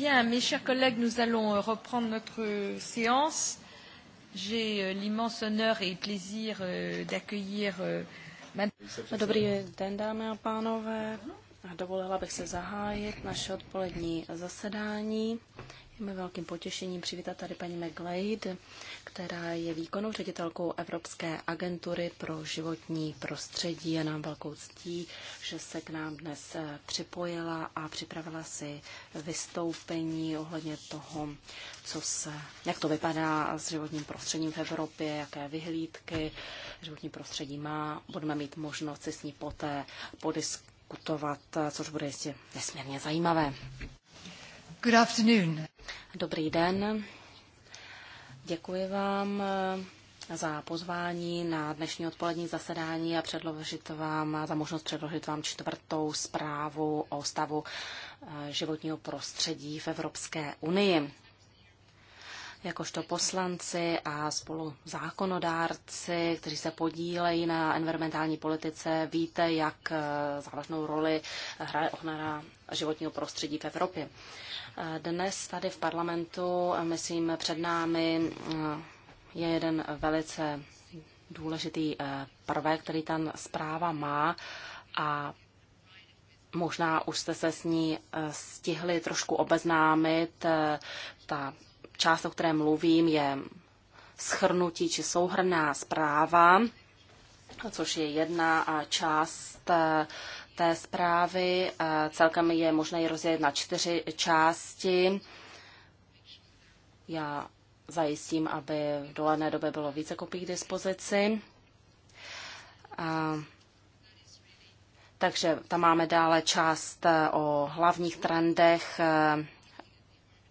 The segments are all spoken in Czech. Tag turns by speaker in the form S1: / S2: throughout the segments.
S1: Bien, mes chers collègues, nous allons euh, reprendre notre séance. J'ai euh, l'immense honneur et plaisir euh, d'accueillir Dobrý
S2: den, dámy a pánové. Dovolila bych se zahájit naše odpolední zasedání. Mě velkým potěšením přivítat tady paní McGlade, která je výkonnou ředitelkou Evropské agentury pro životní prostředí. Je nám velkou ctí, že se k nám dnes eh, připojila a připravila si vystoupení ohledně toho, co se, jak to vypadá s životním prostředím v Evropě, jaké vyhlídky životní prostředí má. Budeme mít možnost si s ní poté podiskutovat, eh, což bude jistě nesmírně zajímavé.
S1: Good afternoon.
S2: Dobrý den. Děkuji vám eh, za pozvání na dnešní odpolední zasedání a předložit vám, za možnost předložit vám čtvrtou zprávu o stavu eh, životního prostředí v Evropské unii. Jakožto poslanci a spolu zákonodárci, kteří se podílejí na environmentální politice, víte, jak eh, závažnou roli hraje ochrana životního prostředí v Evropě. Dnes tady v parlamentu, myslím, před námi eh, je jeden velice důležitý eh, prvek, který tam zpráva má a možná už jste se s ní eh, stihli trošku obeznámit. Ta část, o které mluvím, je schrnutí či souhrná zpráva, což je jedna část té zprávy. Celkem je možné ji rozdělit na čtyři části. Já zajistím, aby v dolené době bylo více kopií k dispozici. A, takže tam máme dále část o hlavních trendech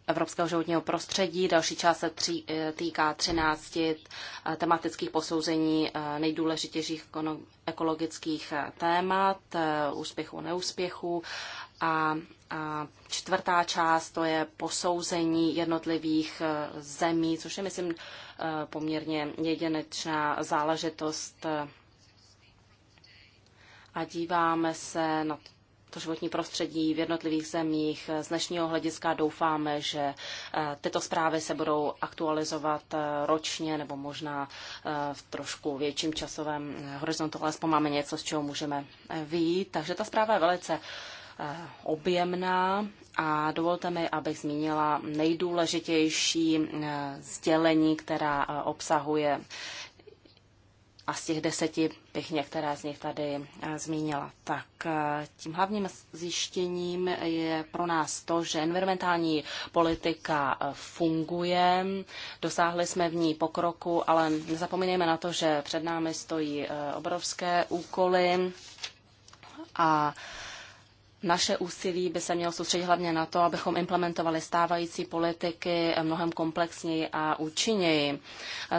S2: evropského životního prostředí. Další část se tří, e, týká 13 e, tematických posouzení e, nejdůležitějších ekologických témat, a neúspěchu. A, a čtvrtá část to je posouzení jednotlivých zemí, což je, myslím, poměrně jedinečná záležitost. A díváme se na to to životní prostředí v jednotlivých zemích. Z dnešního hlediska doufáme, že eh, tyto zprávy se budou aktualizovat eh, ročně nebo možná eh, v trošku větším časovém horizontu, ale máme něco, z čeho můžeme vyjít. Takže ta zpráva je velice objemná a dovolte mi, abych zmínila nejdůležitější sdělení, která obsahuje a z těch deseti bych některé z nich tady eh, zmínila. Tak eh, tím hlavním zjištěním je pro nás to, že environmentální politika eh, funguje, dosáhli jsme v ní pokroku, ale nezapomínejme na to, že před námi stojí obrovské úkoly a naše úsilí by se mělo soustředit hlavně na to, abychom implementovali stávající politiky mnohem komplexněji a účinněji.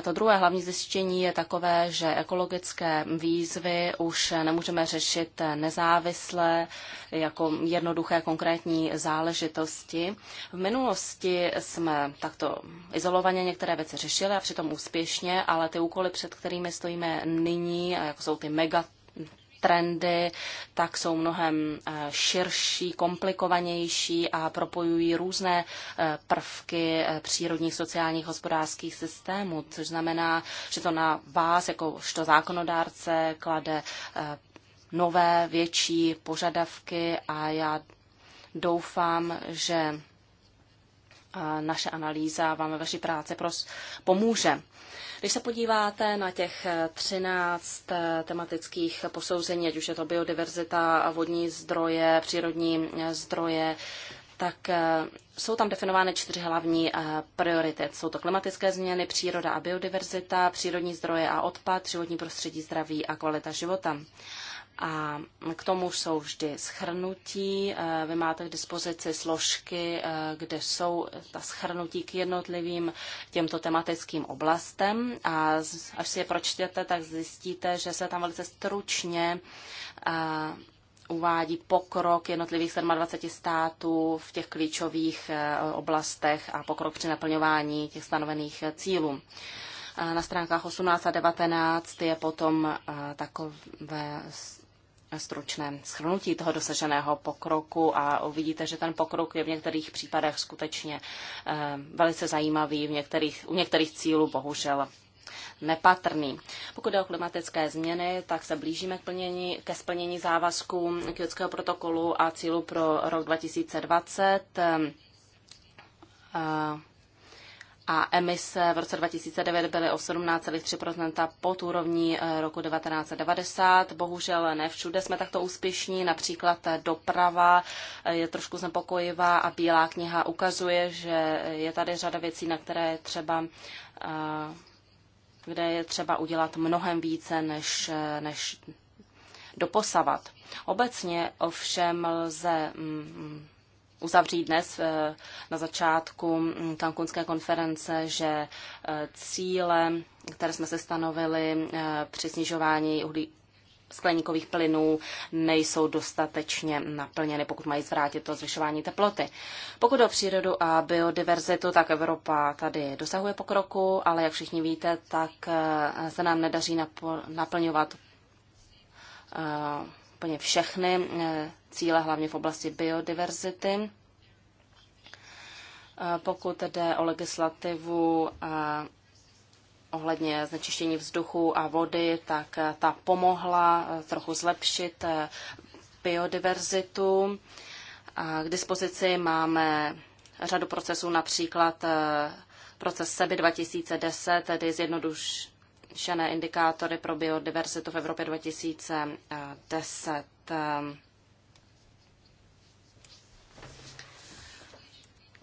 S2: To druhé hlavní zjištění je takové, že ekologické výzvy už nemůžeme řešit nezávisle jako jednoduché konkrétní záležitosti. V minulosti jsme takto izolovaně některé věci řešili a přitom úspěšně, ale ty úkoly, před kterými stojíme nyní, jako jsou ty mega trendy, tak jsou mnohem eh, širší, komplikovanější a propojují různé eh, prvky eh, přírodních, sociálních, hospodářských systémů, což znamená, že to na vás, jako jakožto zákonodárce, klade nové, větší požadavky a já doufám, že naše analýza vám ve vaší práci pros- pomůže. Když se podíváte na těch 13 eh, eh, tematických posouzení, ať už je to biodiverzita, vodní zdroje, přírodní eh, zdroje, tak eh, jsou tam definovány čtyři hlavní eh, priority. Jsou to klimatické změny, příroda a biodiverzita, přírodní zdroje a odpad, životní prostředí, zdraví a kvalita života. A k tomu jsou vždy schrnutí. Eh, vy máte k dispozici složky, kde jsou ta schrnutí k jednotlivým těmto tematickým oblastem. A až si je pročtěte, tak zjistíte, že se tam velice stručně uvádí pokrok jednotlivých 27 států v těch klíčových eh, oblastech a pokrok při naplňování těch stanovených eh, cílů. Eh, na stránkách 18 a 19 je potom takové stručné schrnutí toho dosaženého pokroku a uvidíte, že ten pokrok je v některých případech skutečně velice zajímavý, v některých, u některých cílů bohužel nepatrný. Pokud jde o klimatické změny, tak se blížíme k plnění, ke splnění závazků Kyotského protokolu a cílu pro rok 2020. Ehm, a a emise v roce 2009 byly o 17,3 pod úrovní eh, roku 1990. Bohužel ne všude jsme takto úspěšní, například eh, doprava eh, je trošku znepokojivá a Bílá kniha ukazuje, že je tady řada věcí, na které třeba kde je třeba udělat mnohem více než, než doposavat. Obecně ovšem lze mm, mm, uzavřít dnes eh, na začátku Cancunské mm, konference, že eh, cíle, které jsme se stanovili eh, při snižování skleníkových plynů nejsou dostatečně naplněny, pokud mají zvrátit to zvyšování teploty. Pokud o přírodu a biodiverzitu, tak Evropa tady dosahuje pokroku, ale jak všichni víte, tak eh, se nám nedaří naplňovat eh, úplně všechny eh, cíle, hlavně v oblasti biodiverzity. Pokud jde o legislativu ohledně znečištění vzduchu a vody, tak ta pomohla eh, trochu zlepšit eh, biodiverzitu. K dispozici máme řadu procesů, například eh, proces SEBI 2010, tedy zjednodušené indikátory pro biodiverzitu v Evropě 2010.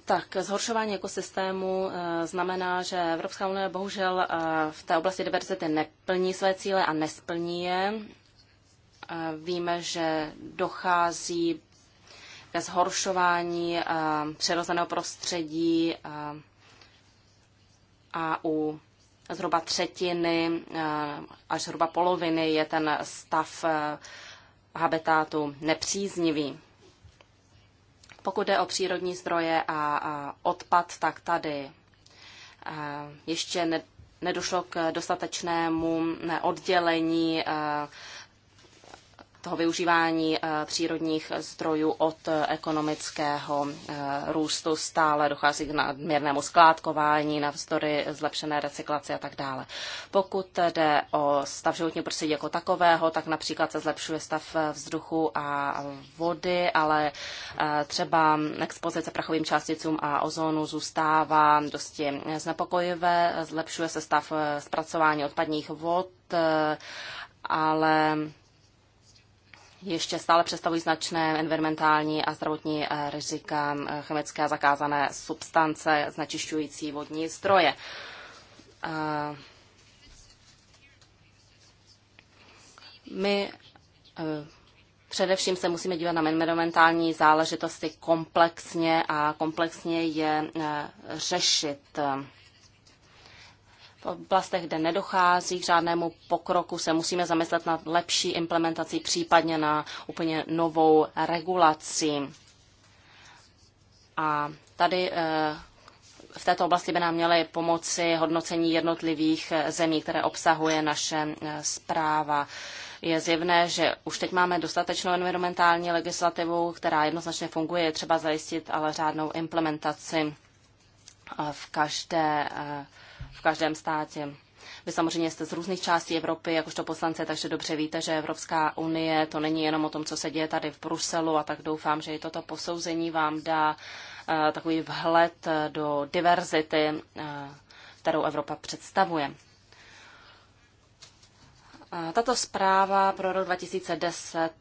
S2: tak zhoršování ekosystému eh, znamená, že Evropská unie bohužel eh, v té oblasti diverzity neplní své cíle a nesplní je. Eh, víme, že dochází ke zhoršování přirozeného prostředí a u zhruba třetiny až zhruba poloviny je ten stav habitátu nepříznivý. Pokud jde o přírodní zdroje a odpad, tak tady eh, ještě nedošlo k dostatečnému oddělení eh, toho využívání eh, přírodních zdrojů od eh, ekonomického eh, růstu stále dochází k nadměrnému skládkování, na vzdory zlepšené recyklaci a tak dále. Pokud jde o stav životního prostředí jako takového, tak například se zlepšuje stav vzduchu a vody, ale třeba expozice prachovým částicům a ozónu zůstává dosti znepokojivé, zlepšuje se stav zpracování odpadních vod, ale ještě stále představují značné environmentální a zdravotní eh, rizika eh, chemické a zakázané substance znečišťující vodní zdroje. Eh, my Především se musíme dívat na environmentální záležitosti komplexně a komplexně je řešit oblastech, kde nedochází k žádnému pokroku, se musíme zamyslet na lepší implementaci, případně na úplně novou regulaci. A tady eh, v této oblasti by nám měly pomoci hodnocení jednotlivých eh, zemí, které obsahuje naše eh, zpráva. Je zjevné, že už teď máme dostatečnou environmentální legislativu, která jednoznačně funguje, je třeba zajistit ale řádnou implementaci v každé v každém státě. Vy samozřejmě jste z různých částí Evropy, jakožto poslance, takže dobře víte, že Evropská unie to není jenom o tom, co se děje tady v Bruselu a tak doufám, že i toto posouzení vám dá eh, takový vhled eh, do diverzity, eh, kterou Evropa představuje. Tato zpráva pro rok 2010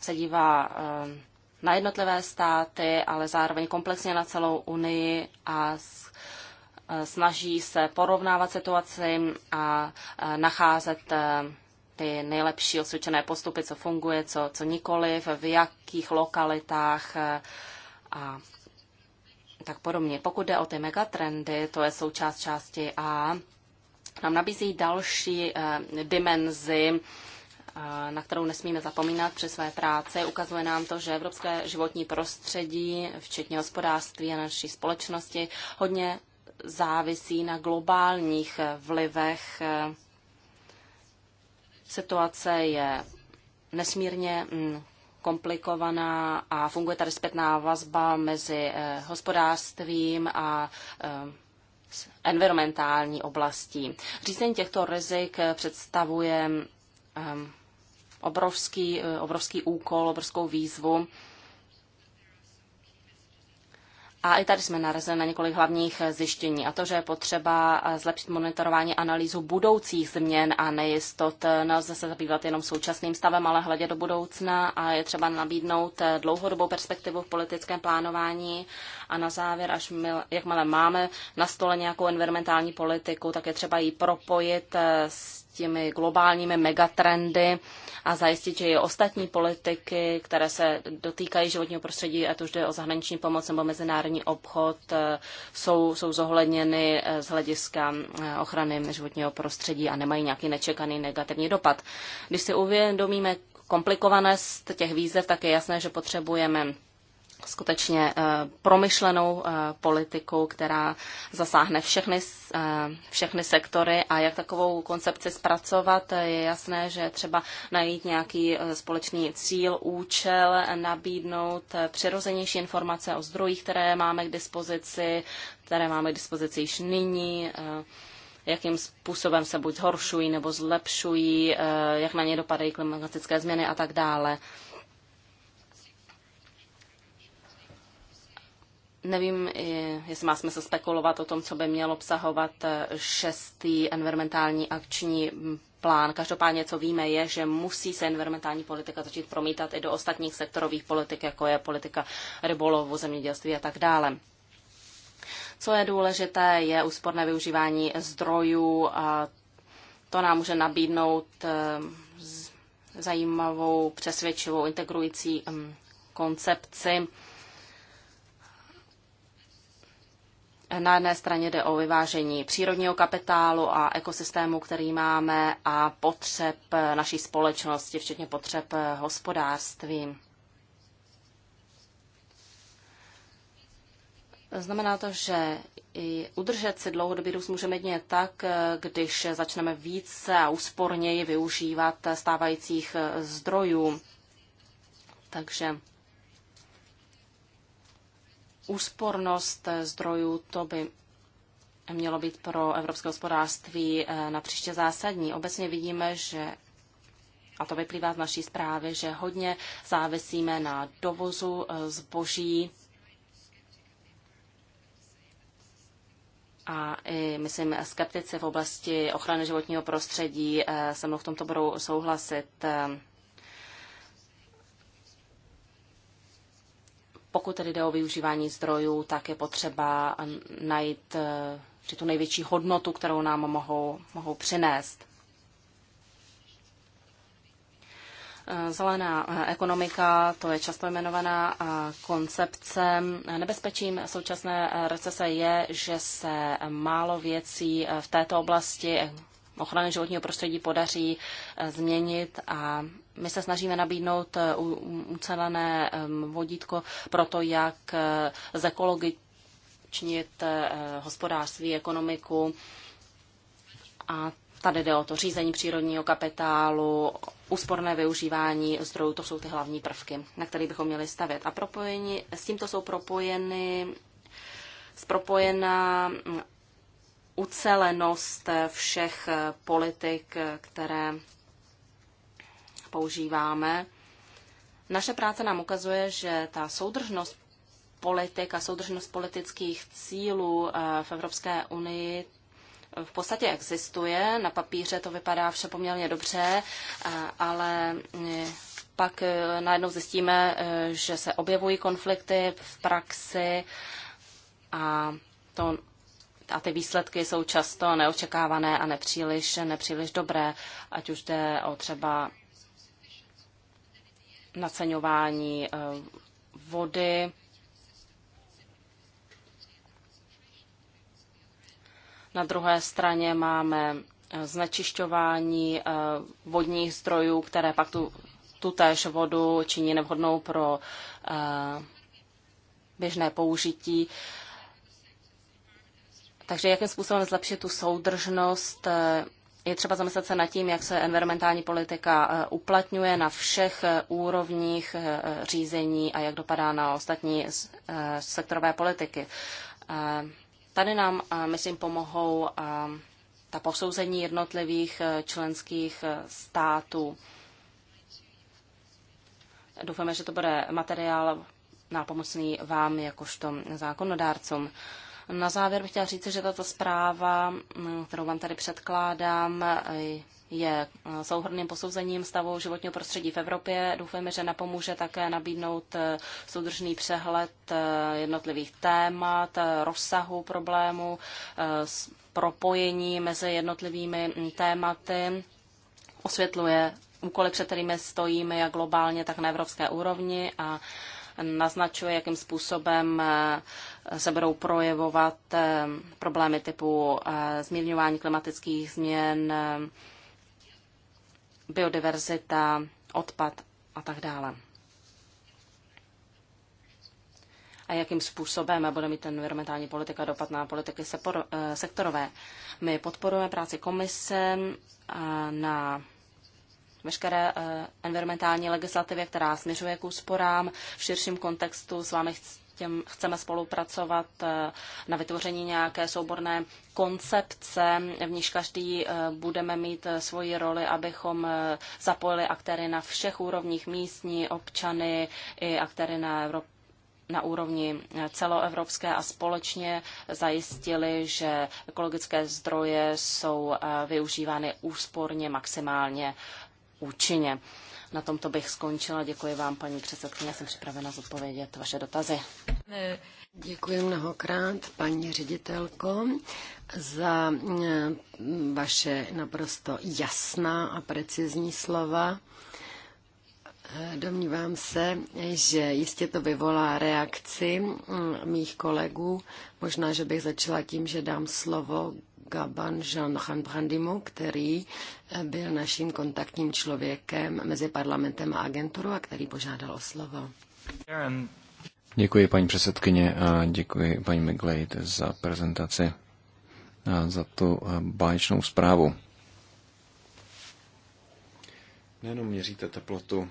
S2: se dívá na jednotlivé státy, ale zároveň komplexně na celou Unii a snaží se porovnávat situaci a nacházet e, ty nejlepší osvědčené postupy, co funguje, co, co nikoliv, v jakých lokalitách e, a tak podobně. Pokud jde o ty megatrendy, to je součást části A, nám nabízí další e, dimenzi, na kterou nesmíme zapomínat při své práci. Ukazuje nám to, že evropské životní prostředí, včetně hospodářství a naší společnosti, hodně závisí na globálních vlivech. Situace je nesmírně mm, komplikovaná a funguje tady zpětná vazba mezi eh, hospodářstvím a eh, environmentální oblastí. Řízení těchto rizik představuje eh, obrovský, obrovský úkol, obrovskou výzvu a i tady jsme narazili na několik hlavních zjištění a to, že je potřeba zlepšit monitorování analýzu budoucích změn a nejistot. Nelze se zabývat jenom současným stavem, ale hledě do budoucna a je třeba nabídnout dlouhodobou perspektivu v politickém plánování a na závěr, až my, jakmile máme na stole nějakou environmentální politiku, tak je třeba ji propojit s těmi globálními megatrendy a zajistit, že i ostatní politiky, které se dotýkají životního prostředí, ať už jde o zahraniční pomoc nebo mezinárodní obchod, eh, jsou, jsou zohledněny eh, z hlediska eh, ochrany životního prostředí a nemají nějaký nečekaný negativní dopad. Když si uvědomíme komplikovanost těch výzev, tak je jasné, že potřebujeme skutečně eh, promyšlenou eh, politikou, která zasáhne všechny, eh, všechny sektory a jak takovou koncepci zpracovat, je jasné, že třeba najít nějaký společný cíl, účel, nabídnout přirozenější informace o zdrojích, které máme k dispozici, které máme k dispozici již nyní, jakým způsobem se buď zhoršují nebo zlepšují, jak na ně dopadají klimatické změny a tak dále. Nevím, jestli má smysl spekulovat o tom, co by měl obsahovat eh, šestý environmentální akční mm, plán. Každopádně, co víme, je, že musí se environmentální politika začít promítat i do ostatních sektorových politik, jako je politika rybolovu, zemědělství a tak dále. Co je důležité, je úsporné využívání zdrojů a to nám může nabídnout eh, zajímavou, přesvědčivou, integrující mm, koncepci Na jedné straně jde o vyvážení přírodního kapitálu a ekosystému, který máme, a potřeb naší společnosti, včetně potřeb hospodářství. Znamená to, že i udržet si dlouhodobý růst můžeme jedině tak, když začneme více a úsporněji využívat stávajících zdrojů. Takže úspornost zdrojů, to by mělo být pro evropské hospodářství eh, na příště zásadní. Obecně vidíme, že a to vyplývá z naší zprávy, že hodně závisíme na dovozu eh, zboží a i, myslím, skeptici v oblasti ochrany životního prostředí eh, se mnou v tomto budou souhlasit. Pokud tedy jde o využívání zdrojů, tak je potřeba najít že eh, tu největší hodnotu, kterou nám mohou, mohou přinést. Eh, zelená eh, ekonomika, to je často jmenovaná koncepce. Nebezpečím současné recese je, že se málo věcí v této oblasti ochrany životního prostředí podaří eh, změnit a my se snažíme nabídnout eh, ucelené vodítko pro to, jak eh, zekologičnit hospodářství, ekonomiku a Tady jde o to řízení přírodního kapitálu, úsporné využívání zdrojů, to jsou ty hlavní prvky, na které bychom měli stavět. A propojení, s tímto jsou propojeny spropojena ucelenost všech politik, které používáme. Naše práce nám ukazuje, že ta soudržnost politik a soudržnost politických cílů eh, v Evropské unii v podstatě existuje. Na papíře to vypadá vše poměrně dobře, eh, ale eh, pak najednou zjistíme, že se objevují konflikty v praxi a to a ty výsledky jsou často neočekávané a nepříliš, nepříliš dobré, ať už jde o třeba naceňování eh, vody, Na druhé straně máme eh, znečišťování eh, vodních zdrojů, které pak tu, tu též vodu činí nevhodnou pro běžné použití. Takže jakým způsobem zlepšit tu soudržnost eh, je třeba zamyslet se nad tím, jak se environmentální politika eh, uplatňuje na všech eh, úrovních řízení a jak dopadá na ostatní sektorové politiky. Tady nám, myslím, pomohou ta posouzení jednotlivých členských států. Doufáme, že to bude materiál nápomocný vám jakožto zákonodárcům. Na závěr bych chtěla říct, že tato zpráva, mm, kterou vám tady předkládám, je souhrným posouzením stavu životního prostředí v Evropě. Doufujeme, že napomůže také nabídnout eh, soudržný přehled eh, jednotlivých témat, eh, rozsahu problému, propojení mezi jednotlivými mm, tématy. Osvětluje úkoly, před kterými stojíme jak globálně, tak na evropské úrovni a naznačuje, jakým způsobem eh, se budou projevovat eh, problémy typu eh, zmírňování klimatických změn, biodiverzita, odpad a tak dále. a jakým způsobem bude mít environmentální politika dopad na politiky sektorové. My podporujeme práci komise na veškeré eh, environmentální legislativě, která směřuje k úsporám. V širším kontextu s vámi chceme spolupracovat eh, na vytvoření nějaké souborné koncepce, v níž každý eh, budeme mít svoji roli, abychom zapojili aktéry na všech úrovních místní, občany i aktéry na Evropě na úrovni celoevropské a společně zajistili, že ekologické zdroje jsou využívány úsporně maximálně účinně. Na tomto bych skončila. Děkuji vám, paní předsedkyně, jsem připravena zodpovědět vaše dotazy.
S1: Děkuji mnohokrát, paní ředitelko, za mm, vaše naprosto jasná a precizní slova. Domnívám se, že jistě to vyvolá reakci mm, mých kolegů. Možná, že bych začala tím, že dám slovo Gaban Jean Brandimu, který eh, byl naším kontaktním člověkem mezi parlamentem a agenturou a který požádal o slovo.
S3: Děkuji paní předsedkyně a děkuji paní McGlade za prezentaci a za tu eh, báječnou zprávu. Nejenom měříte teplotu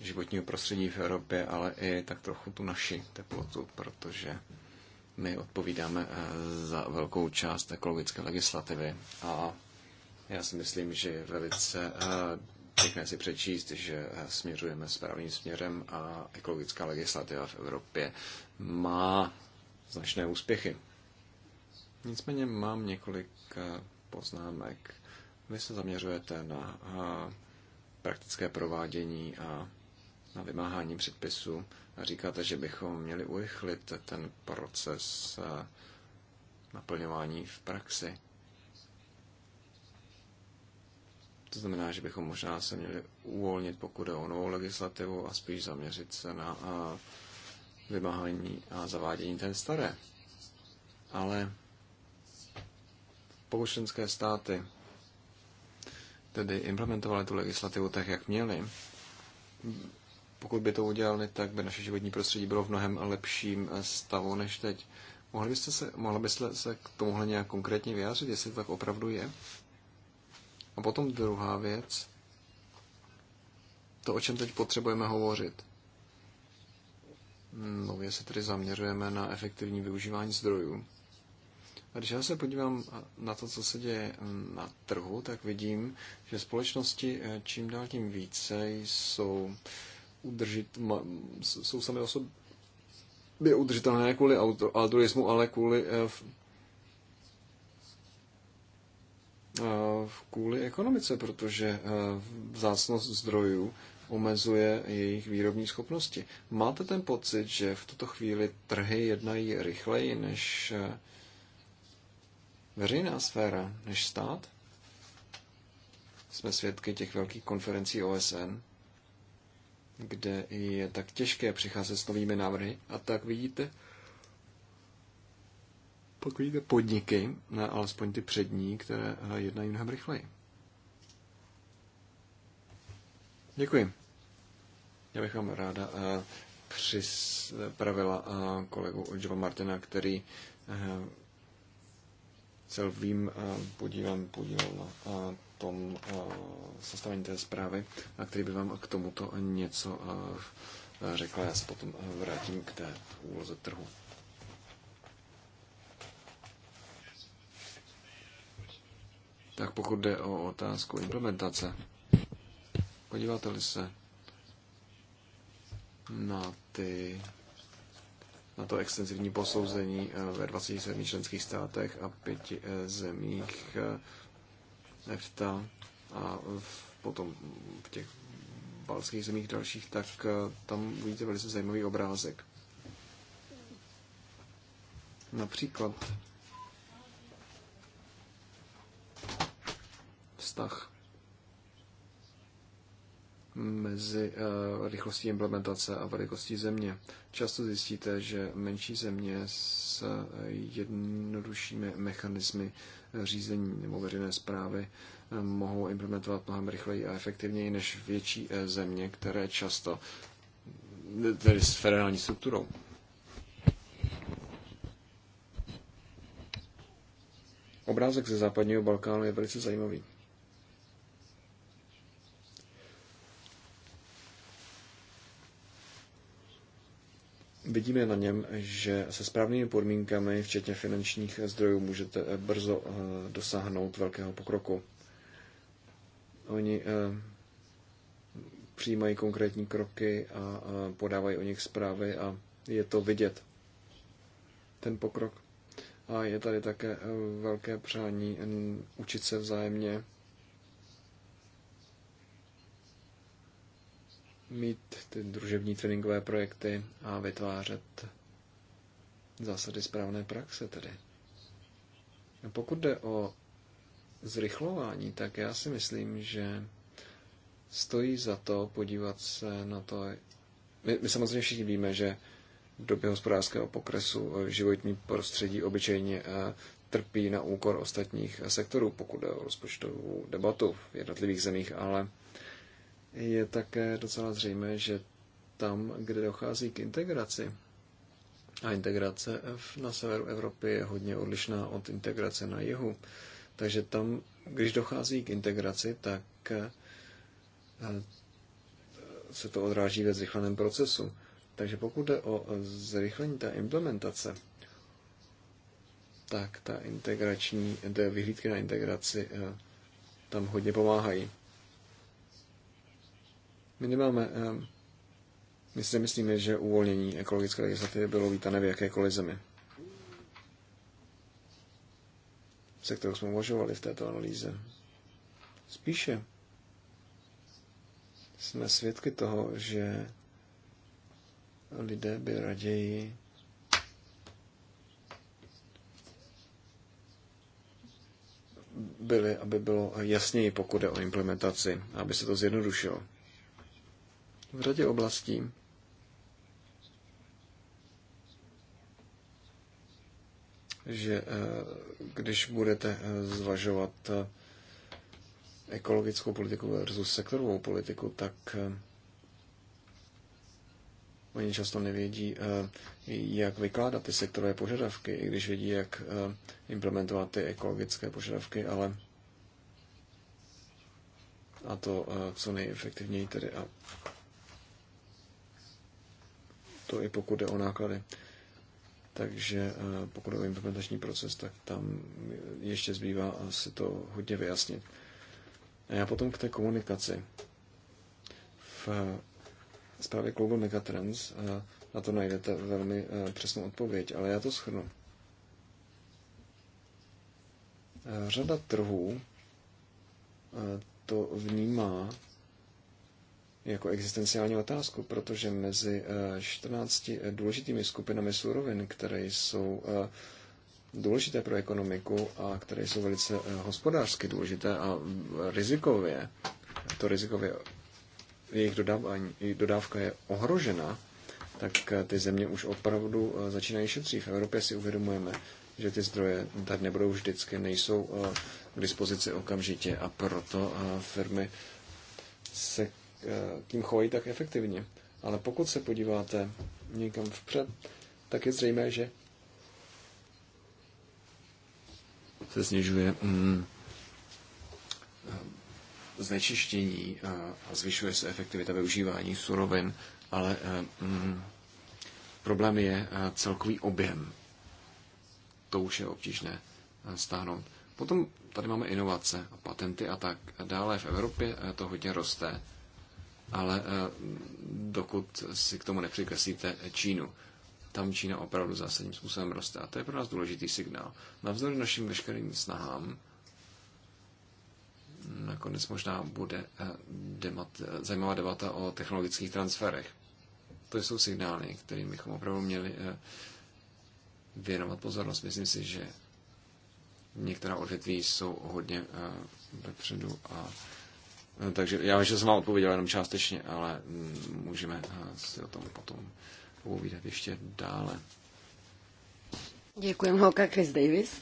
S3: životního prostředí v Evropě, ale i tak trochu tu naši teplotu, protože my odpovídáme e, za velkou část ekologické legislativy a já si myslím, že je velice e, pěkné si přečíst, že e, směřujeme správným směrem a ekologická legislativa v Evropě má značné úspěchy. Nicméně mám několik poznámek. Vy se zaměřujete na praktické provádění a na vymáhání předpisů. A říkáte, že bychom měli urychlit ten proces eh, naplňování v praxi. To znamená, že bychom možná se měli uvolnit, pokud je o novou legislativu, a spíš zaměřit se na eh, vymáhání a zavádění té staré. Ale pokud státy tedy implementovali tu legislativu tak, jak měli, pokud by to udělali, tak by naše životní prostředí bylo v mnohem lepším stavu než teď. Mohli byste se, mohla byste se k tomuhle nějak konkrétně vyjádřit, jestli to tak opravdu je? A potom druhá věc, to, o čem teď potřebujeme hovořit. Nově se tedy zaměřujeme na efektivní využívání zdrojů. Když já se podívám na to, co se děje na trhu, tak vidím, že společnosti eh, čím dál tím více jsou, udržit, jsou sami o sobě udržitelné kvůli altruismu, ale kvůli, eh, eh, kvůli ekonomice, protože vzácnost zdrojů omezuje jejich výrobní schopnosti. Máte ten pocit, že v tuto chvíli trhy jednají rychleji než veřejná sféra než stát. Jsme svědky těch velkých konferencí OSN, kde je tak těžké přicházet s novými návrhy. A tak vidíte, pokud vidíte podniky, alespoň ty přední, které eh, jednají mnohem rychleji. Děkuji. Já bych vám ráda eh, připravila eh, kolegu Jova Martina, který Silvím podívám, podílel na tom sestavení té zprávy, a který by vám k tomuto něco řekla. Já se potom vrátím k té úloze trhu. Tak pokud jde o otázku implementace, podíváte-li se na ty na to extenzivní posouzení eh, ve 27 členských státech a pěti eh, zemích eh, EFTA a v, potom v těch balských zemích dalších, tak tam vidíte velice zajímavý obrázek. Například vztah mezi eh, rychlostí implementace a velikostí země. Často zjistíte, že menší země s eh, jednoduššími mechanismy řízení nebo veřejné zprávy eh, mohou implementovat mnohem rychleji a efektivněji než větší země, které často tedy s federální strukturou. Obrázek ze západního Balkánu je velice zajímavý. vidíme na něm, že se správnými podmínkami, včetně finančních zdrojů, můžete eh, brzo eh, dosáhnout velkého pokroku. Oni eh, přijímají konkrétní kroky a podávají o nich zprávy a je to vidět, ten pokrok. A je tady také velké přání učit se vzájemně mít ty družební tréninkové projekty a vytvářet zásady správné praxe tedy. Pokud jde o zrychlování, tak já si myslím, že stojí za to podívat se na to. My, my samozřejmě všichni víme, že v době hospodářského pokresu životní prostředí obyčejně eh, trpí na úkor ostatních sektorů, pokud jde o rozpočtovou debatu v jednotlivých zemích, ale je také docela zřejmé, že tam, kde dochází k integraci, a integrace na severu Evropy je hodně odlišná od integrace na jihu, takže tam, když dochází k integraci, tak eh, se to odráží ve zrychleném procesu. Takže pokud jde o zrychlení té implementace, tak ta integrační, vyhlídky na integraci eh, tam hodně pomáhají. My nemáme, ehm, my si myslíme, že uvolnění ekologické legislativy bylo vítané v jakékoliv zemi, se kterou jsme uvažovali v této analýze. Spíše jsme svědky toho, že lidé by raději byli, aby bylo jasněji, pokud je o implementaci, aby se to zjednodušilo v řadě oblastí. že eh, když budete eh, zvažovat eh, ekologickou politiku versus sektorovou politiku, tak oni často nevědí, jak vykládat ty sektorové požadavky, i když vědí, jak implementovat ty ekologické požadavky, ale a to co nejefektivněji tedy a to i pokud jde o náklady. Takže eh, pokud jde o implementační proces, tak tam ještě zbývá si to hodně vyjasnit. A já potom k té komunikaci. V eh, zprávě Global Megatrends eh, na to najdete velmi přesnou odpověď, ale já to schrnu. Řada trhů to vnímá jako existenciální otázku, protože mezi 14 eh, eh, důležitými skupinami surovin, které jsou eh, důležité pro ekonomiku a které jsou velice hospodářsky důležité a rizikově, to rizikově jejich dodávání, dodávka je ohrožena, tak ty země už opravdu začínají šetřit. V Evropě si uvědomujeme, že ty zdroje tady nebudou vždycky, nejsou k dispozici okamžitě a proto firmy se Eh, tím chovají tak efektivně. Ale pokud se podíváte někam vpřed, tak je zřejmé, že se snižuje mm, eh, znečištění eh, a zvyšuje se efektivita využívání surovin, ale mm, problém je celkový objem. To už je obtížné stáhnout. Potom tady máme inovace a patenty a tak dále. V Evropě to hodně roste ale eh, dokud si k tomu nepřikreslíte Čínu, tam Čína opravdu zásadním způsobem roste. A to je pro nás důležitý signál. Navzdory našim veškerým snahám, nakonec možná bude eh, demat, zajímavá debata o technologických transferech. To jsou signály, kterým bychom opravdu měli eh, věnovat pozornost. Myslím si, že některá odvětví jsou hodně vepředu a Eh, takže já vím, že jsem vám odpověděl jenom částečně, ale mm, můžeme eh, si o tom potom povídat ještě dále.
S1: Děkuji mnohokrát, Chris Davis.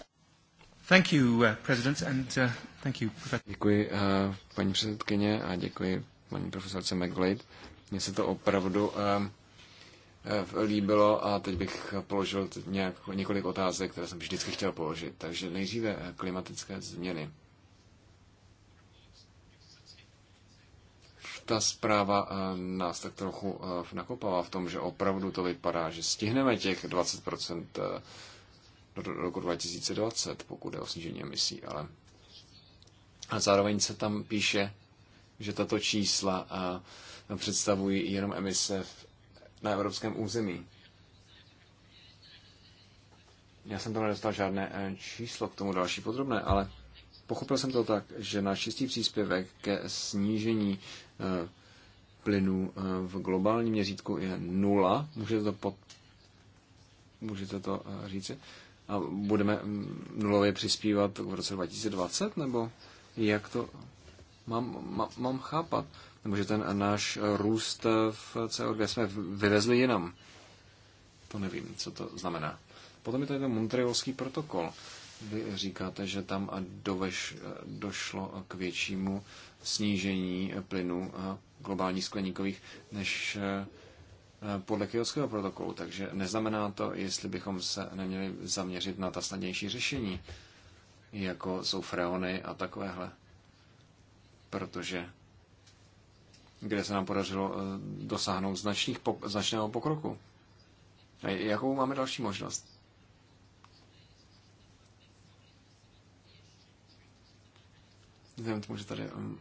S3: Thank you, uh, President, and uh, thank you, Děkuji, uh, paní předsedkyně, a děkuji paní profesorce McGlade. Mně se to opravdu uh, uh, líbilo a teď bych položil nějak, několik otázek, které jsem vždycky chtěl položit. Takže nejdříve klimatické změny. ta zpráva eh, nás tak trochu eh, nakopala v tom, že opravdu to vypadá, že stihneme těch 20% eh, do roku 2020, pokud je o snížení emisí, ale a zároveň se tam píše, že tato čísla představují jenom emise na evropském území. Já jsem tam nedostal žádné číslo k tomu další podrobné, ale Pochopil jsem to tak, že náš čistý příspěvek ke snížení eh, plynů eh, v globálním měřítku je nula. Můžete to, pod... Můžete to eh, říci? A budeme mm, nulově přispívat v roce 2020? Nebo jak to mám, mám, mám chápat? Nebo že ten náš růst v CO2 jsme vyvezli jinam? To nevím, co to znamená. Potom je tady ten Montrealský protokol vy říkáte, že tam doveš, došlo k většímu snížení plynu globálních skleníkových než eh, podle Kyotského protokolu. Takže neznamená to, jestli bychom se neměli zaměřit na ta snadnější řešení, jako jsou freony a takovéhle. Protože kde se nám podařilo eh, dosáhnout značných, značného pokroku. A jakou máme další možnost? Vzhledem tomu, že tady mm,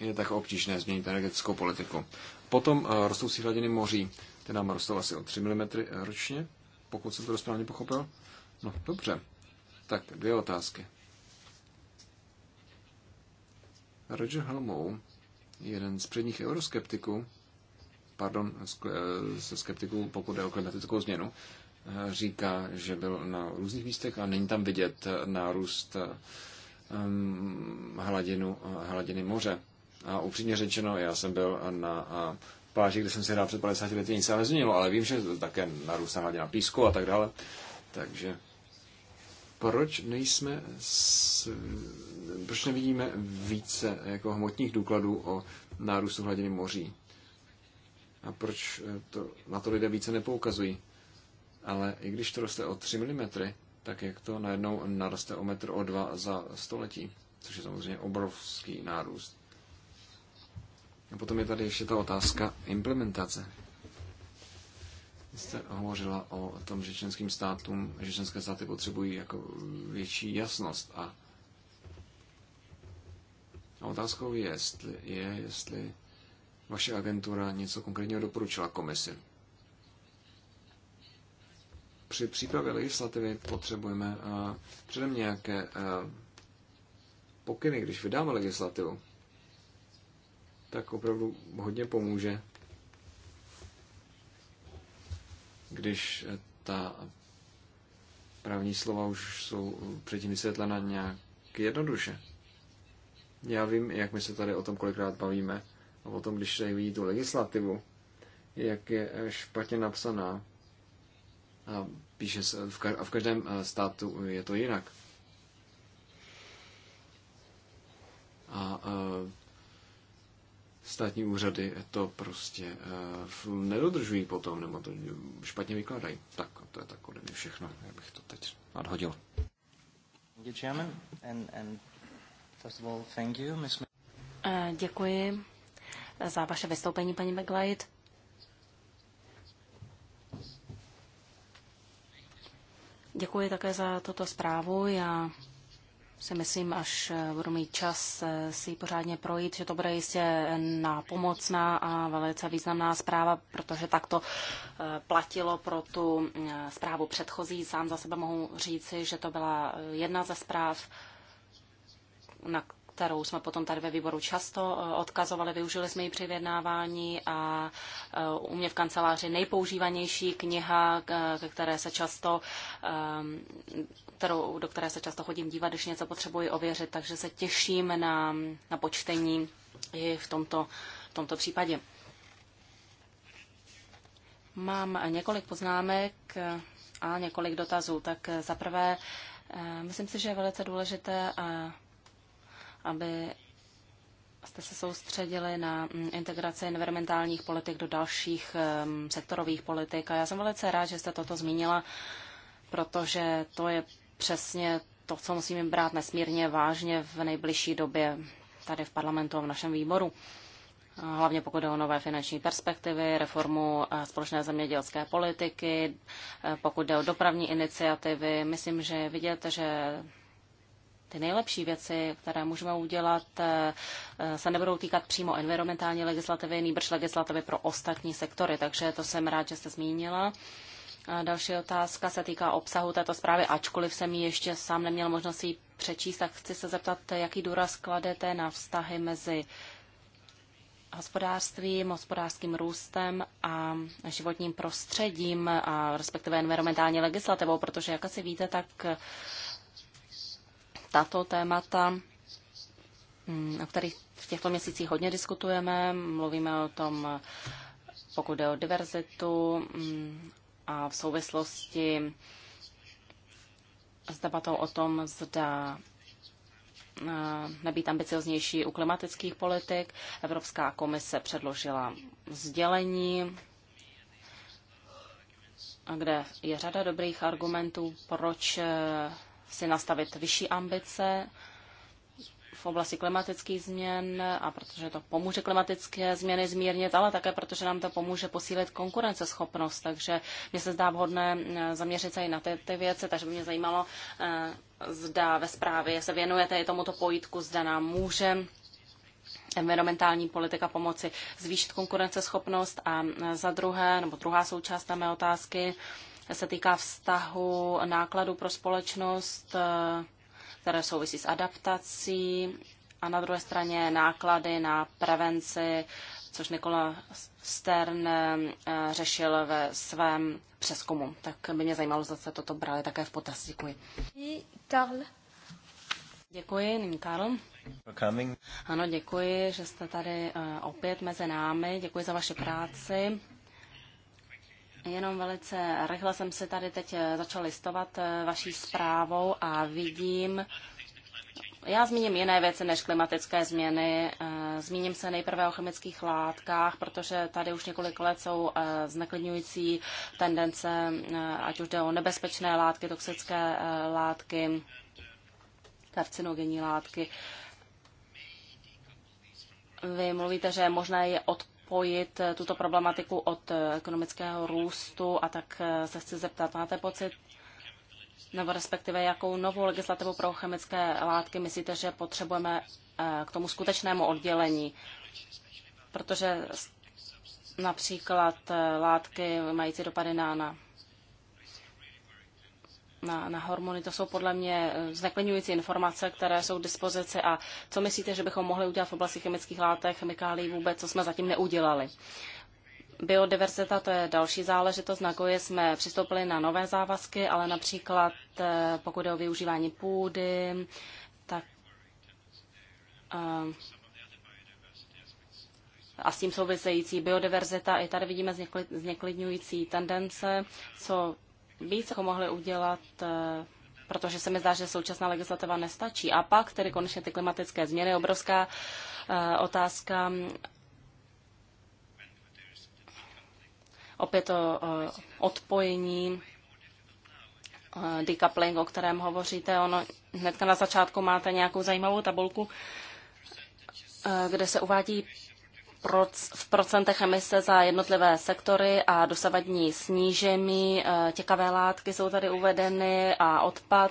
S3: je tak obtížné změnit energetickou politiku. Potom eh, rostoucí hladiny moří, ty nám rostou asi o 3 mm eh, ročně, pokud jsem to správně pochopil. No, dobře. Tak, dvě otázky. Roger Helmou, jeden z předních euroskeptiků, pardon, se eh, skeptiků, pokud jde o klimatickou změnu, říká, že byl na různých místech a není tam vidět nárůst Ehm, hladinu, hladiny moře. A upřímně řečeno, já jsem byl na pláži, kde jsem si hrál před 50 lety, nic se nezměnilo, ale vím, že také narůstá hladina písku a tak dále. Takže proč nejsme, s, proč nevidíme více jako hmotních důkladů o nárůstu hladiny moří? A proč to, na to lidé více nepoukazují? Ale i když to roste o 3 mm, tak jak to najednou naroste o metr o dva za století, což je samozřejmě obrovský nárůst. A potom je tady ještě ta otázka implementace. Vy jste hovořila o tom, že členským státům, že členské státy potřebují jako větší jasnost a a otázkou je, jestli, je, jestli vaše agentura něco konkrétního doporučila komisi při přípravě legislativy potřebujeme eh, předem nějaké eh, pokyny, když vydáme legislativu, tak opravdu hodně pomůže, když eh, ta právní slova už jsou předtím vysvětlena nějak jednoduše. Já vím, jak my se tady o tom kolikrát bavíme, a o tom, když se vidí tu legislativu, jak je špatně napsaná, a, píše se, v, ka- a v každém eh, státu je to jinak. A, a eh, státní úřady to prostě uh, nedodržují potom, nebo to špatně vykládají. Tak, to je tak ode mě všechno, já bych to teď nadhodil.
S2: Děkuji za vaše vystoupení, paní McGlade. Děkuji také za tuto zprávu. Já si myslím, až budu mít čas si ji pořádně projít, že to bude jistě nápomocná a velice významná zpráva, protože tak to eh, platilo pro tu eh, zprávu předchozí. Sám za sebe mohu říci, že to byla eh, jedna ze zpráv, na kterou jsme potom tady ve výboru často eh, odkazovali, využili jsme ji při vyjednávání a eh, u mě v kanceláři nejpoužívanější kniha, eh, ke které se často, ehm, kterou, do které se často chodím dívat, když něco potřebuji ověřit, takže se těším na, na počtení i v tomto, v tomto případě. Mám několik poznámek a několik dotazů. Tak zaprvé myslím si, že je velice důležité aby jste se soustředili na mm, integraci environmentálních politik do dalších mm, sektorových politik. A já jsem velice rád, že jste toto zmínila, protože to je přesně to, co musíme brát nesmírně vážně v nejbližší době tady v parlamentu a v našem výboru. Hlavně pokud jde o nové finanční perspektivy, reformu eh, společné zemědělské politiky, eh, pokud jde o dopravní iniciativy. Myslím, že je vidět, že ty nejlepší věci, které můžeme udělat, eh, eh, se nebudou týkat přímo environmentální legislativy, nýbrž legislativy pro ostatní sektory. Takže to jsem rád, že jste zmínila. A další otázka se týká obsahu této zprávy, ačkoliv jsem ji ještě sám neměl možnost ji přečíst, tak chci se zeptat, jaký důraz kladete na vztahy mezi hospodářstvím, hospodářským růstem a životním prostředím a respektive environmentální legislativou, protože jak asi víte, tak tato témata, mm, o kterých v těchto měsících hodně diskutujeme. Mluvíme o tom, pokud jde o diverzitu mm, a v souvislosti s debatou o tom, zda eh, nebýt ambicioznější u klimatických politik. Evropská komise předložila sdělení, kde je řada dobrých argumentů, proč eh, si nastavit vyšší ambice v oblasti klimatických změn a protože to pomůže klimatické změny zmírnit, ale také protože nám to pomůže posílit konkurenceschopnost. Takže mě se zdá vhodné eh, zaměřit se i na ty, ty věci, takže by mě zajímalo, eh, zda ve zprávě se věnujete i tomuto pojítku, zda nám může environmentální politika pomoci zvýšit konkurenceschopnost a eh, za druhé, nebo druhá součást mé otázky, se týká vztahu nákladů pro společnost, eh, které souvisí s adaptací a na druhé straně náklady na prevenci, což Nikola Stern eh, řešil ve svém přeskumu. Tak by mě zajímalo, zda se toto brali také v potaz. Děkuji. Děkuji, nyní Karl. Ano, děkuji, že jste tady eh, opět mezi námi. Děkuji za vaši práci. Jenom velice rychle jsem se tady teď eh, začal listovat eh, vaší zprávou a vidím, já zmíním jiné věci než klimatické změny. Eh, zmíním se nejprve o chemických látkách, protože tady už několik let jsou zneklidňující tendence, ať už jde o nebezpečné látky, toxické látky, karcinogenní látky. Vy mluvíte, že je možné je od odpojit eh, tuto problematiku od eh, ekonomického růstu a tak eh, se chci zeptat, máte pocit, nebo respektive jakou novou legislativu pro chemické látky myslíte, že potřebujeme k tomu skutečnému oddělení? Protože například látky mající dopady na, na na, na hormony, to jsou podle mě eh, zneklidňující informace, které jsou k dispozici a co myslíte, že bychom mohli udělat v oblasti chemických látek, chemikálií vůbec, co jsme zatím neudělali. Biodiverzita to je další záležitost. Na koje jsme přistoupili na nové závazky, ale například eh, pokud je o využívání půdy, tak eh, a s tím související biodiverzita. I tady vidíme zneklidňující tendence, co víc jako mohli udělat, eh, protože se mi zdá, že současná legislativa nestačí. A pak tedy konečně ty klimatické změny, obrovská eh, otázka. Opět to odpojení eh, decoupling, o kterém hovoříte. Ono hned na začátku máte nějakou zajímavou tabulku, kde se uvádí v procentech emise za jednotlivé sektory a dosavadní snížení. Eh, těkavé látky jsou tady uvedeny a odpad.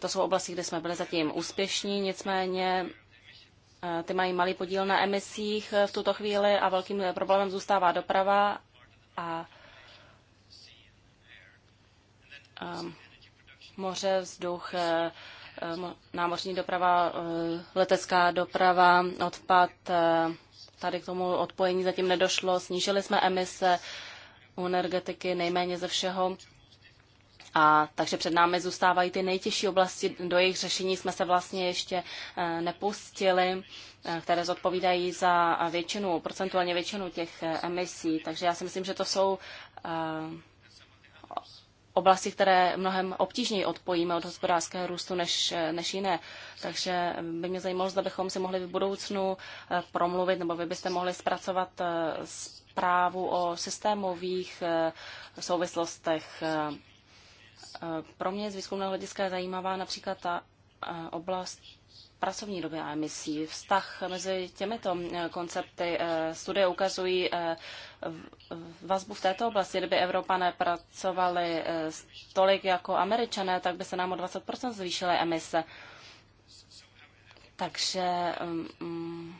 S2: To jsou oblasti, kde jsme byli zatím úspěšní, nicméně eh, ty mají malý podíl na emisích eh, v tuto chvíli a velkým problémem zůstává doprava a moře, vzduch, Ehm, námořní doprava, eh, letecká doprava, odpad. Eh, tady k tomu odpojení zatím nedošlo. Snížili jsme emise u energetiky nejméně ze všeho. A takže před námi zůstávají ty nejtěžší oblasti, do jejich řešení jsme se vlastně ještě eh, nepustili, které zodpovídají za většinu, procentuálně většinu těch emisí. Takže já si myslím, že to jsou oblasti, které mnohem obtížněji odpojíme od hospodářského růstu než, než jiné. Takže by mě zajímalo, zda bychom si mohli v budoucnu eh, promluvit, nebo vy byste mohli zpracovat eh, zprávu o systémových eh, souvislostech. Pro mě z výzkumného hlediska je zajímavá například ta oblast pracovní době a emisí. Vztah mezi těmito eh, koncepty eh, studie ukazují eh, vazbu v této oblasti. Kdyby Evropané pracovali tolik jako Američané, tak by se nám o 20% zvýšily emise. Takže mm, mm,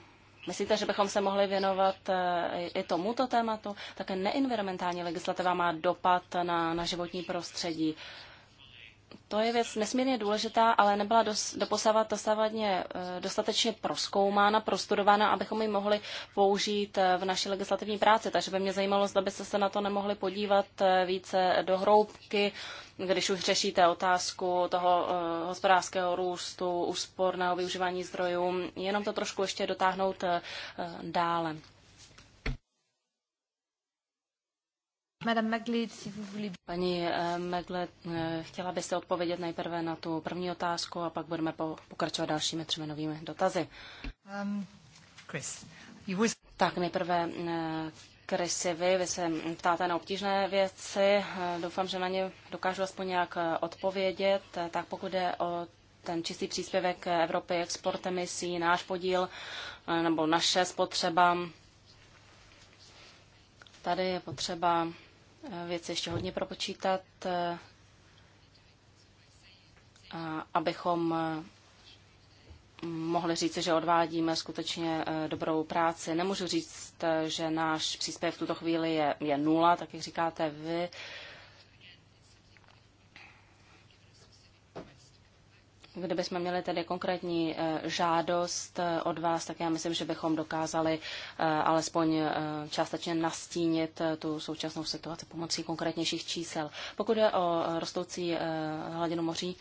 S2: myslíte, že bychom se mohli věnovat i tomuto tématu? Také neenvironmentální legislativa má dopad na, na životní prostředí. Uh, to je věc nesmírně důležitá, ale nebyla dos, doposavat dosavadně eh, dostatečně proskoumána, prostudována, abychom ji mohli použít eh, v naší legislativní práci. Takže by mě zajímalo, zda byste se na to nemohli podívat eh, více do hroubky, když už řešíte otázku toho hospodářského růstu, úsporného využívání zdrojů, jenom to trošku ještě dotáhnout dále. Madame Maglid, si vous voulez... Paní eh, Megle, eh, chtěla byste odpovědět nejprve na tu první otázku a pak budeme pokračovat dalšími třemi novými dotazy. Um, Chris, you was... Tak nejprve Krysy, eh, vy, vy se ptáte na obtížné věci, doufám, že na ně dokážu aspoň nějak odpovědět. Tak pokud je o ten čistý příspěvek Evropy, export emisí, náš podíl nebo naše spotřeba, tady je potřeba věci ještě hodně propočítat, eh, abychom eh, mohli říct, že odvádíme skutečně eh, dobrou práci. Nemůžu říct, že náš příspěvek v tuto chvíli je, je nula, tak jak říkáte vy. Kdybychom měli tedy konkrétní eh, žádost eh, od vás, tak já myslím, že bychom dokázali eh, alespoň částečně nastínit tu současnou situaci pomocí konkrétnějších čísel. Pokud je o rostoucí hladinu moří,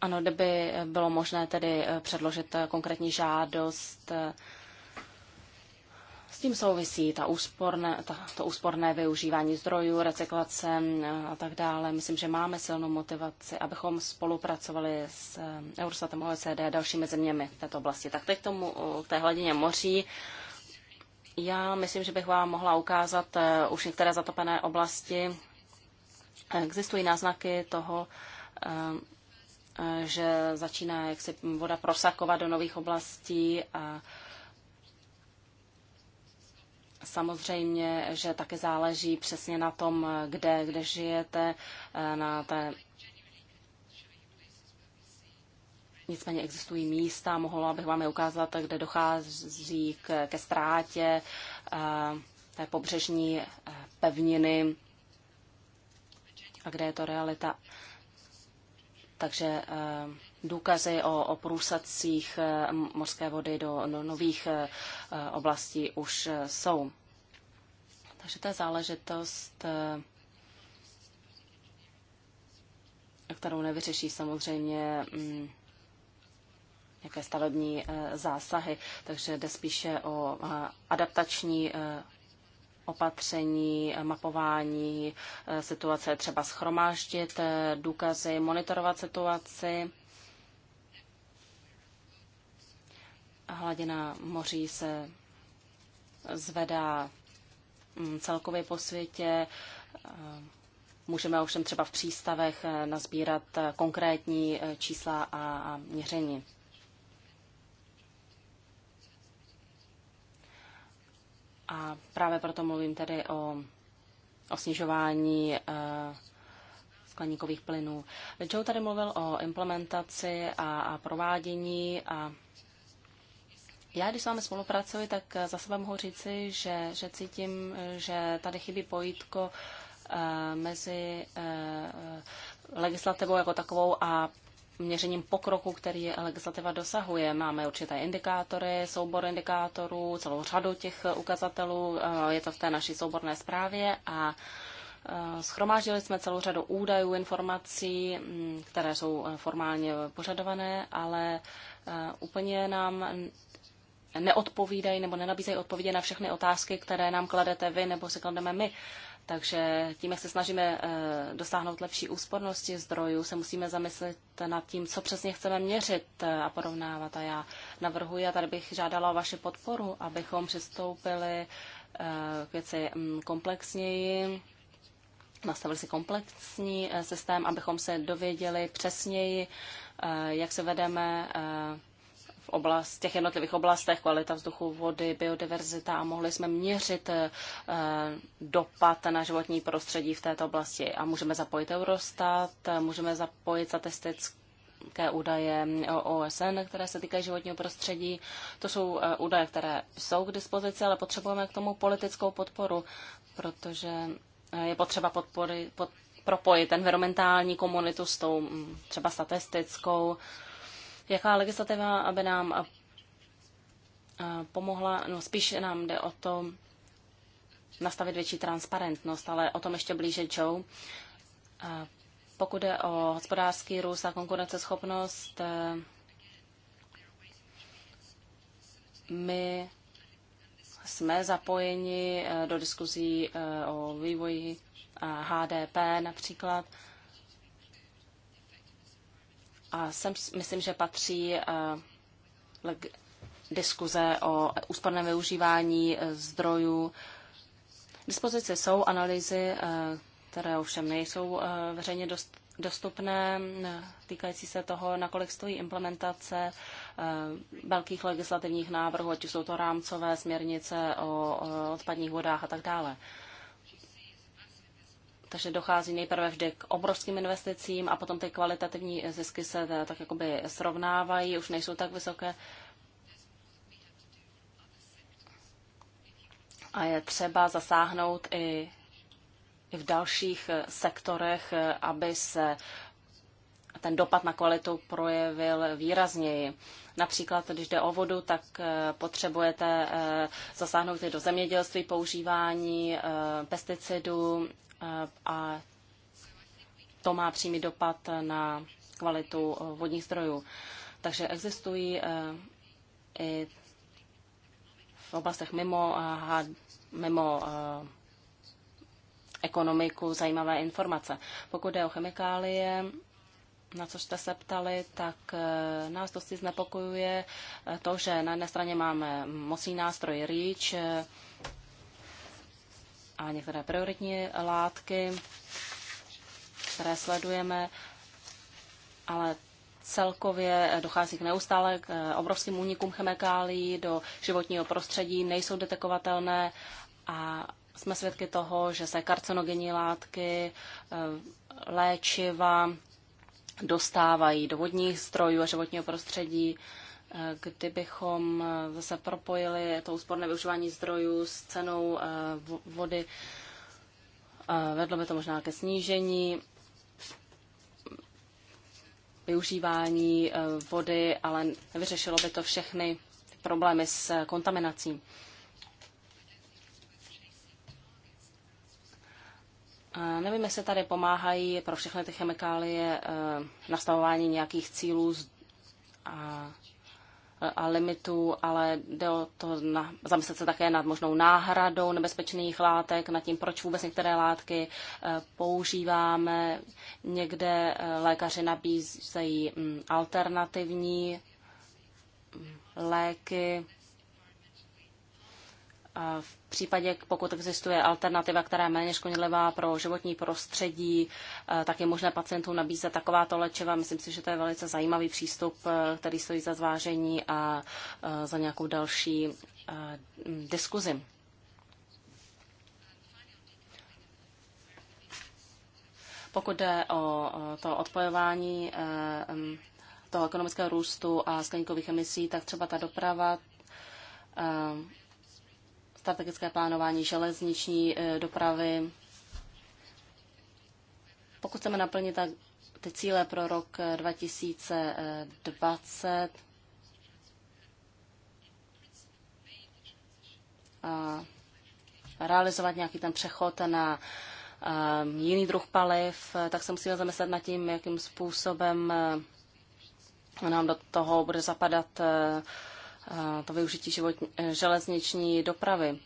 S2: ano, kdyby bylo možné tedy předložit konkrétní žádost tím souvisí ta úsporné, ta, to úsporné využívání zdrojů, recyklace a tak dále. Myslím, že máme silnou motivaci, abychom spolupracovali s eh, Eurostatem OECD a dalšími zeměmi v této oblasti. Tak teď k tomu, eh, k té hladině moří. Já myslím, že bych vám mohla ukázat eh, už některé zatopené oblasti. Existují náznaky toho, že začíná jaksi voda prosakovat do nových oblastí a Samozřejmě, že také záleží přesně na tom, kde, kde žijete, eh, na té Nicméně existují místa, mohla bych vám je ukázat, kde dochází k, ke ztrátě eh, té pobřežní eh, pevniny a kde je to realita. Takže důkazy o, o průsadcích eh, mořské vody do, do no, nových eh, eh, oblastí už jsou. Takže to je záležitost, kterou nevyřeší samozřejmě mm, nějaké stavební zásahy, takže jde spíše o adaptační opatření, mapování situace, třeba schromáždit důkazy, monitorovat situaci Hladina moří se zvedá mm, celkově po světě. Eh, můžeme ovšem třeba v přístavech eh, nazbírat eh, konkrétní čísla a měření. A právě proto mluvím tedy o, o snižování skleníkových plynů. Joe tady mluvil o implementaci a, a provádění a já, když s vámi spolupracuji, tak za sebe mohu říci, že, že cítím, že tady chybí pojítko eh, mezi eh, legislativou jako takovou a měřením pokroku, který legislativa dosahuje. Máme určité indikátory, soubor indikátorů, celou řadu těch ukazatelů, eh, je to v té naší souborné zprávě a Schromáždili jsme celou řadu údajů, informací, mm, které jsou formálně požadované, ale úplně nám neodpovídají nebo nenabízejí odpovědi na všechny otázky, které nám kladete vy nebo si klademe my. Takže tím, jak se snažíme eh, dosáhnout lepší úspornosti zdrojů, se musíme zamyslet nad tím, co přesně chceme měřit eh, a porovnávat. A já navrhuji, a tady bych žádala o vaši podporu, abychom přistoupili eh, k věci mm, komplexněji, nastavili si komplexní systém, abychom se dověděli přesněji, jak se vedeme oblast, těch jednotlivých oblastech, kvalita vzduchu, vody, biodiverzita a mohli jsme měřit eh, dopad na životní prostředí v této oblasti. A můžeme zapojit Eurostat, eh, můžeme zapojit statistické nějaké údaje OSN, které se týkají životního prostředí. To jsou eh, údaje, které jsou k dispozici, ale potřebujeme k tomu politickou podporu, protože je potřeba podpory, pod, propojit environmentální komunitu s tou mm, třeba statistickou. Uh, jaká legislativa, aby nám pomohla, no spíš nám jde o to nastavit větší transparentnost, ale o tom ještě blíže Joe. Pokud jde o hospodářský růst a konkurenceschopnost, e, my jsme zapojeni e, do diskuzí e, o vývoji HDP například. A sem myslím, že patří eh, diskuze o úsporném využívání eh, zdrojů. V dispozici jsou analýzy, eh, které ovšem nejsou veřejně dost dostupné, týkající se toho, nakolik stojí implementace velkých legislativních návrhů, ať jsou to rámcové směrnice o odpadních vodách a tak dále takže dochází nejprve vždy k obrovským investicím a potom ty kvalitativní zisky se eh, tak jakoby srovnávají, už nejsou tak vysoké. A je třeba zasáhnout i, i v dalších eh, sektorech, eh, aby se ten dopad na kvalitu projevil výrazněji. Například, když jde o vodu, tak potřebujete zasáhnout i do zemědělství, používání pesticidů a to má přímý dopad na kvalitu vodních zdrojů. Takže existují eh, i v oblastech mimo, eh, mimo eh, ekonomiku zajímavé informace. Pokud jde o chemikálie, na co jste se ptali, tak nás dosti znepokojuje to, že na jedné straně máme mocný nástroj REACH, a některé prioritní látky, které sledujeme, ale celkově dochází k neustále k eh, obrovským únikům chemikálií do životního prostředí, nejsou detekovatelné a jsme svědky toho, že se karcinogenní látky, eh, léčiva dostávají do vodních strojů a životního prostředí kdybychom se propojili to úsporné využívání zdrojů s cenou eh, vody, eh, vedlo by to možná ke snížení využívání eh, vody, ale nevyřešilo by to všechny problémy s kontaminací. Nevím, jestli tady pomáhají pro všechny ty chemikálie nastavování nějakých cílů a a limitů, ale jde o to na, zamyslet se také nad možnou náhradou nebezpečných látek, nad tím, proč vůbec některé látky eh, používáme. Někde eh, lékaři nabízejí mm, alternativní mm, léky, v případě, pokud existuje alternativa, která je méně škodlivá pro životní prostředí, eh, tak je možné pacientům nabízet takováto léčiva. Myslím si, že to je velice zajímavý přístup, eh, který stojí za zvážení a eh, za nějakou další diskuzi. Pokud jde o to odpojování toho ekonomického růstu a skleníkových emisí, tak třeba ta doprava strategické plánování železniční eh, dopravy. Pokud chceme naplnit ty cíle pro rok 2020, eh, a realizovat nějaký ten přechod na ehm, jiný druh paliv, eh, tak se musíme zamyslet nad tím, jakým způsobem nám do toho bude zapadat to využití životní, eh, železniční dopravy.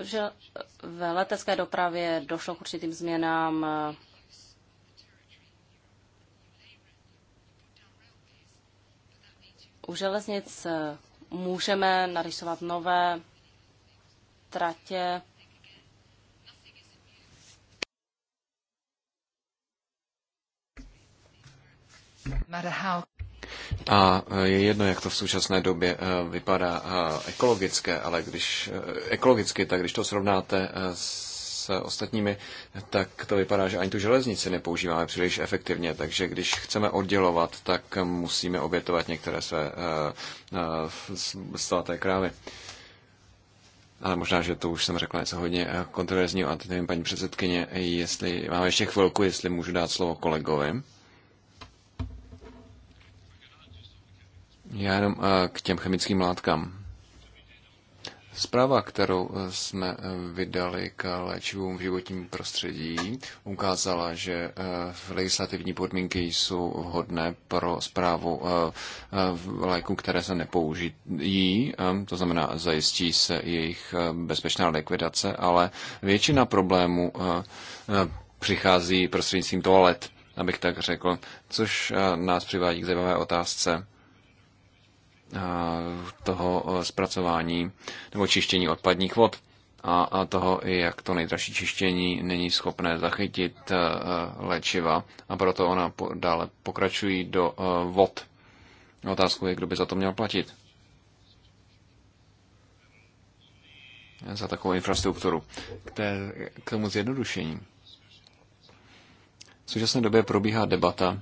S2: Že v letecké dopravě došlo k určitým změnám eh, u železnic eh, můžeme narysovat nové tratě,
S3: A e, je jedno, jak to v současné době e, vypadá e, ekologické, ale když ekologicky, tak když to srovnáte s ostatními, tak to vypadá, že ani tu železnici nepoužíváme příliš efektivně, takže když chceme oddělovat, tak musíme obětovat některé své svaté krávy. Ale možná, že to už jsem řekla něco hodně kontroverzního a teď nevím, paní předsedkyně, jestli máme ještě chvilku, jestli můžu dát slovo kolegovi. Já jenom eh, k těm chemickým látkám. Zpráva, kterou eh, jsme eh, vydali k léčivům v životním prostředí, ukázala, že legislativní podmínky jsou vhodné pro zprávu léků, které se nepoužijí, to znamená zajistí se jejich bezpečná likvidace, ale většina problémů přichází prostřednictvím toalet, abych tak řekl, což nás přivádí k zajímavé otázce toho zpracování nebo čištění odpadních vod a toho, jak to nejdražší čištění není schopné zachytit e, e, léčiva a proto ona dále pokračují do e, vod. Otázku je, kdo by za to měl platit. Za takovou infrastrukturu. K, tomu zjednodušení. V současné době probíhá debata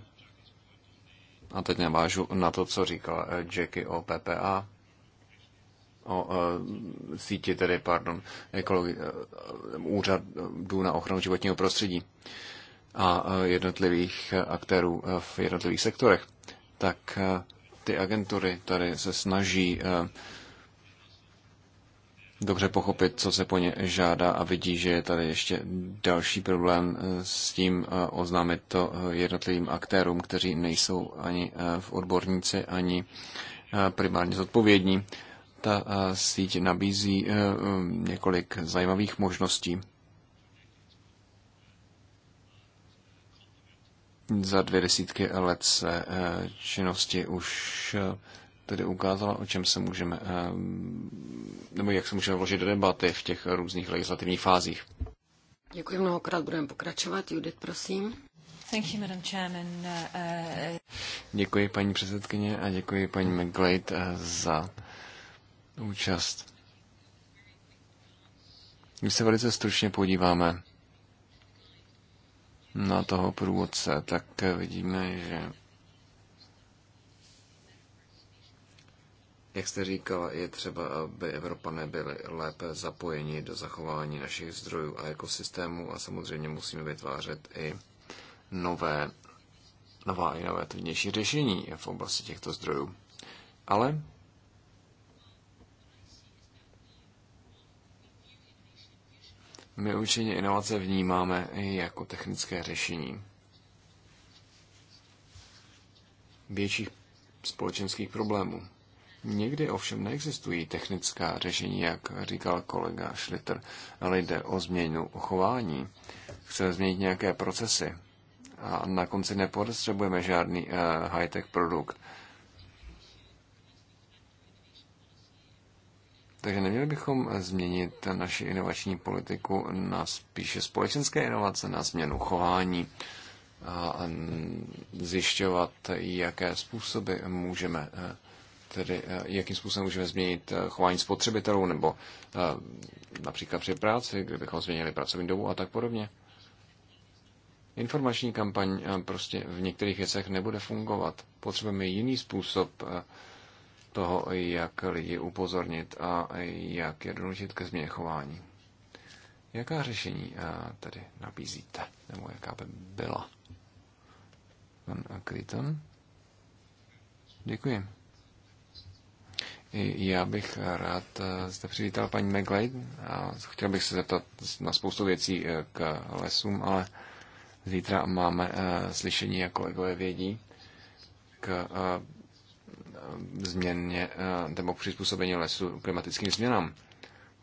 S3: a teď navážu na to, co říkal eh, Jackie o PPA, o e, síti tedy, pardon, ekologi- eh, úřadů na ochranu životního prostředí a jednotlivých aktérů v jednotlivých sektorech, tak ty agentury tady se snaží dobře pochopit, co se po ně žádá a vidí, že je tady ještě další problém eh, s tím eh, oznámit to eh, jednotlivým aktérům, kteří nejsou ani v odborníci, ani primárně zodpovědní. Ta síť nabízí několik zajímavých možností. Za dvě desítky let se činnosti už tedy ukázala, o čem se můžeme, eh, nebo jak se můžeme vložit do debaty v těch různých legislativních fázích.
S1: Děkuji mnohokrát, budeme pokračovat. Judith, prosím. Thank you, Madam Chairman. Uh, uh,
S3: děkuji paní předsedkyně a děkuji paní McGlade eh, za účast. Když se velice stručně podíváme na toho průvodce, tak vidíme, že Jak jste říkala, je třeba, aby Evropané byli lépe zapojeni do zachování našich zdrojů a ekosystémů a samozřejmě musíme vytvářet i nové, nová inovativnější řešení v oblasti těchto zdrojů. Ale my určitě inovace vnímáme i jako technické řešení větších společenských problémů. Někdy ovšem neexistují technická řešení, jak říkal kolega Schlitter, ale jde o změnu chování. Chceme změnit nějaké procesy a na konci nepotřebujeme žádný uh, high-tech produkt. Takže neměli bychom změnit naši inovační politiku na spíše společenské inovace, na změnu chování a mm, zjišťovat, jaké způsoby můžeme uh, tedy eh, jakým způsobem můžeme změnit eh, chování spotřebitelů nebo eh, například při práci, kdybychom změnili pracovní dobu a tak podobně. Informační kampaň prostě v některých věcech nebude fungovat. Potřebujeme jiný způsob toho, jak lidi upozornit a jak je donutit ke změně chování. Jaká řešení tedy nabízíte, nebo jaká by byla? Pan Akriton? Děkuji. Já bych rád eh, zde přivítal paní Megley a chtěl bych se zeptat na spoustu věcí eh, k lesům, ale zítra máme eh, slyšení, jak kolegové vědí, k změně nebo přizpůsobení lesu klimatickým změnám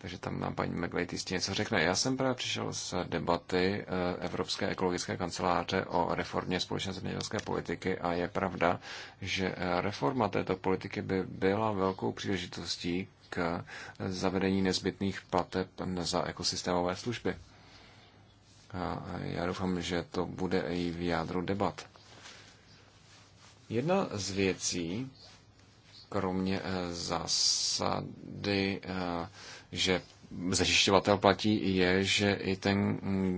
S3: takže tam nám paní McLeod jistě něco řekne. Já jsem právě přišel z debaty eh, Evropské ekologické kanceláře o reformě společné zemědělské politiky a je pravda, že eh, reforma této politiky by byla velkou příležitostí k zavedení nezbytných plateb za ekosystémové služby. A já doufám, že to bude i v jádru debat. Jedna z věcí, kromě eh, zásady že zajišťovatel platí, je, že i ten,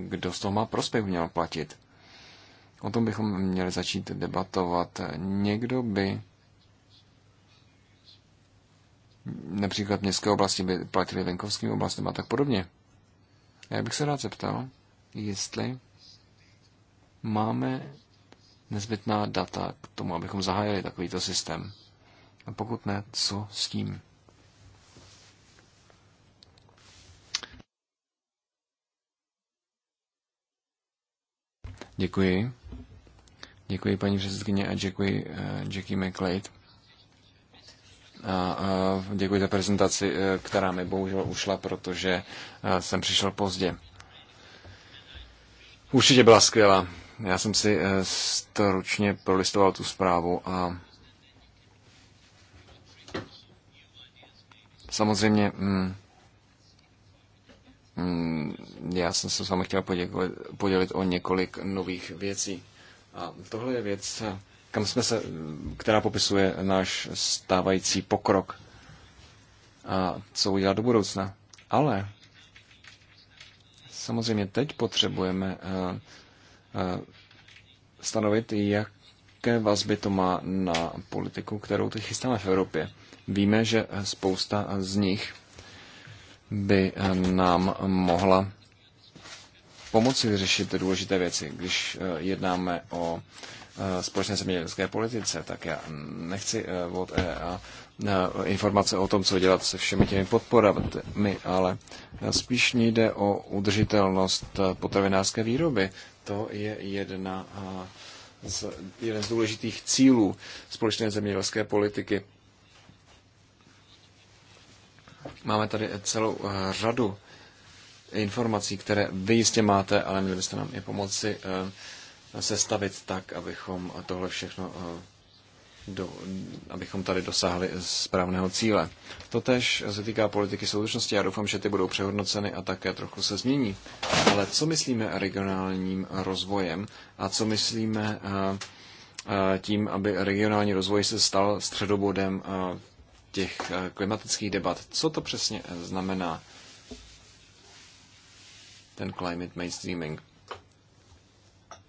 S3: kdo z toho má prospěch, měl platit. O tom bychom měli začít debatovat. Někdo by například městské oblasti by platili venkovským oblastem a tak podobně. Já bych se rád zeptal, jestli máme nezbytná data k tomu, abychom zahájili takovýto systém. A pokud ne, co s tím? Děkuji. Děkuji paní předsedkyně a děkuji uh, Jackie McLeod. A, a děkuji za prezentaci, eh, která mi bohužel ušla, protože eh, jsem přišel pozdě. Určitě byla skvělá. Já jsem si stručně prolistoval tu zprávu a samozřejmě. Mm, já jsem se s vámi chtěl poděkovat, podělit o několik nových věcí. A tohle je věc, kam jsme se, která popisuje náš stávající pokrok a co udělat do budoucna. Ale samozřejmě teď potřebujeme eh, eh, stanovit, jaké vazby to má na politiku, kterou teď chystáme v Evropě. Víme, že spousta z nich by eh, nám mohla pomoci vyřešit důležité věci. Když eh, jednáme o eh, společné zemědělské politice, tak já nechci od EA informace o tom, co dělat se všemi těmi podporami, ale spíš mě jde o udržitelnost potravinářské výroby. To je jedna z, jeden z důležitých cílů společné zemědělské politiky. Máme tady celou eh, řadu informací, které vy jistě máte, ale měli byste nám je pomoci eh, sestavit tak, abychom tohle všechno eh, do, abychom tady dosáhli správného cíle. Totež se týká politiky soudržnosti, já doufám, že ty budou přehodnoceny a také trochu se změní. Ale co myslíme regionálním rozvojem a co myslíme tím, aby regionální rozvoj se stal středobodem těch eh, klimatických debat. Co to přesně eh, znamená ten climate mainstreaming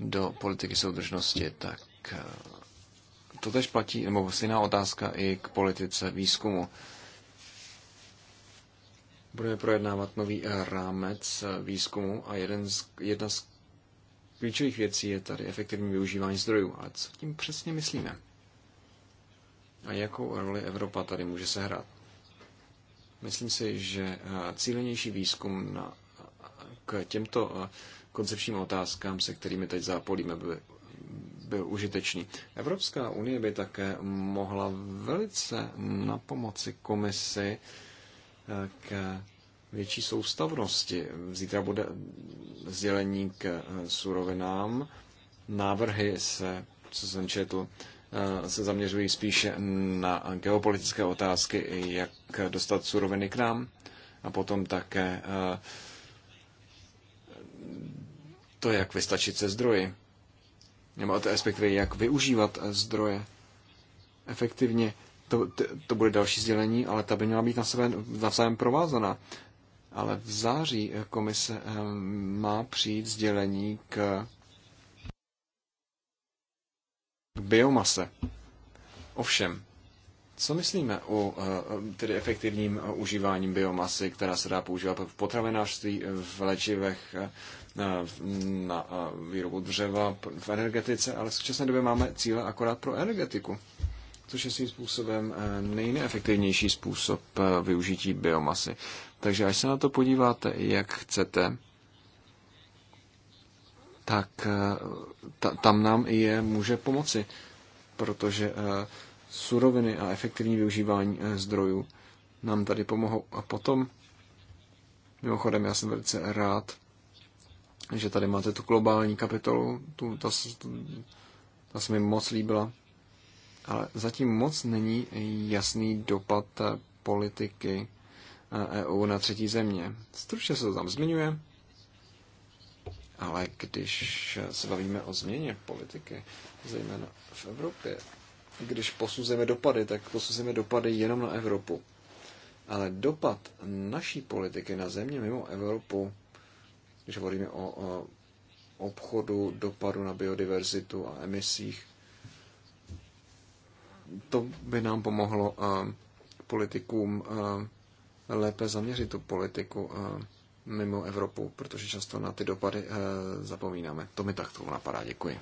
S3: do politiky soudržnosti, tak eh, to tež platí, nebo stejná otázka i k politice výzkumu. Budeme projednávat nový rámec výzkumu a jeden z, jedna z klíčových věcí je tady efektivní využívání zdrojů. A co tím přesně myslíme? A jakou roli Evropa tady může sehrát? Myslím si, že eh, cílenější výzkum na, k těmto eh, koncepčním otázkám, se kterými teď zápolíme, by byl užitečný. Evropská unie by také mohla velice na pomoci komisi eh, k větší soustavnosti. Zítra bude sdělení k surovinám. Návrhy se, co jsem četl, Eh, se zaměřují spíše na geopolitické otázky, jak dostat suroviny k nám a potom také eh, to, jak vystačit se zdroji, nebo to respektive jak využívat eh, zdroje efektivně. To, to, bude další sdělení, ale ta by měla být na navzájem provázaná. Ale v září komise má přijít sdělení k k biomase. Ovšem, co myslíme o eh, tedy efektivním eh, užívání biomasy, která se dá používat v potravinářství, v léčivech, eh, na výrobu dřeva, v energetice, ale v současné době máme cíle akorát pro energetiku, což je svým způsobem nejneefektivnější způsob využití biomasy. Takže až se na to podíváte, jak chcete, tak eh, ta, tam nám je může pomoci, protože eh, suroviny a efektivní využívání eh, zdrojů nám tady pomohou. A potom, mimochodem, já jsem velice rád, že tady máte tu globální kapitolu, tu, ta, ta se mi moc líbila, ale zatím moc není jasný dopad politiky EU e na třetí země. Stručně se to tam zmiňuje, ale když se bavíme o změně politiky, zejména v Evropě, když posuzujeme dopady, tak posuzujeme dopady jenom na Evropu. Ale dopad naší politiky na země mimo Evropu, když hovoříme o, o obchodu, dopadu na biodiverzitu a emisích, to by nám pomohlo eh, politikům eh, lépe zaměřit tu politiku. A, eh, mimo Evropu, protože často na ty dopady eh, zapomínáme. To mi tak tomu
S1: napadá. Děkuji.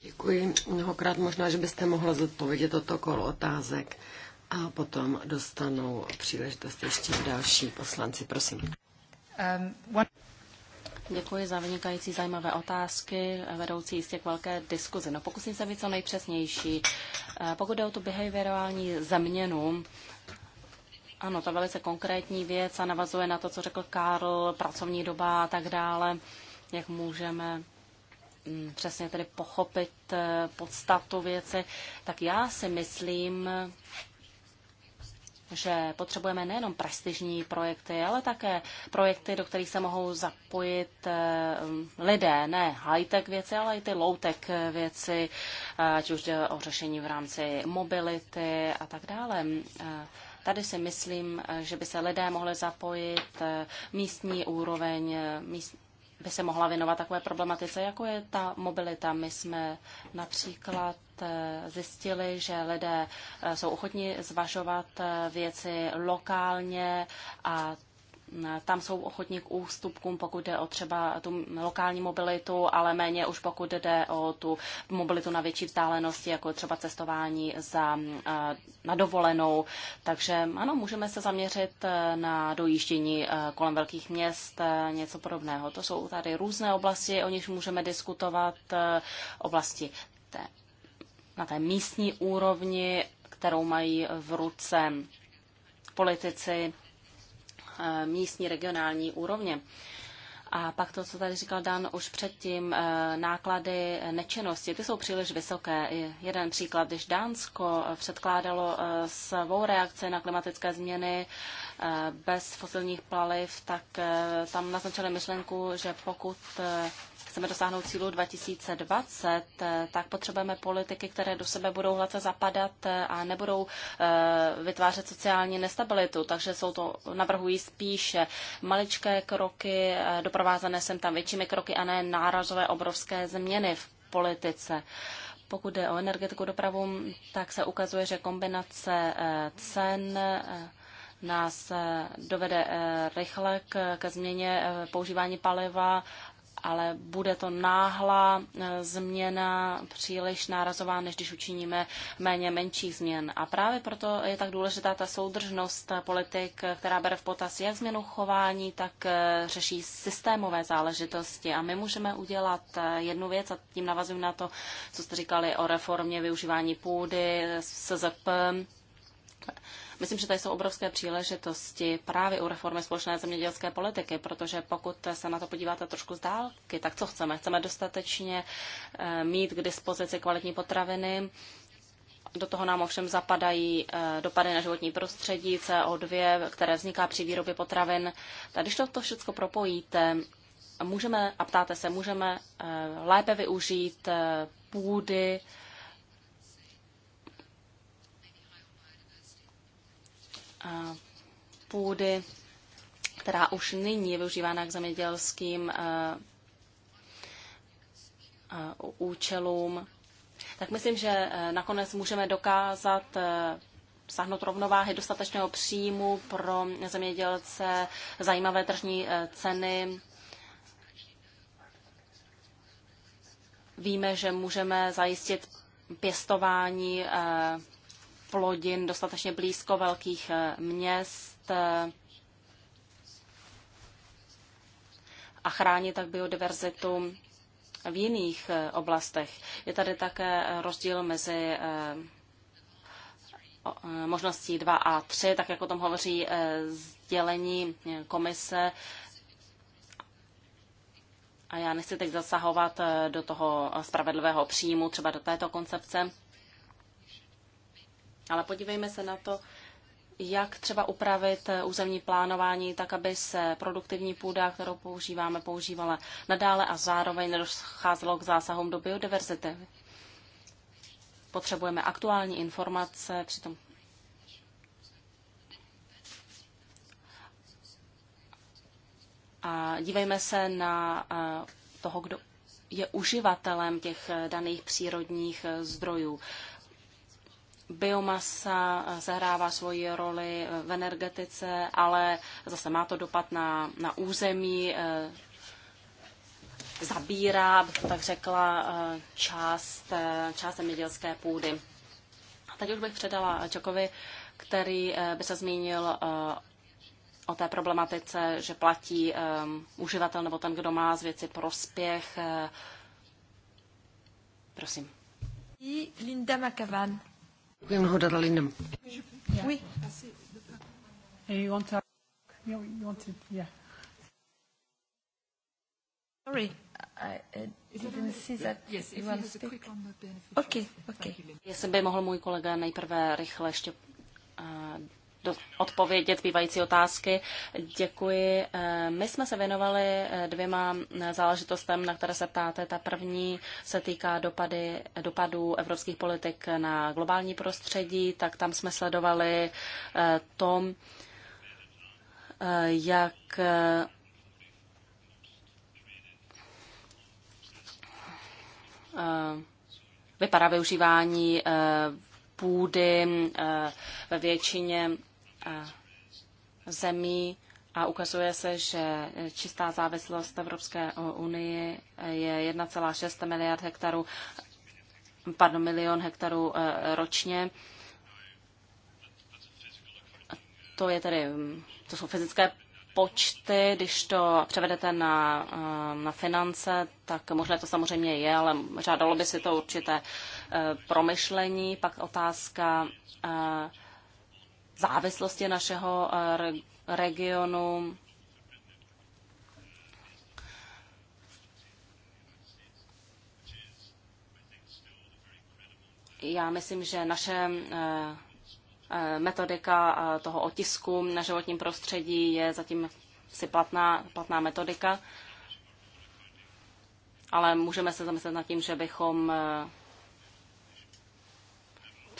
S1: Děkuji mnohokrát. Možná, že byste mohla zodpovědět toto kolo otázek a potom dostanou příležitost ještě další poslanci. Prosím. Um,
S2: Děkuji za vynikající zajímavé otázky, vedoucí jistě k velké diskuzi. No, pokusím se být co nejpřesnější. Eh, pokud jde o tu behaviorální změnu, ano, to velice konkrétní věc a navazuje na to, co řekl Karl, pracovní doba a tak dále, jak můžeme mm, přesně tedy pochopit eh, podstatu věci, tak já si myslím, že potřebujeme nejenom prestižní projekty, ale také projekty, do kterých se mohou zapojit eh, lidé, ne high-tech věci, ale i ty low-tech věci, eh, ať už jde o řešení v rámci mobility a tak dále. Tady si myslím, eh, že by se lidé mohli zapojit, eh, místní úroveň eh, míst, by se mohla věnovat takové problematice, jako je ta mobilita. My jsme například zjistili, že lidé jsou ochotni zvažovat věci lokálně a tam jsou ochotní k ústupkům, pokud jde o třeba tu lokální mobilitu, ale méně už pokud jde o tu mobilitu na větší vzdálenosti, jako třeba cestování za, na dovolenou. Takže ano, můžeme se zaměřit e, na dojíždění e, kolem velkých měst, e, něco podobného. To jsou tady různé oblasti, o nich můžeme diskutovat, oblasti té, na té místní úrovni, kterou mají v ruce politici, Eh, místní, regionální úrovně. A pak to, co tady říkal Dan už předtím, eh, náklady nečinnosti, ty jsou příliš vysoké. Jeden příklad, když Dánsko eh, předkládalo svou reakci na klimatické změny bez fosilních paliv, tak tam naznačili myšlenku, že pokud chceme dosáhnout cílu 2020, tak potřebujeme politiky, které do sebe budou hladce zapadat a nebudou eh, vytvářet sociální nestabilitu. Takže jsou to, navrhují spíše maličké kroky, eh, doprovázené sem tam většími kroky a ne nárazové obrovské změny v politice. Pokud jde o energetiku dopravu, tak se ukazuje, že kombinace eh, cen nás dovede rychle ke změně používání paliva ale bude to náhla e, změna příliš nárazová, než když učiníme méně menších změn. A právě proto je tak důležitá ta soudržnost politik, která bere v potaz jak změnu chování, tak e, řeší systémové záležitosti. A my můžeme udělat e, jednu věc, a tím navazuji na to, co jste říkali o reformě využívání půdy, SZP, Myslím, že tady jsou obrovské příležitosti právě u reformy společné zemědělské politiky, protože pokud se na to podíváte trošku z dálky, tak co chceme? Chceme dostatečně eh, mít k dispozici kvalitní potraviny, do toho nám ovšem zapadají eh, dopady na životní prostředí, CO2, které vzniká při výrobě potravin. Tak když to všechno propojíte, můžeme, a ptáte se, můžeme eh, lépe využít půdy, půdy, která už nyní je využívána k zemědělským eh, eh, účelům, tak myslím, že eh, nakonec můžeme dokázat sahnout rovnováhy dostatečného příjmu pro zemědělce, zajímavé tržní ceny. Víme, že můžeme zajistit pěstování plodin dostatečně blízko velkých eh, měst eh, a chránit tak biodiverzitu v jiných eh, oblastech. Je tady také rozdíl mezi možností 2 a 3, tak jak o tom hovoří sdělení komise. A já nechci teď zasahovat do toho spravedlivého příjmu, třeba do této koncepce. Ale podívejme se na to, jak třeba upravit eh, územní plánování tak, aby se produktivní půda, kterou používáme, používala nadále a zároveň nedocházelo k zásahům do biodiverzity. Potřebujeme aktuální informace, přitom a dívejme se na eh, toho, kdo je uživatelem těch eh, daných přírodních zdrojů biomasa zahrává svoji roli v energetice, ale zase má to dopad na, na území, eh, zabírá, bych tak řekla, eh, část, eh, část zemědělské půdy. A teď už bych předala Čokovi, který by se zmínil o té problematice, že platí uživatel nebo ten, kdo má z věci prospěch. Prosím. Linda McAvan.
S1: Jen ho dala Lindem.
S3: Oui. You want to... You want to... Yeah.
S2: Sorry. I didn't see that. Yes, if he quick on the benefit. Okay, okay. Jestli by mohl můj kolega nejprve rychle ještě eh, odpovědět zbývající otázky. Děkuji. Eh, my jsme se věnovali eh, dvěma eh, záležitostem, na které se ptáte. Ta první se týká dopady, dopadů evropských politik na globální prostředí, tak tam jsme sledovali tom, jak vypadá využívání půdy ve většině zemí a ukazuje se, že čistá závislost Evropské unii je 1,6 miliard hektarů, pardon, milion hektarů eh, ročně. To, je tedy, mm, to jsou fyzické počty, když to převedete na, eh, na finance, tak možná to samozřejmě je, ale řádalo by si to určité eh, promyšlení. Pak otázka závislosti našeho eh, regionu. Já myslím, že naše eh, eh, metodika toho otisku na životním prostředí je zatím si platná, platná metodika, ale můžeme se zamyslet nad tím, že bychom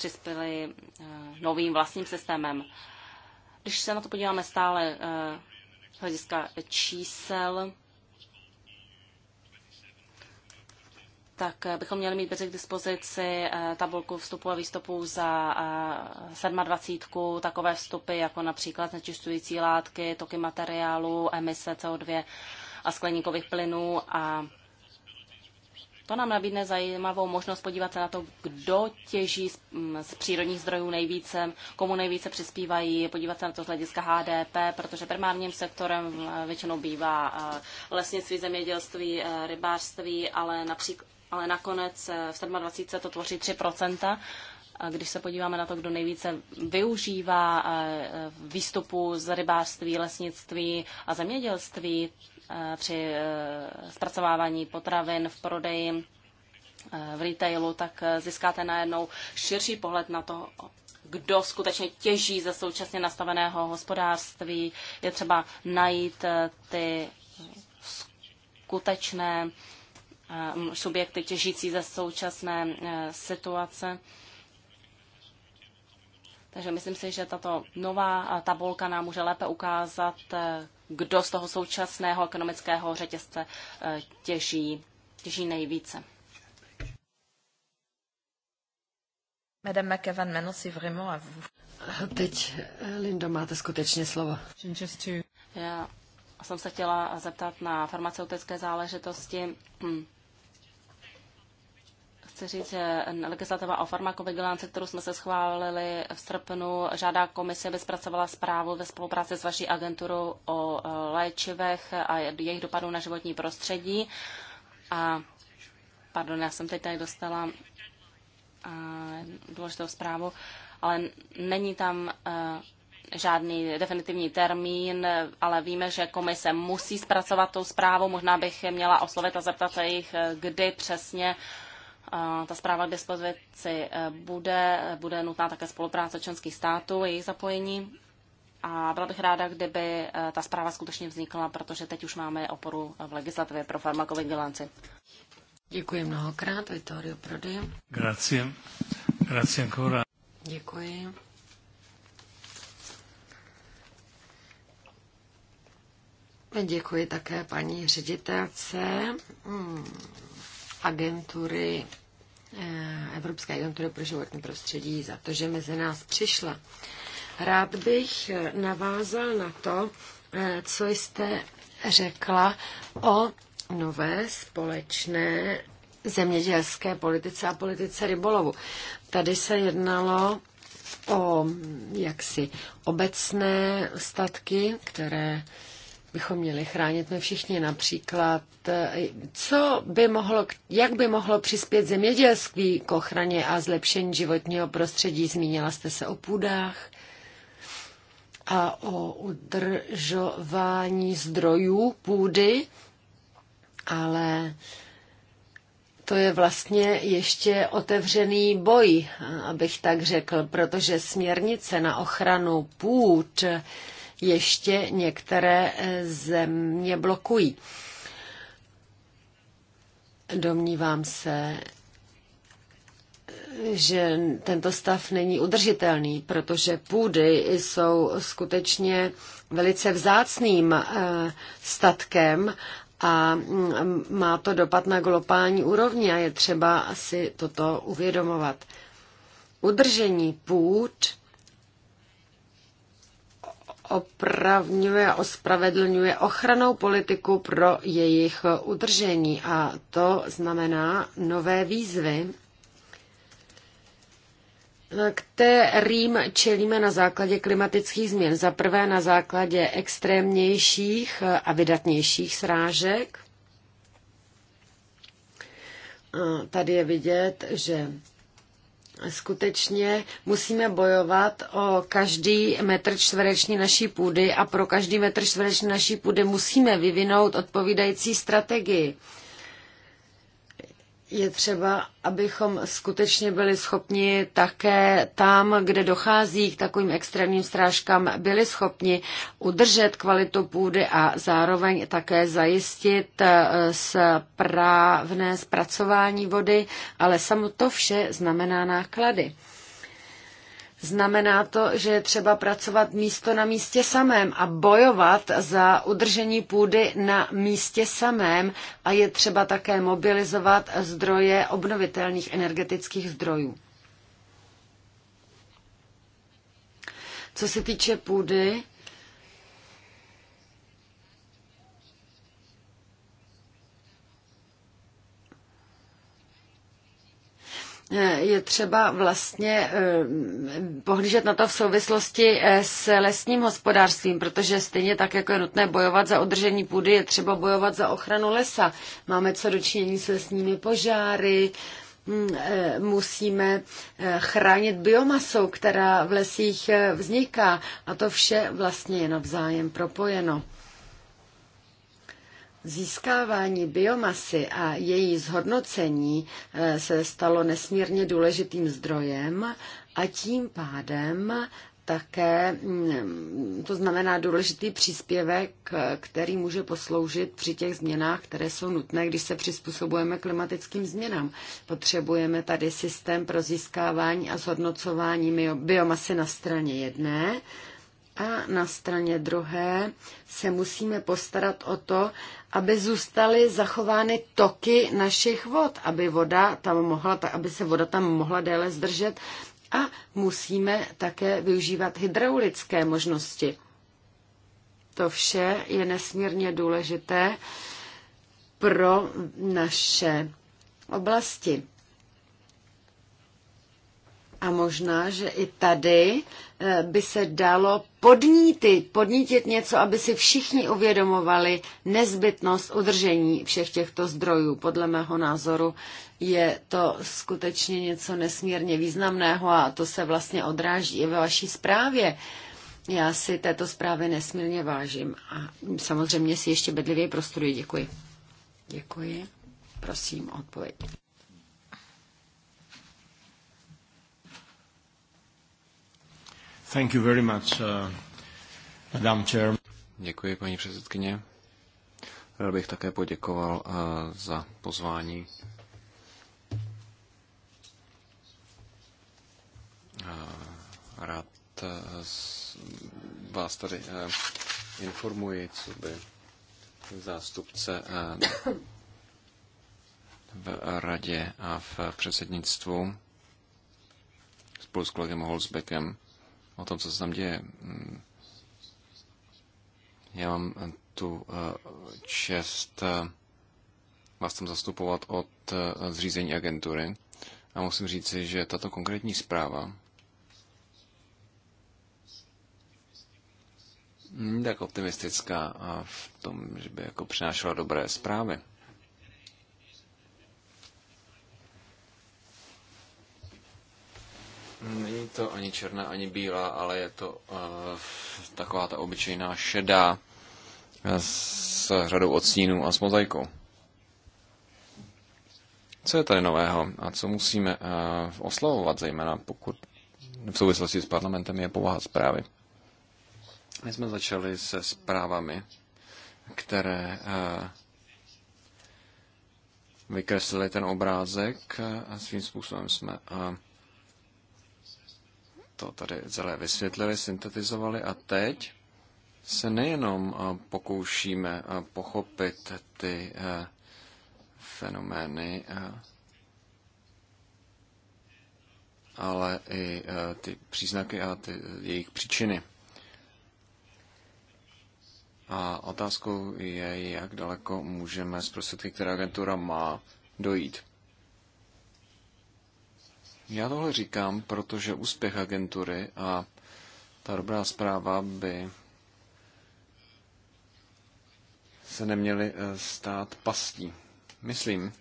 S2: přispěli eh, novým vlastním systémem. Když se na to podíváme stále eh, z hlediska čísel, tak eh, bychom měli mít k dispozici tabulku vstupu a výstupů za 27. takové vstupy, jako například znečišťující látky, toky materiálu, emise CO2 a skleníkových plynů a to nám nabídne zajímavou možnost podívat se na to, kdo těží z, mm, z přírodních zdrojů nejvíce, komu nejvíce přispívají, podívat se na to z hlediska HDP, protože primárním sektorem mm, většinou bývá eh, lesnictví, zemědělství, eh, rybářství, ale, například, ale nakonec eh, v 27. to tvoří 3 a když se podíváme na to, kdo nejvíce využívá výstupu z rybářství, lesnictví a zemědělství, Eh, při eh, zpracovávání potravin v prodeji eh, v retailu, tak získáte najednou širší pohled na to, kdo skutečně těží ze současně nastaveného hospodářství. Je třeba najít ty skutečné subjekty těžící ze současné situace. Takže myslím si, že tato nová tabulka nám může lépe ukázat, kdo z toho současného ekonomického řetězce eh, těží, těží nejvíce.
S1: Madame McEvan, Teď, Lindo, máte skutečně slovo.
S2: Já jsem se chtěla zeptat na farmaceutické záležitosti. Hmm chci říct, že legislativa o farmakovigilanci, kterou jsme se schválili v srpnu, žádá komise, aby zpracovala zprávu ve spolupráci s vaší agenturou o e, léčivech a jejich dopadů na životní prostředí. A pardon, já jsem teď tady dostala e, důležitou zprávu, ale není tam e, žádný definitivní termín, ale víme, že komise musí zpracovat tou zprávu. Možná bych je měla oslovit a zeptat se jich, kdy přesně ta zpráva k dispozici e, bude. Bude nutná také spolupráce členských států, jejich zapojení. A byla bych ráda, kdyby e, ta zpráva skutečně vznikla, protože teď už máme oporu v legislativě pro
S1: farmakovigilanci. Děkuji mnohokrát, Vittorio Prodi. Grazie.
S3: Grazie ancora.
S1: Děkuji. Děkuji také paní ředitelce hmm, agentury Eh, Evropské agentury pro životní prostředí za to, že mezi nás přišla. Rád bych eh, navázal na to, eh, co jste řekla o nové společné zemědělské politice a politice rybolovu. Tady se jednalo o mm, jaksi obecné statky, které bychom měli chránit my všichni například, eh, co by mohlo, jak by mohlo přispět zemědělství k ochraně a zlepšení životního prostředí. Zmínila jste se o půdách a o udržování zdrojů půdy, ale to je vlastně ještě otevřený boj, abych tak řekl, protože směrnice na ochranu půd ještě některé eh, země blokují. Domnívám se, že tento stav není udržitelný, protože půdy jsou skutečně velice vzácným eh, statkem a mm, má to dopad na globální úrovni a je třeba asi toto uvědomovat. Udržení půd opravňuje a ospravedlňuje ochranou politiku pro jejich udržení. A to znamená nové výzvy, kterým čelíme na základě klimatických změn. Za prvé na základě extrémnějších a vydatnějších srážek. tady je vidět, že skutečně musíme bojovat o každý metr čtvereční naší půdy a pro každý metr čtvereční naší půdy musíme vyvinout odpovídající strategii je třeba, abychom skutečně byli schopni také tam, kde dochází k takovým extrémním strážkám, byli schopni udržet kvalitu půdy a zároveň také zajistit eh, správné zpracování vody, ale samo to vše znamená náklady. Znamená to, že je třeba pracovat místo na místě samém a bojovat za udržení půdy na místě samém a je třeba také mobilizovat zdroje obnovitelných energetických zdrojů. Co se týče půdy, Eh, je třeba vlastně eh, pohlížet na to v souvislosti eh, s lesním hospodářstvím, protože stejně tak, jako je nutné bojovat za održení půdy, je třeba bojovat za ochranu lesa. Máme co dočinění s lesními požáry, hm, musíme chránit biomasou, která v lesích vzniká. A to vše vlastně je navzájem propojeno. Získávání biomasy a její zhodnocení eh, se stalo nesmírně důležitým zdrojem a tím pádem také, mm, to znamená důležitý příspěvek, který může posloužit při těch změnách, které jsou nutné, když se přizpůsobujeme klimatickým změnám. Potřebujeme tady systém pro získávání a zhodnocování biomasy na straně jedné a na straně druhé se musíme postarat o to, aby zůstaly zachovány toky našich vod, aby voda tam mohla, aby se voda tam mohla déle zdržet a musíme také využívat hydraulické možnosti. To vše je nesmírně důležité pro naše oblasti. A možná, že i tady eh, by se dalo podnítit, podnítit něco, aby si všichni uvědomovali nezbytnost udržení všech těchto zdrojů. Podle mého názoru je to skutečně něco nesmírně významného a to se vlastně odráží i ve vaší zprávě. Já si této zprávy nesmírně vážím a samozřejmě si ještě bedlivěji prostuduji. Děkuji. Děkuji. Prosím, odpověď. Thank you very much, uh,
S3: Madam Chair. Děkuji, paní předsedkyně. Rád bych také poděkoval uh, za pozvání. Uh, rád uh, vás tady uh, informuji, co by zástupce uh, v radě a v předsednictvu spolu s kolegem Holzbeckem o tom, co se tam děje. Mm. Já mám eh, tu eh, čest eh, vás tam zastupovat od zřízení agentury a musím říci, že tato konkrétní zpráva není tak optimistická a v tom, že by jako přinášela dobré zprávy. Není to ani černá, ani bílá, ale je to uh, taková ta obyčejná šedá eh, s řadou odstínů a s mozaikou. Co je tady nového a co musíme uh, oslavovat, zejména pokud v souvislosti s parlamentem je povaha zprávy? My jsme začali se zprávami, které uh, vykreslili ten obrázek a svým způsobem jsme uh, to tady celé vysvětlili, syntetizovali a teď se nejenom pokoušíme pochopit ty e, fenomény, e, ale i e, ty příznaky a ty jejich příčiny. A otázkou je, jak daleko můžeme z prostředky, které agentura má, dojít. Já tohle říkám, protože úspěch agentury a ta dobrá zpráva by se neměly eh, stát pastí. Myslím,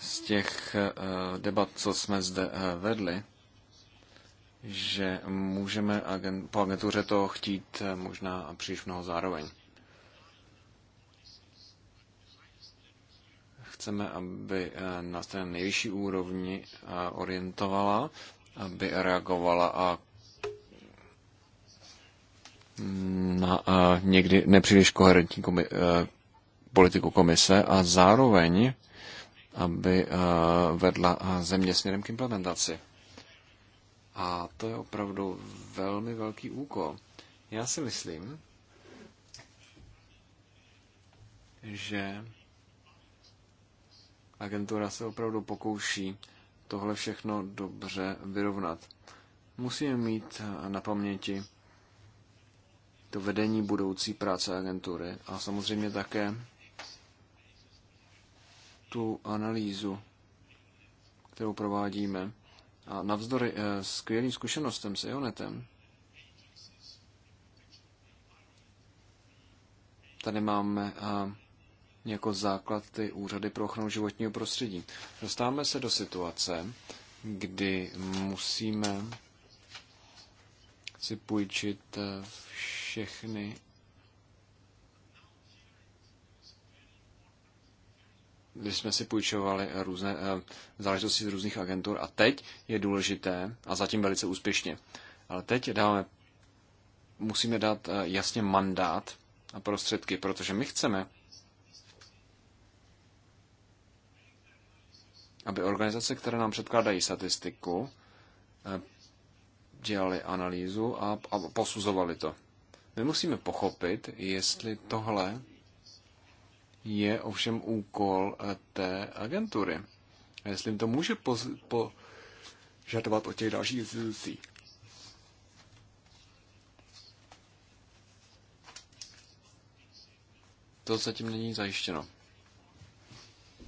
S3: z těch eh, debat, co jsme zde eh, vedli, že můžeme agent, po agentuře to chtít možná příliš mnoho zároveň. chceme, aby eh, na té nejvyšší úrovni eh, orientovala, aby reagovala a na eh, někdy nepříliš koherentní komi, politiku komise a zároveň, aby vedla země směrem k implementaci. A to je opravdu velmi velký úkol. Já si myslím, že agentura se opravdu pokouší tohle všechno dobře vyrovnat. Musíme mít na paměti to vedení budoucí práce agentury a samozřejmě také tu analýzu, kterou provádíme. A navzdory eh, skvělým zkušenostem s Ionetem, tady máme eh, jako základ ty úřady pro ochranu životního prostředí. Dostáváme se do situace, kdy musíme si půjčit eh, všechny kdy jsme si půjčovali eh, různé eh, záležitosti z různých agentur a teď je důležité, a zatím velice úspěšně, ale teď dáme, musíme dát jasně mandát a prostředky, protože my chceme, aby organizace, které nám předkládají statistiku, eh, dělali analýzu a, a posuzovali to. My musíme pochopit, jestli tohle je ovšem úkol eh, té agentury. A jestli jim to může požadovat po, od těch dalších institucí. To zatím není zajištěno.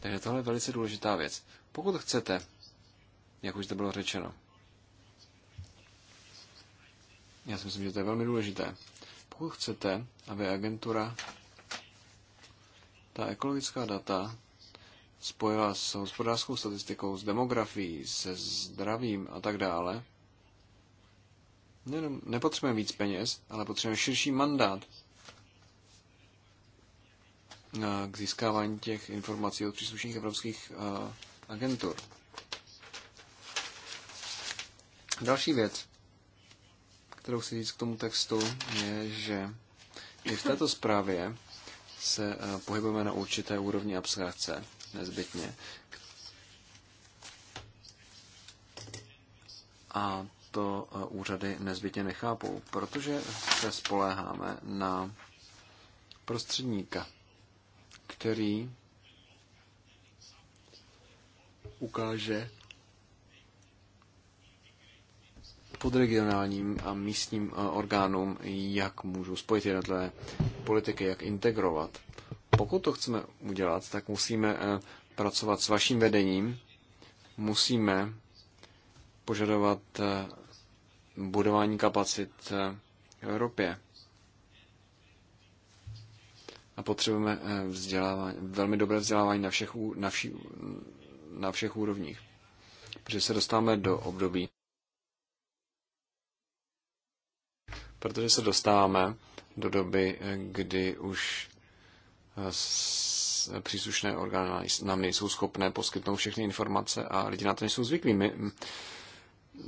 S3: Takže tohle je velice důležitá věc. Pokud chcete, jak už to bylo řečeno, já si myslím, že to je velmi důležité. Pokud chcete, aby agentura ta ekologická data spojila s hospodářskou statistikou, s demografií, se zdravím a tak dále, Nejenom nepotřebujeme víc peněz, ale potřebujeme širší mandát k získávání těch informací od příslušných evropských eh, agentur. Další věc, kterou chci říct k tomu textu, je, že i v této zprávě se eh, pohybujeme na určité úrovni abstrakce, nezbytně. A to eh, úřady nezbytně nechápou, protože se spoléháme na prostředníka, který ukáže podregionálním a místním eh, orgánům, jak můžou spojit jednotlivé politiky, jak integrovat. Pokud to chceme udělat, tak musíme eh, pracovat s vaším vedením, musíme požadovat eh, budování kapacit v Evropě. A potřebujeme vzdělávání, velmi dobré vzdělávání na všech, na všech, na všech úrovních. Protože se dostáváme do období, protože se dostáváme do doby, kdy už eh, příslušné orgány nám nejsou schopné poskytnout všechny informace a lidi na to nejsou zvyklí. My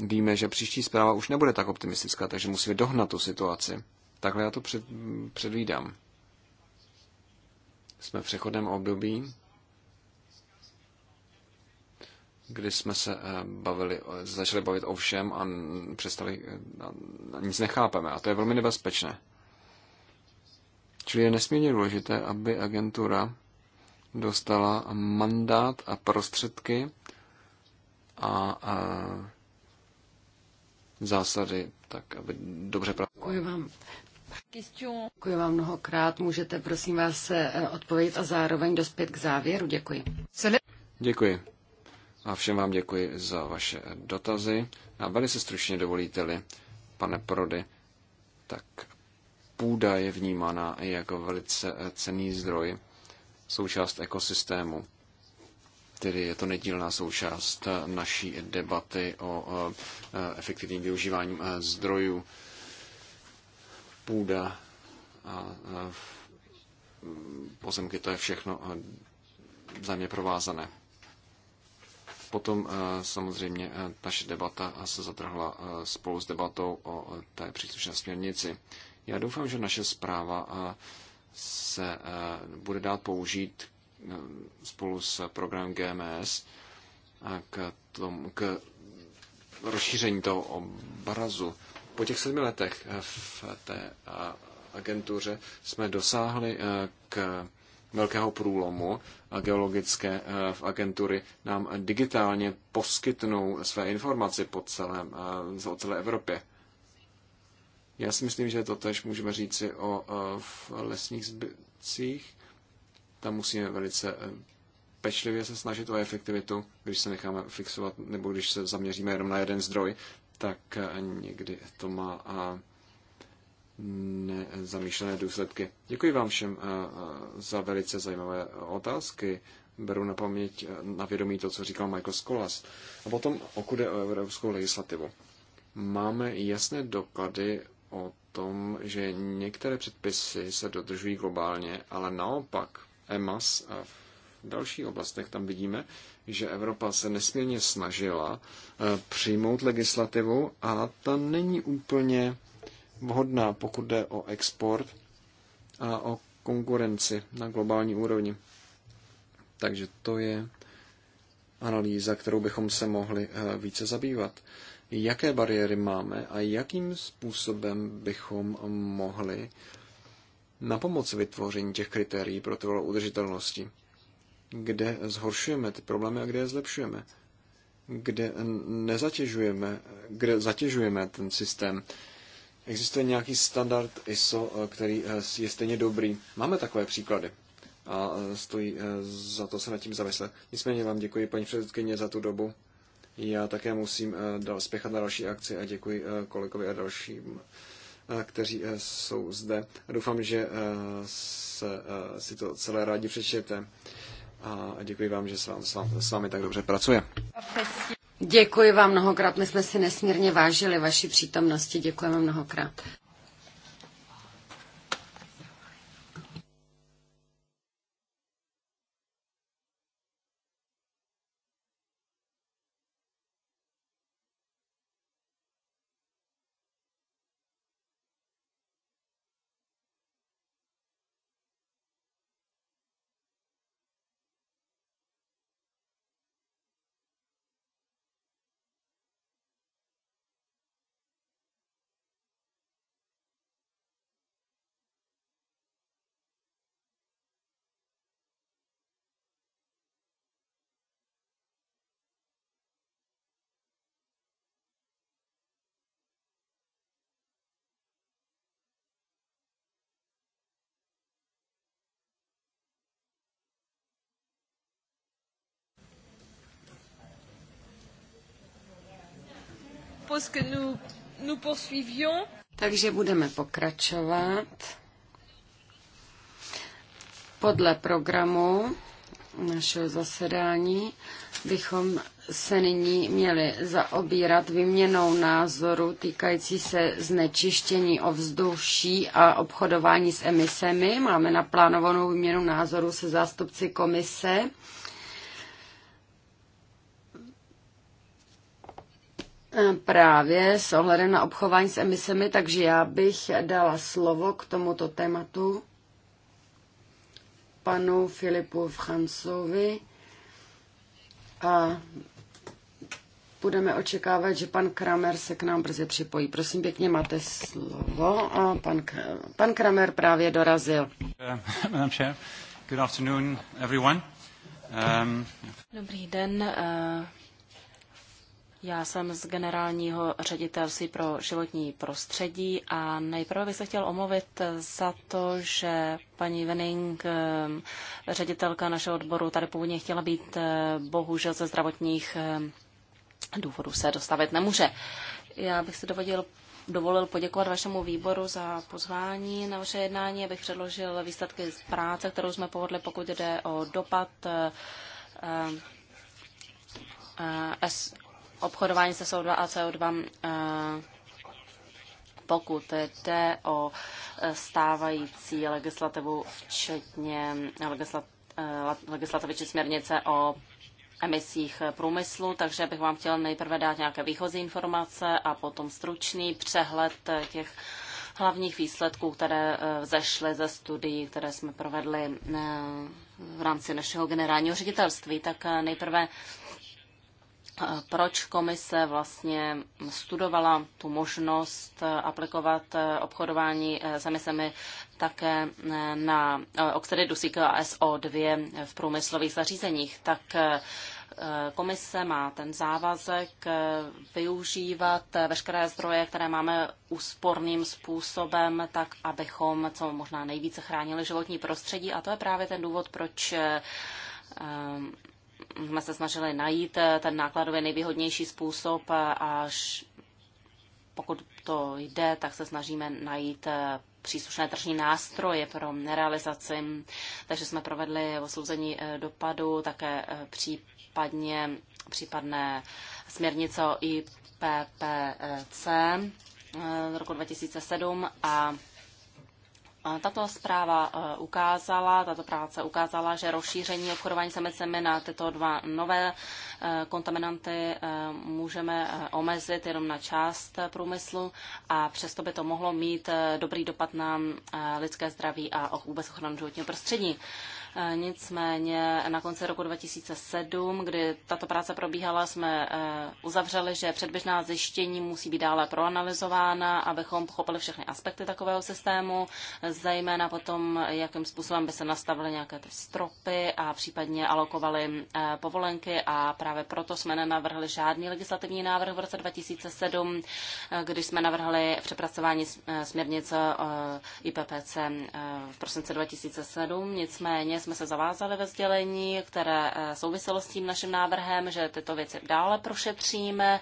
S3: víme, že příští zpráva už nebude tak optimistická, takže musíme dohnat tu situaci. Takhle já to předvídám. Jsme v přechodném období kdy jsme se eh, bavili, začali bavit o všem a přestali, eh, a nic nechápeme. A to je velmi nebezpečné. Čili je nesmírně důležité, aby agentura dostala mandát a prostředky a, a zásady, tak aby dobře pracovala.
S1: Děkuji vám. Děkuji vám mnohokrát. Můžete, prosím vás, eh, odpovědět a zároveň dospět k závěru. Děkuji.
S3: Děkuji. A všem vám děkuji za vaše dotazy. A velice stručně dovolíte-li, pane Prody, tak půda je vnímána jako velice cený zdroj, součást ekosystému. Tedy je to nedílná součást naší debaty o efektivním využívání e, zdrojů. Půda a pozemky, to je všechno e, za mě provázané. Potom eh, samozřejmě eh, naše debata se zatrhla eh, spolu s debatou o té příslušné směrnici. Já doufám, že naše zpráva se bude dát použít spolu s programem GMS k, tom, k rozšíření toho obrazu. Po těch sedmi letech v té agentuře jsme dosáhli k velkého průlomu a geologické eh, agentury nám digitálně poskytnou své informace po celém, eh, o celé Evropě. Já si myslím, že to tež můžeme říci o eh, v lesních zbytcích. Tam musíme velice pečlivě se snažit o efektivitu, když se necháme fixovat, nebo když se zaměříme jenom na jeden zdroj, tak někdy to má nezamýšlené důsledky. Děkuji vám všem eh, eh, za velice zajímavé otázky. Beru na paměť, eh, na vědomí to, co říkal Michael Skolas. A potom, okud je o evropskou legislativu. Máme jasné doklady o tom, že některé předpisy se dodržují globálně, ale naopak EMAS a v dalších oblastech tam vidíme, že Evropa se nesmírně snažila přijmout legislativu a ta není úplně vhodná, pokud jde o export a o konkurenci na globální úrovni. Takže to je analýza, kterou bychom se mohli eh, více zabývat. Jaké bariéry máme a jakým způsobem bychom mohli na pomoc vytvoření těch kritérií pro trvalou udržitelnosti, kde zhoršujeme ty problémy a kde je zlepšujeme, kde nezatěžujeme, kde zatěžujeme ten systém Existuje nějaký standard ISO, eh, který eh, je stejně dobrý. Máme takové příklady a eh, stojí za to se nad tím zamyslet. Nicméně vám děkuji, paní předsedkyně, za tu dobu. Já také musím spěchat na další akci a děkuji kolegovi a dalším, kteří jsou zde. Doufám, že se, si to celé rádi přečtěte
S1: a děkuji vám, že s, vám, s vámi tak dobře pracuje. Děkuji vám mnohokrát. My jsme si nesmírně vážili vaší přítomnosti. Děkujeme mnohokrát. propose que nous, nous poursuivions. Takže budeme pokračovat podle programu našeho zasedání bychom se nyní měli zaobírat výměnou názoru týkající se znečištění ovzduší a obchodování s emisemi. Máme naplánovanou výměnu názoru se zástupci komise Právě s ohledem na obchování s emisemi, takže já bych dala slovo k tomuto tématu panu Filipu Francovi a budeme očekávat, že pan Kramer se k nám brzy připojí. Prosím pěkně, máte slovo. A pan, pan Kramer právě dorazil.
S3: Uh, good afternoon, everyone. Um,
S1: Dobrý
S2: den, uh, já jsem z generálního ředitelství pro životní prostředí a nejprve bych se chtěl omluvit za to, že paní Venning, ehm, ředitelka našeho odboru, tady původně chtěla být, eh, bohužel ze zdravotních ehm, důvodů se dostavit nemůže. Já bych si dovodil dovolil poděkovat vašemu výboru za pozvání na vaše jednání, abych předložil výsledky z práce, kterou jsme povodli, pokud jde o dopad eh, eh, obchodování se SO2 a CO2 eh, pokud jde o eh, stávající legislativu, včetně eh, legislativy či směrnice o emisích průmyslu, takže bych vám chtěl nejprve dát nějaké výchozí informace a potom stručný přehled těch hlavních výsledků, které vzešly ze studií, které jsme provedli v rámci našeho generálního ředitelství. Tak nejprve proč komise vlastně studovala tu možnost eh, aplikovat eh, obchodování eh, s emisemi také na oxidy dusíka a SO2 v průmyslových zařízeních, tak komise má ten závazek využívat veškeré zdroje, které máme úsporným způsobem, tak abychom co možná nejvíce chránili životní prostředí. A to je právě ten důvod, proč jsme se snažili najít eh, ten nákladově nejvýhodnější způsob, eh, až pokud to jde, tak se snažíme najít eh, příslušné tržní nástroje pro realizaci. Takže jsme provedli osouzení dopadu, také případně případné směrnice o IPPC z roku 2007 a tato zpráva eh, ukázala, tato práce ukázala, že rozšíření obchodování s emicemi na tyto dva nové eh, kontaminanty eh, můžeme omezit jenom na část průmyslu a přesto by to mohlo mít dobrý dopad na lidské zdraví a vůbec ochranu životního prostředí. E, nicméně na konci roku 2007, kdy tato práce probíhala, jsme e, uzavřeli, že předběžná zjištění musí být dále proanalyzována, abychom pochopili všechny aspekty takového systému, zejména potom, jakým způsobem by se nastavily nějaké ty stropy a případně alokovaly e, povolenky a právě proto jsme nenavrhli žádný legislativní návrh v roce 2007, když jsme navrhli přepracování směrnice IPPC v prosince 2007. Nicméně jsme se zavázali ve sdělení, které e, souviselo s tím naším návrhem, že tyto věci dále prošetříme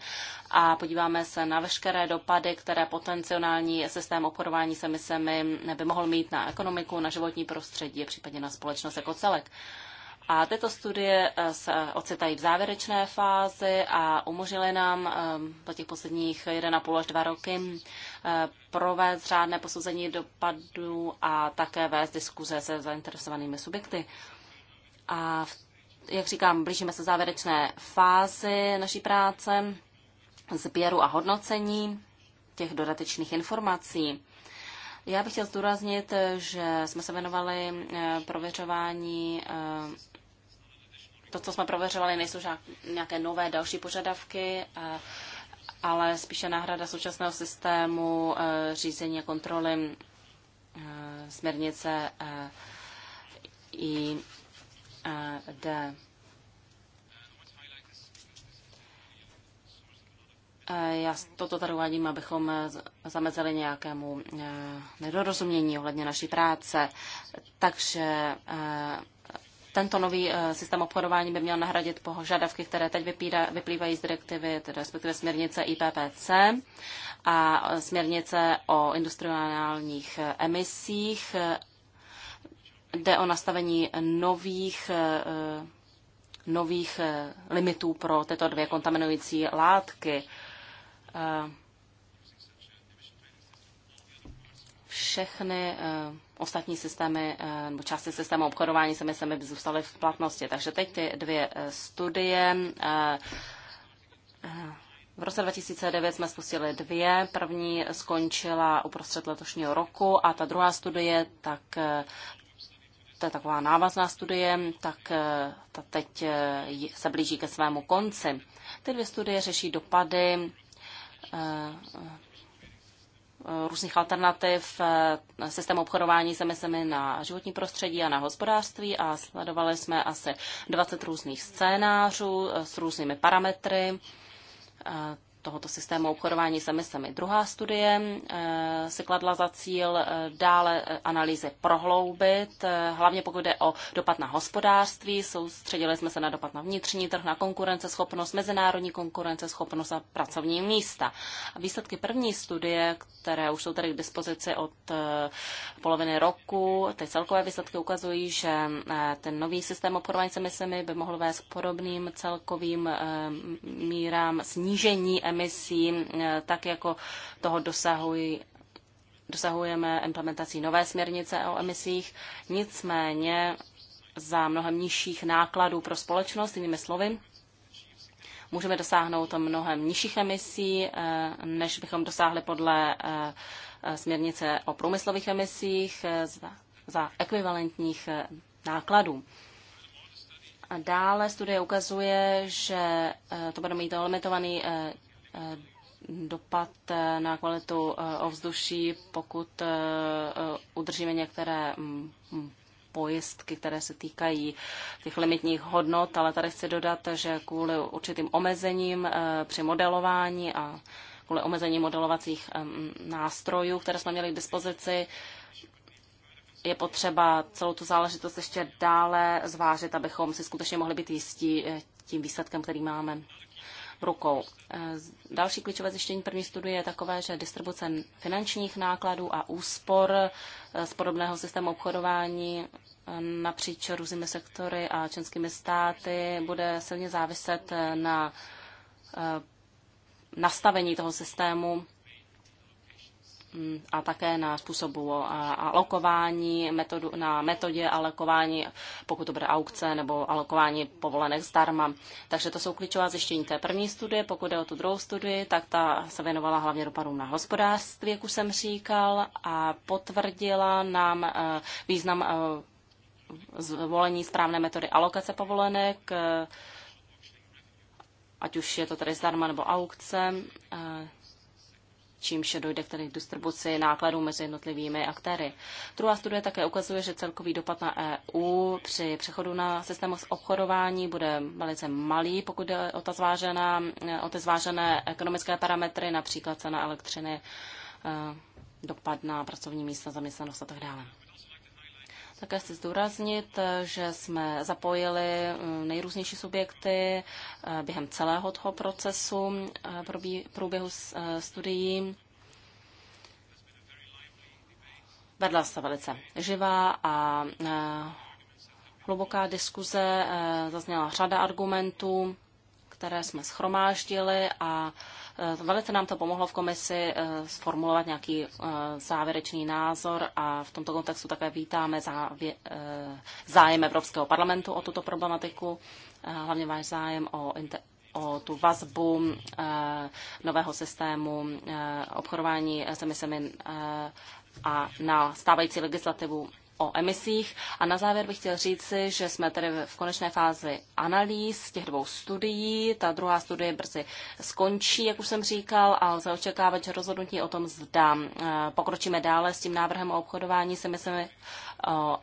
S2: a podíváme se na veškeré dopady, které potenciální systém obchodování s emisemi by mohl mít na ekonomiku, na životní prostředí případně na společnost jako celek. A tyto studie eh, se ocitají v závěrečné fázi a umožnily nám eh, po těch posledních 1,5 až 2 roky eh, provést řádné posouzení dopadů a také vést diskuze se zainteresovanými subjekty. A v jak říkám, blížíme se závěrečné fázi naší práce, sběru a hodnocení těch dodatečných informací. Já bych chtěl zdůraznit, že jsme se věnovali prověřování to, co jsme prověřovali, nejsou nějaké nové další požadavky, ale spíše náhrada současného systému e, řízení a kontroly e, směrnice e, ID. Já toto tady uvádím, abychom zamezili nějakému nedorozumění ohledně naší práce. Takže tento nový eh, systém obchodování by měl nahradit požadavky, které teď vyplývají z direktivy, tedy respektive směrnice IPPC a eh, směrnice o industriálních eh, emisích. Jde o nastavení nových nových limitů pro tyto dvě kontaminující látky. všechny eh, ostatní systémy eh, nebo části systému obchodování myslím, by zůstaly v platnosti. Takže teď ty dvě eh, studie. V roce 2009 jsme spustili dvě. První skončila uprostřed letošního roku a ta druhá studie, tak to je taková návazná studie, tak ta teď se blíží ke svému konci. Ty dvě studie řeší dopady Eh, různých alternativ eh, systému obchodování s emisemi na životní prostředí a na hospodářství a sledovali jsme asi 20 různých scénářů eh, s různými parametry tohoto systému obchodování s emisemi. Druhá studie eh, se kladla za cíl eh, dále eh, analýzy prohloubit, hlavně pokud jde o dopad na hospodářství. Soustředili jsme se na dopad na vnitřní trh, na konkurenceschopnost, mezinárodní konkurenceschopnost a pracovní místa. Výsledky první studie, které už jsou tady k dispozici od poloviny roku, ty celkové výsledky ukazují, že ten nový systém obchodování s emisemi by mohl vést podobným celkovým mírám snížení emisí emisí, eh, tak jako toho dosahují dosahujeme implementací nové směrnice o emisích, nicméně za mnohem nižších nákladů pro společnost, jinými slovy, můžeme dosáhnout mnohem nižších emisí, eh, než bychom dosáhli podle eh, směrnice o průmyslových emisích za ekvivalentních nákladů. A dále studie ukazuje, že to bude mít limitovaný dopad eh, na kvalitu eh, ovzduší, pokud eh, udržíme některé mm, mm, pojistky, které se týkají těch limitních hodnot, ale tady chci dodat, že kvůli určitým omezením při modelování a kvůli omezení modelovacích nástrojů, které jsme měli k dispozici, je potřeba celou tu záležitost ještě dále zvážit, abychom si skutečně mohli být jistí tím výsledkem, který máme rukou. Eh, Další klíčové zjištění první studie je takové, že distribuce finančních nákladů a úspor eh, z podobného systému obchodování eh, napříč různými sektory a členskými státy bude silně záviset na nastavení toho systému Mm, a také na způsobu alokování, metodu, na metodě alokování, pokud to bude aukce, nebo alokování povolenek zdarma. Takže to jsou klíčová zjištění té první studie. Pokud jde o tu druhou studii, tak ta se věnovala hlavně dopadům na hospodářství, jak už jsem říkal, a potvrdila nám e, význam e, zvolení správné metody alokace povolenek, e, ať už je to tady zdarma nebo aukce čímž dojde k tedy distribuci nákladů mezi jednotlivými aktéry. Druhá studie také ukazuje, že celkový dopad na EU při přechodu na systém obchodování bude velice malý, pokud jde o, ta zvážená, o ty zvážené ekonomické parametry, například cena elektřiny, eh, dopad na pracovní místa, zaměstnanost a tak dále. Také chci zdůraznit, že jsme zapojili mm, nejrůznější subjekty eh, během celého toho procesu eh, průběhu eh, studií. Vedla se velice živá a hluboká diskuze, zazněla řada argumentů které jsme schromáždili a e, velice nám to pomohlo v komisi e, sformulovat nějaký e, závěrečný názor a v tomto kontextu také vítáme zájem Evropského parlamentu o tuto problematiku, hlavně váš zájem o inter o tu vazbu nového systému obchodování s emisemi a na stávající legislativu o emisích. A na závěr bych chtěl říci, že jsme tedy v konečné fázi analýz těch dvou studií. Ta druhá studie brzy skončí, jak už jsem říkal, a lze očekávat, že rozhodnutí o tom zda eh, pokročíme dále s tím návrhem o obchodování se myslím o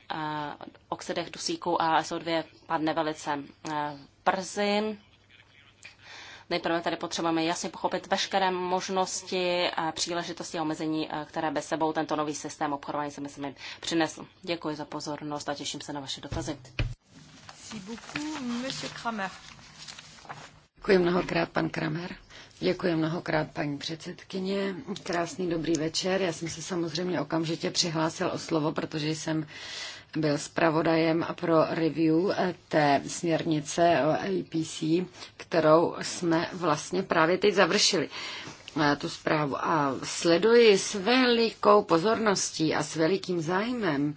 S2: oxidech dusíku a SO2 padne velice eh, brzy. Nejprve tedy potřebujeme jasně pochopit veškeré možnosti, a příležitosti a omezení, eh, které bez sebou tento nový systém obchodování se myslím přinesl. Děkuji za pozornost a těším se na vaše dotazy.
S1: Děkuji mnohokrát, pan Kramer. Děkuji mnohokrát, paní předsedkyně. Krásný dobrý večer. Já jsem se samozřejmě okamžitě přihlásil o slovo, protože jsem byl zpravodajem pro review eh, té směrnice o IPC, kterou jsme vlastně právě teď završili eh, tu zprávu a sleduji s velikou pozorností a s velikým zájmem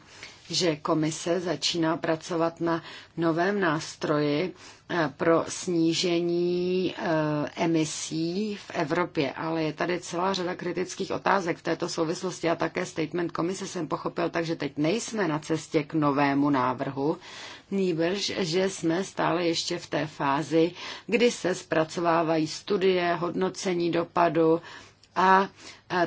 S1: že komise začíná pracovat na novém nástroji eh, pro snížení eh, emisí v Evropě, ale je tady celá řada kritických otázek v této souvislosti a také statement komise jsem pochopil, takže teď nejsme na cestě k novému návrhu, nýbrž, že jsme stále ještě v té fázi, kdy se zpracovávají studie, hodnocení dopadu, a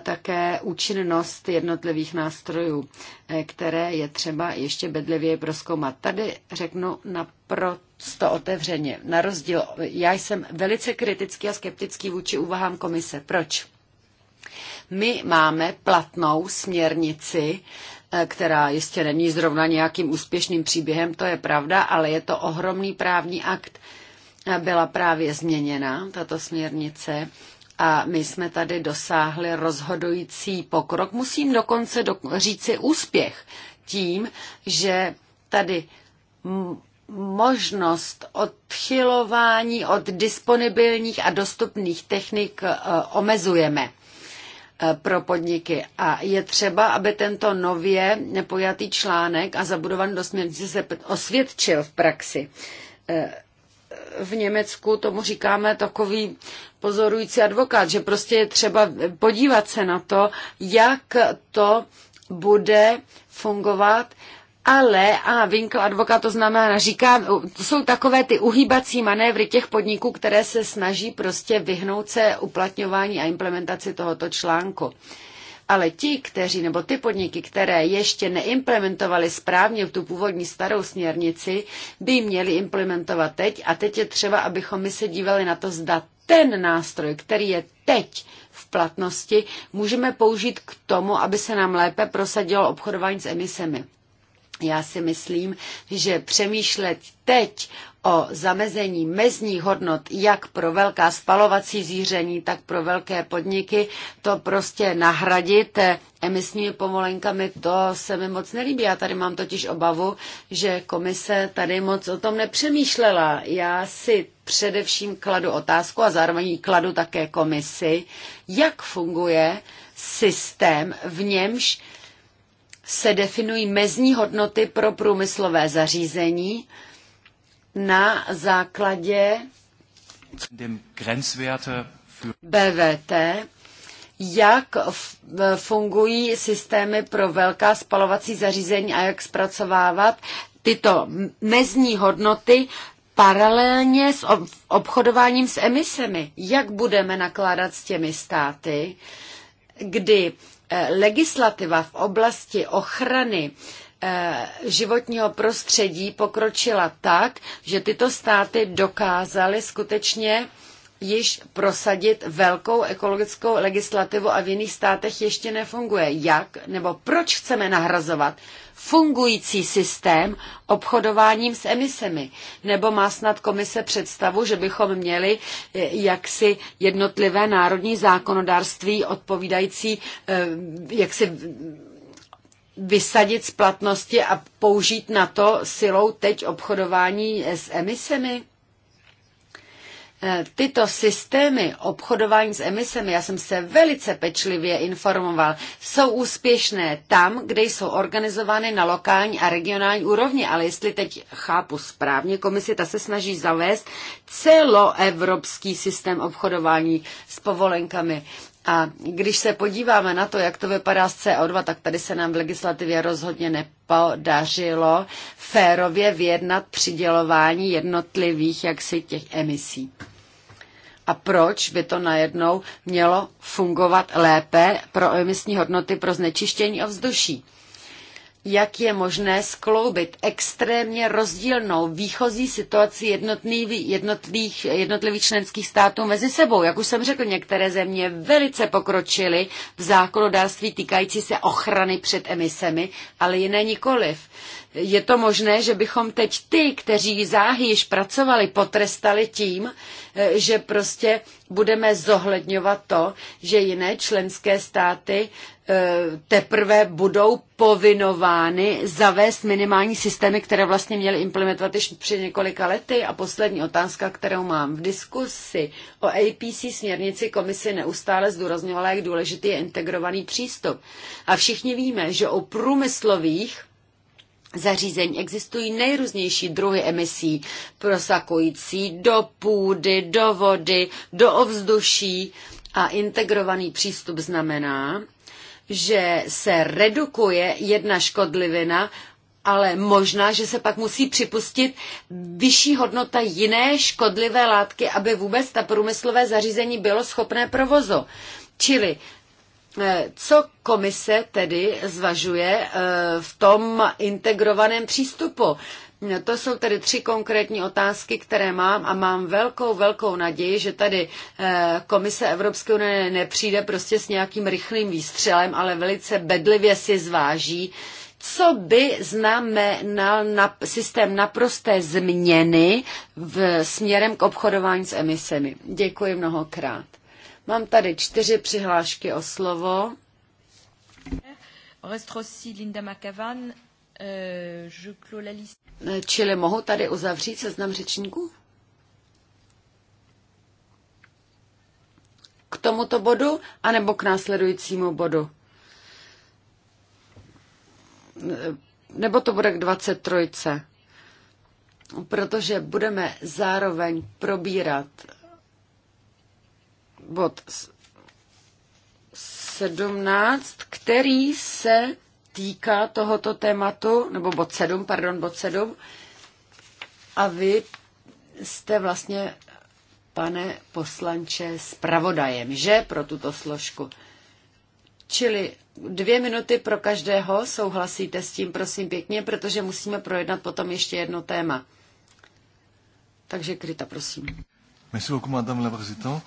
S1: také účinnost jednotlivých nástrojů, e, které je třeba ještě bedlivěji proskoumat. Tady řeknu naprosto otevřeně, na rozdíl, já jsem velice kritický a skeptický vůči úvahám komise. Proč? My máme platnou směrnici, e, která jistě není zrovna nějakým úspěšným příběhem, to je pravda, ale je to ohromný právní akt. E, byla právě změněna tato směrnice a my jsme tady dosáhli rozhodující pokrok, musím dokonce do, říci úspěch tím, že tady možnost odchylování od disponibilních a dostupných technik e, omezujeme e, pro podniky. A je třeba, aby tento nově nepojatý článek a zabudovaný do směrnice se osvědčil v praxi. E, v Německu tomu říkáme takový pozorující advokát, že prostě je třeba podívat se na to, jak to bude fungovat, ale, a vinkl advokát to znamená, říká, to jsou takové ty uhýbací manévry těch podniků, které se snaží prostě vyhnout se uplatňování a implementaci tohoto článku. Ale ti, kteří, nebo ty podniky, které ještě neimplementovali správně v tu původní starou směrnici, by měli implementovat teď. A teď je třeba, abychom my se dívali na to, zda ten nástroj, který je teď v platnosti, můžeme použít k tomu, aby se nám lépe prosadilo obchodování s emisemi. Já si myslím, že přemýšlet teď o zamezení mezních hodnot jak pro velká spalovací zíření, tak pro velké podniky, to prostě nahradit emisními povolenkami, to se mi moc nelíbí. Já tady mám totiž obavu, že komise tady moc o tom nepřemýšlela. Já si především kladu otázku a zároveň ji kladu také komisi, jak funguje systém, v němž se definují mezní hodnoty pro průmyslové zařízení na základě BVT, jak fungují systémy pro velká spalovací zařízení a jak zpracovávat tyto mezní hodnoty paralelně s obchodováním s emisemi. Jak budeme nakládat s těmi státy, kdy Eh, legislativa v oblasti ochrany eh, životního prostředí pokročila tak, že tyto státy dokázaly skutečně již prosadit velkou ekologickou legislativu a v jiných státech ještě nefunguje. Jak nebo proč chceme nahrazovat fungující systém obchodováním s emisemi? Nebo má snad komise představu, že bychom měli eh, jaksi jednotlivé národní zákonodárství odpovídající eh, jaksi vysadit z platnosti a použít na to silou teď obchodování s emisemi? Eh, tyto systémy obchodování s emisemi, já jsem se velice pečlivě informoval, jsou úspěšné tam, kde jsou organizovány na lokální a regionální úrovni, ale jestli teď chápu správně, komise ta se snaží zavést celoevropský systém obchodování s povolenkami. A když se podíváme na to, jak to vypadá s CO2, tak tady se nám v legislativě rozhodně nepodařilo férově vyjednat přidělování jednotlivých jaksi těch emisí a proč by to najednou mělo fungovat lépe pro emisní hodnoty pro znečištění ovzduší. Jak je možné skloubit extrémně rozdílnou výchozí situaci jednotlivých, jednotlivých členských států mezi sebou? Jak už jsem řekl, některé země velice pokročily v zákonodárství týkající se ochrany před emisemi, ale jiné nikoliv je to možné, že bychom teď ty, kteří záhy již pracovali, potrestali tím, eh, že prostě budeme zohledňovat to, že jiné členské státy eh, teprve budou povinovány zavést minimální systémy, které vlastně měly implementovat již při několika lety. A poslední otázka, kterou mám v diskusi o APC směrnici komisi neustále zdůrazňovala, jak důležitý je integrovaný přístup. A všichni víme, že o průmyslových zařízení existují nejrůznější druhy emisí, prosakující do půdy, do vody, do ovzduší a integrovaný přístup znamená, že se redukuje jedna škodlivina, ale možná, že se pak musí připustit vyšší hodnota jiné škodlivé látky, aby vůbec ta průmyslové zařízení bylo schopné provozu. Čili Eh, co komise tedy zvažuje eh, v tom integrovaném přístupu? Eh, to jsou tedy tři konkrétní otázky, které mám a mám velkou, velkou naději, že tady Komise Evropské unie nepřijde prostě s nějakým rychlým výstřelem, ale velice bedlivě si zváží, co by znamenal na systém naprosté změny v směrem k obchodování s emisemi. Děkuji mnohokrát. Mám tady čtyři přihlášky o slovo. Euh, eh, čili mohu tady uzavřít seznam řečníků? K tomuto bodu, anebo k následujícímu bodu? Eh, nebo to bude k 23. Protože budeme zároveň probírat bod 17, který se týká tohoto tématu, nebo bod 7, pardon, bod 7. A vy jste vlastně, pane poslanče, zpravodajem, že, pro tuto složku. Čili dvě minuty pro každého, souhlasíte s tím, prosím, pěkně, protože musíme projednat potom ještě jedno téma. Takže Kryta, prosím.
S3: Merci beaucoup, madame la présidente.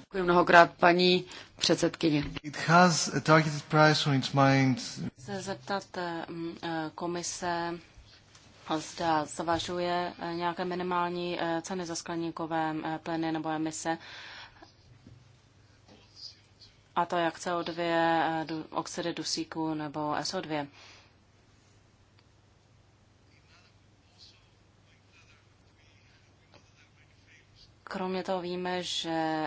S1: Děkuji mnohokrát, paní předsedkyně. It has a targeted price on its mind. Se
S2: zeptat eh, eh, komise, zda zvažuje eh, nějaké minimální ceny za skleníkové plyny nebo emise a to jak CO2, oxidy dusíku nebo SO2. Kromě toho víme, že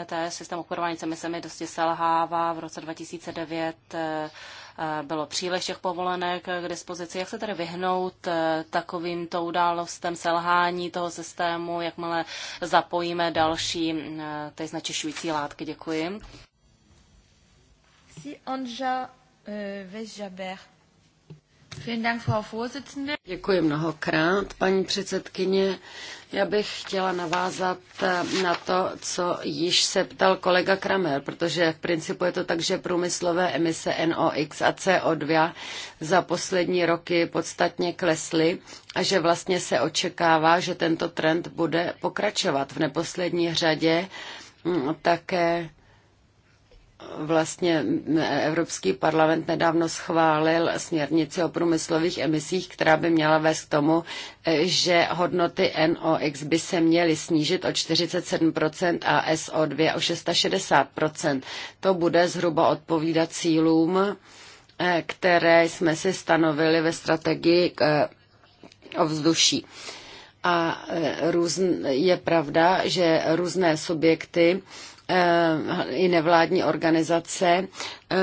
S2: ETS, eh, e systém obchodování s emisemi, dosti selhává. V roce 2009 eh, eh, bylo příliš těch povolenek k dispozici. Jak se tedy vyhnout takovýmto událostem selhání toho systému, jakmile zapojíme další ty znečišující
S1: látky? Děkuji. Si Anja Vesjaber. Děkuji mnohokrát, paní předsedkyně. Já bych chtěla navázat eh, na to, co již se ptal kolega Kramer, protože v principu je to tak, že průmyslové emise NOx a CO2 za poslední roky podstatně klesly a že vlastně se očekává, že tento trend bude pokračovat v neposlední řadě mm, také vlastně Evropský parlament nedávno schválil směrnici o průmyslových emisích, která by měla vést k tomu, že hodnoty NOx by se měly snížit o 47% a SO2 o 660%. To bude zhruba odpovídat cílům, které jsme si stanovili ve strategii ovzduší. A e, je pravda, že různé subjekty Eh, i nevládní organizace eh,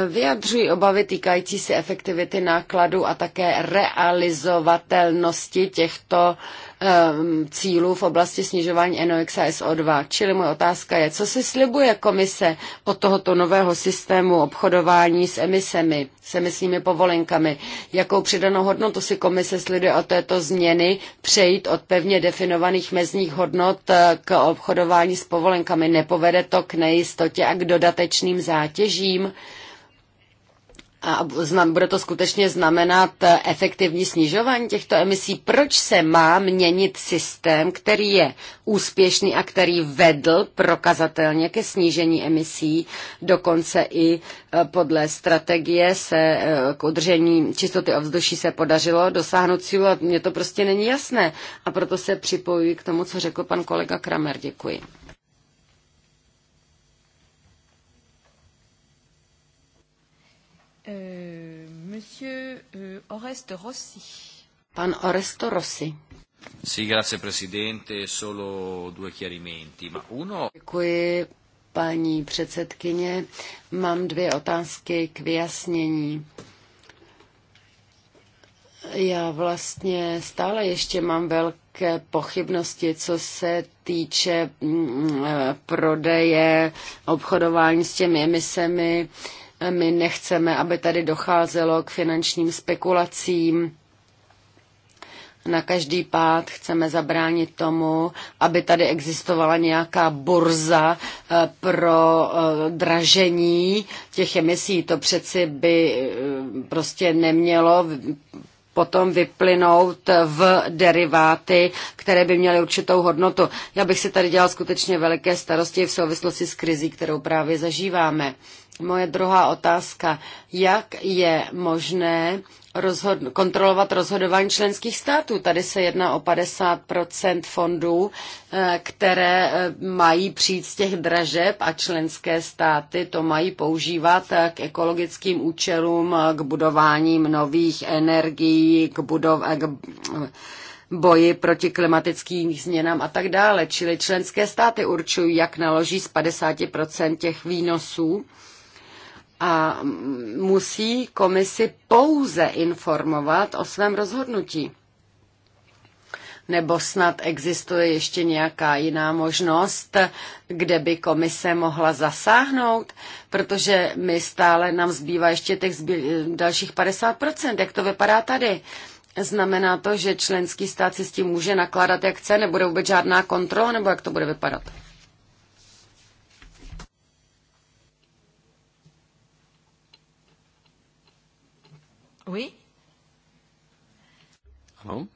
S1: vyjadřují obavy týkající se efektivity nákladu a také realizovatelnosti těchto Ehm, cílů v oblasti snižování NOx a SO2. Čili moje otázka je, co si slibuje komise od tohoto nového systému obchodování s emisemi, s emisními povolenkami? Jakou přidanou hodnotu si komise sliduje od této změny přejít od pevně definovaných mezních hodnot eh, k obchodování s povolenkami? Nepovede to k nejistotě a k dodatečným zátěžím? a bude to skutečně znamenat eh, efektivní snižování těchto emisí. Proč se má měnit systém, který je úspěšný a který vedl prokazatelně ke snížení emisí, dokonce i eh, podle strategie se eh, k udržení čistoty ovzduší se podařilo dosáhnout cílu a mně to prostě není jasné. A proto se připojuji k tomu, co řekl pan kolega Kramer. Děkuji. Euh, monsieur euh, Oreste Rossi. Pan Rossi. Sì,
S3: grazie Presidente, solo due chiarimenti, ma uno...
S1: Děkuji, paní předsedkyně. Mám dvě otázky k vyjasnění. Já vlastně stále ještě mám velké pochybnosti, co se týče mm, eh, prodeje, obchodování s těmi emisemi. My nechceme, aby tady docházelo k finančním spekulacím. Na každý pád chceme zabránit tomu, aby tady existovala nějaká burza eh, pro eh, dražení těch emisí. To přeci by eh, prostě nemělo potom vyplynout v deriváty, které by měly určitou hodnotu. Já bych si tady dělal skutečně veliké starosti v souvislosti s krizí, kterou právě zažíváme. Moje druhá otázka. Jak je možné rozhod- kontrolovat rozhodování členských států? Tady se jedná o 50 fondů, eh, které eh, mají přijít z těch dražeb a členské státy to mají používat eh, k ekologickým účelům, k budováním nových energií, k, budov- k boji proti klimatickým změnám a tak dále. Čili členské státy určují, jak naloží z 50% těch výnosů a musí komisi pouze informovat o svém rozhodnutí. Nebo snad existuje ještě nějaká jiná možnost, kde by komise mohla zasáhnout, protože my stále nám zbývá ještě těch zbý, dalších 50%. Jak to vypadá tady? Znamená to, že členský stát si s tím může nakládat, jak chce, nebude vůbec žádná kontrola, nebo jak to bude vypadat? Oui.
S3: Ano.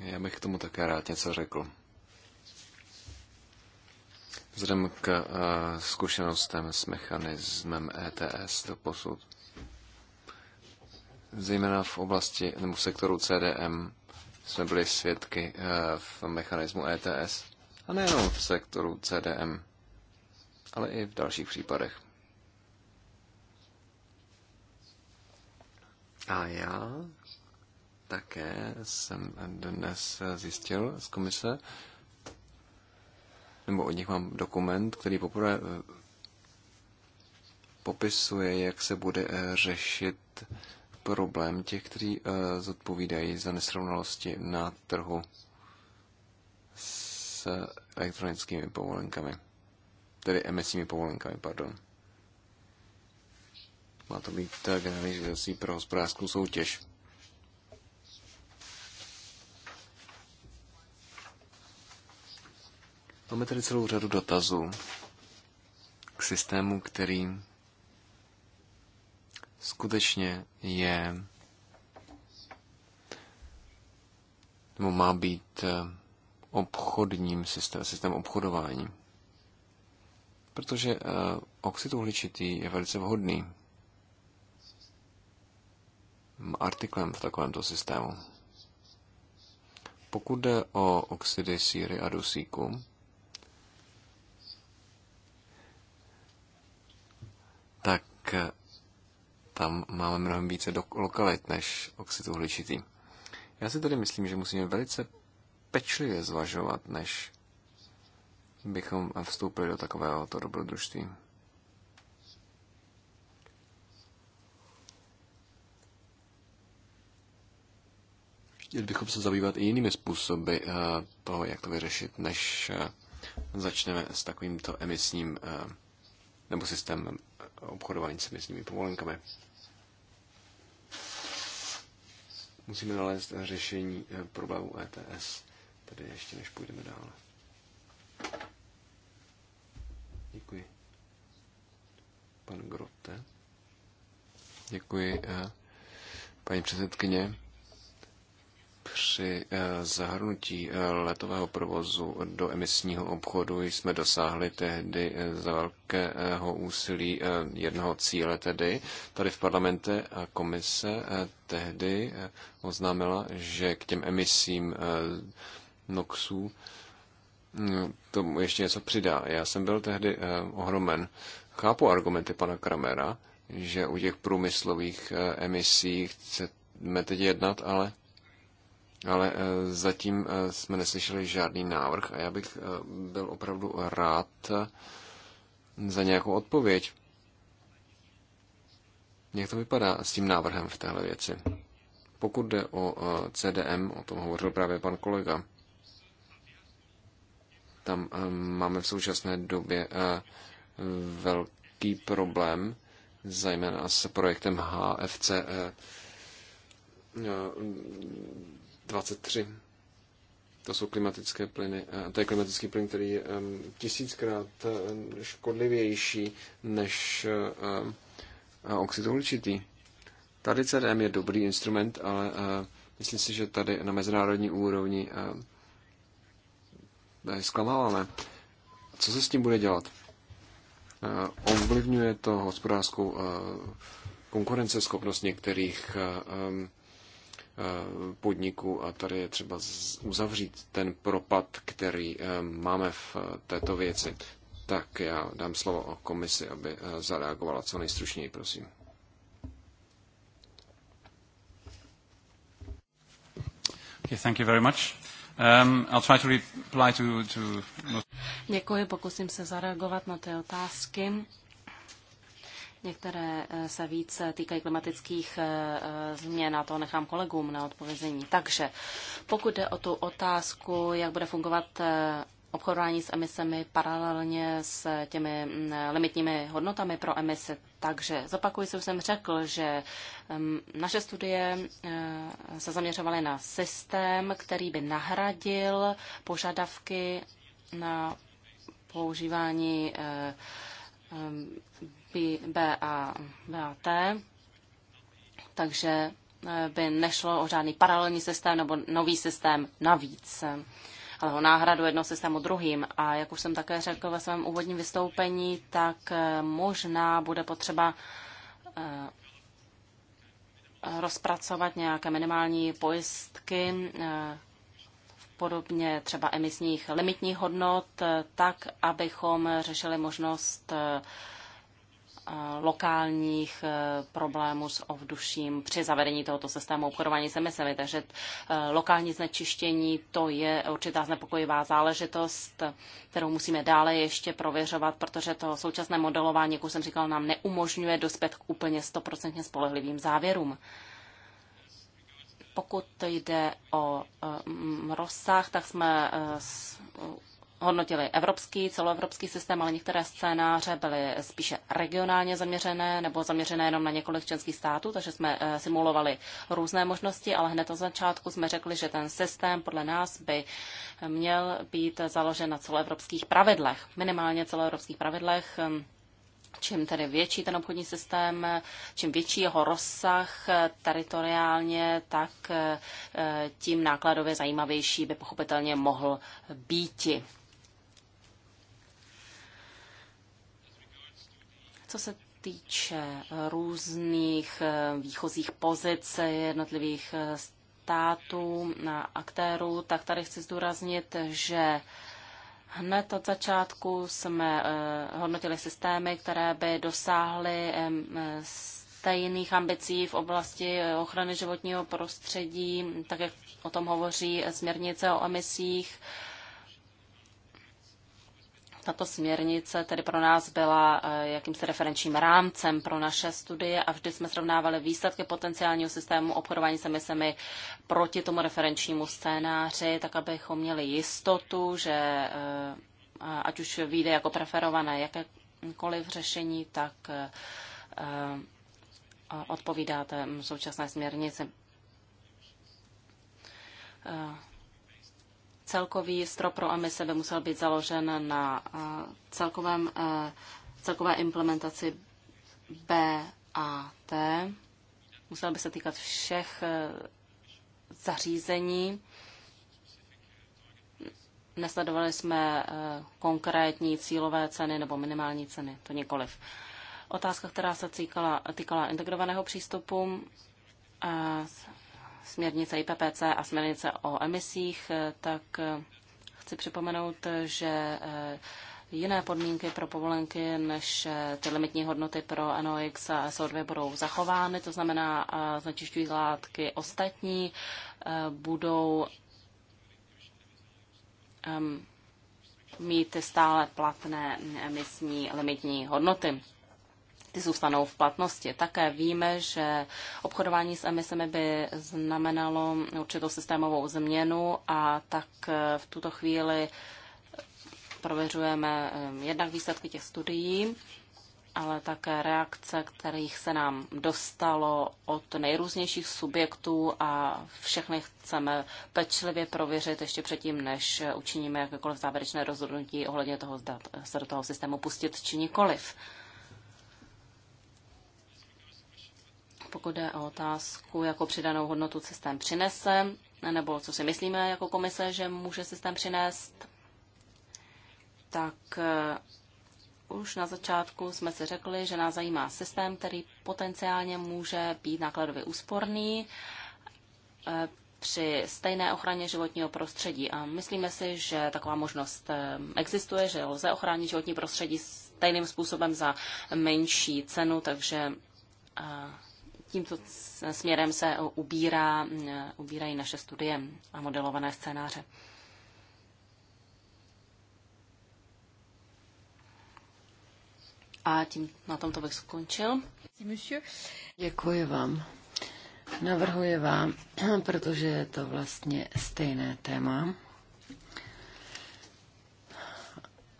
S3: Já bych k tomu také rád něco řekl. Vzhledem k uh, zkušenostem s mechanismem ETS do posud, zejména v oblasti nebo v sektoru CDM, jsme byli svědky uh, v mechanismu ETS a nejenom v sektoru CDM ale i v dalších případech. A já také jsem dnes zjistil z komise, nebo od nich mám dokument, který poprvé eh, popisuje, jak se bude eh, řešit problém těch, kteří eh, zodpovídají za nesrovnalosti na trhu s elektronickými povolenkami tedy emisními povolenkami, pardon. Má to být eh, generální ředitelství pro hospodářskou soutěž. Máme tady celou řadu dotazů k systému, který skutečně je nebo má být eh, obchodním systém, systém obchodování protože eh, oxid uhličitý je velice vhodný artiklem v takovémto systému. Pokud jde o oxidy síry a dusíku, tak eh, tam máme mnohem více lokalit než oxid uhličitý. Já si tedy myslím, že musíme velice pečlivě zvažovat, než bychom vstoupili do takového to dobrodružství. Chtěli bychom se zabývat i jinými způsoby eh, toho, jak to vyřešit, než eh, začneme s takovýmto emisním eh, nebo systémem obchodování s emisními povolenkami. Musíme nalézt řešení problému ETS, tedy ještě než půjdeme dále. Děkuji. Pan Grote. Děkuji, eh, paní předsedkyně. Při eh, zahrnutí eh, letového provozu do emisního obchodu jsme dosáhli tehdy za velkého úsilí jednoho cíle, tedy tady v parlamente a komise tehdy oznámila, že k těm emisím NOXů No, tomu ještě něco přidá. Já jsem byl tehdy eh, ohromen. Chápu argumenty pana Kramera, že u těch průmyslových eh, emisí chceme teď jednat, ale, ale eh, zatím jsme neslyšeli žádný návrh a já bych byl opravdu rád za nějakou odpověď. Jak to vypadá s tím návrhem v téhle věci? Pokud jde o CDM, o tom hovořil právě pan kolega, tam eh, máme v současné době eh, velký problém, zejména s projektem HFC 23. Eh, to jsou klimatické plyny. To je klimatický plyn, který je tisíckrát škodlivější než oxid uhličitý. Tady CDM je dobrý instrument, ale myslím si, že tady na mezinárodní úrovni zklamáváme. Co se s tím bude dělat? Eh, ovlivňuje to hospodářskou eh, konkurenceschopnost některých eh, podniků a tady je třeba uzavřít ten propad, který máme v této věci. Tak já dám slovo o komisi, aby zareagovala co nejstručněji, prosím. Okay, thank you very much. Um, I'll try to reply to, to...
S2: Děkuji, pokusím se zareagovat na ty otázky. Některé eh, se více týkají klimatických eh, eh, změn a to nechám kolegům na odpovězení. Takže pokud jde o tu otázku, jak bude fungovat obchodování s emisemi paralelně s těmi mm, limitními hodnotami pro emise. Takže zopakuju, co jsem řekl, že mm, naše studie e, se zaměřovaly na systém, který by nahradil požadavky na používání e, e, a BAT, takže by nešlo o žádný paralelní systém nebo nový systém navíc ale ho náhradu jednoho systému druhým. A jak už jsem také řekl ve svém úvodním vystoupení, tak eh, možná bude potřeba eh, rozpracovat nějaké minimální pojistky eh, v podobně třeba emisních limitních hodnot, tak, abychom řešili možnost Eh, lokálních eh, problémů s ovduším při zavedení tohoto systému obchodování s emisemi. Takže eh, lokální znečištění to je určitá znepokojivá záležitost, kterou musíme dále ještě prověřovat, protože to současné modelování, jak už jsem říkal, nám neumožňuje dospět k úplně stoprocentně spolehlivým závěrům. Pokud jde o rozsah, tak jsme hodnotili evropský, celoevropský systém, ale některé scénáře byly spíše regionálně zaměřené nebo zaměřené jenom na několik členských států, takže jsme eh, simulovali různé možnosti, ale hned od začátku jsme řekli, že ten systém podle nás by měl být založen na celoevropských pravidlech, minimálně celoevropských pravidlech. Eh, čím tedy větší ten obchodní systém, eh, čím větší jeho rozsah teritoriálně, tak tím nákladově zajímavější by pochopitelně mohl býti. Co se týče eh, různých eh, výchozích pozic jednotlivých eh, států na aktérů, tak tady chci zdůraznit, že Hned od začátku jsme hodnotili systémy, které by dosáhly stejných ambicí v oblasti ochrany životního prostředí, tak jak o tom hovoří směrnice o emisích tato směrnice tedy pro nás byla eh, jakýmsi referenčním rámcem pro naše studie a vždy jsme srovnávali výsledky potenciálního systému obchodování s emisemi proti tomu referenčnímu scénáři, tak abychom měli jistotu, že eh, ať už vyjde jako preferované jakékoliv řešení, tak eh, odpovídá té současné směrnici celkový strop pro emise by musel být založen na eh, celkovém, eh, celkové implementaci B a T. Musel by se týkat všech eh, zařízení. Nesledovali jsme konkrétní cílové ceny nebo minimální ceny, to nikoliv. Otázka, která se týkala, týkala integrovaného přístupu, směrnice IPPC a směrnice o emisích, eh, tak eh, chci připomenout, že eh, jiné podmínky pro povolenky než ty limitní hodnoty pro NOx a SO2 budou zachovány, to znamená znečišťují látky ostatní budou ehm, mít stále platné emisní limitní hodnoty ty zůstanou v platnosti. Také víme, že obchodování s emisemi by znamenalo určitou systémovou změnu a tak eh, v tuto chvíli eh, prověřujeme eh, jednak výsledky těch studií, ale také reakce, kterých se nám dostalo od nejrůznějších subjektů a všechny chceme pečlivě prověřit ještě předtím, než učiníme jakékoliv závěrečné rozhodnutí ohledně toho, zda se do toho systému pustit či nikoliv. pokud jde o otázku, jako přidanou hodnotu systém přinese, nebo co si myslíme jako komise, že může systém přinést, tak eh, už na začátku jsme si řekli, že nás zajímá systém, který potenciálně může být nákladově úsporný eh, při stejné ochraně životního prostředí. A myslíme si, že taková možnost eh, existuje, že lze ochránit životní prostředí stejným způsobem za menší cenu, takže Tímto směrem se ubírá, ubírají naše studie a modelované scénáře. A tím na tomto bych skončil.
S1: Děkuji vám. Navrhuji vám, protože je to vlastně stejné téma.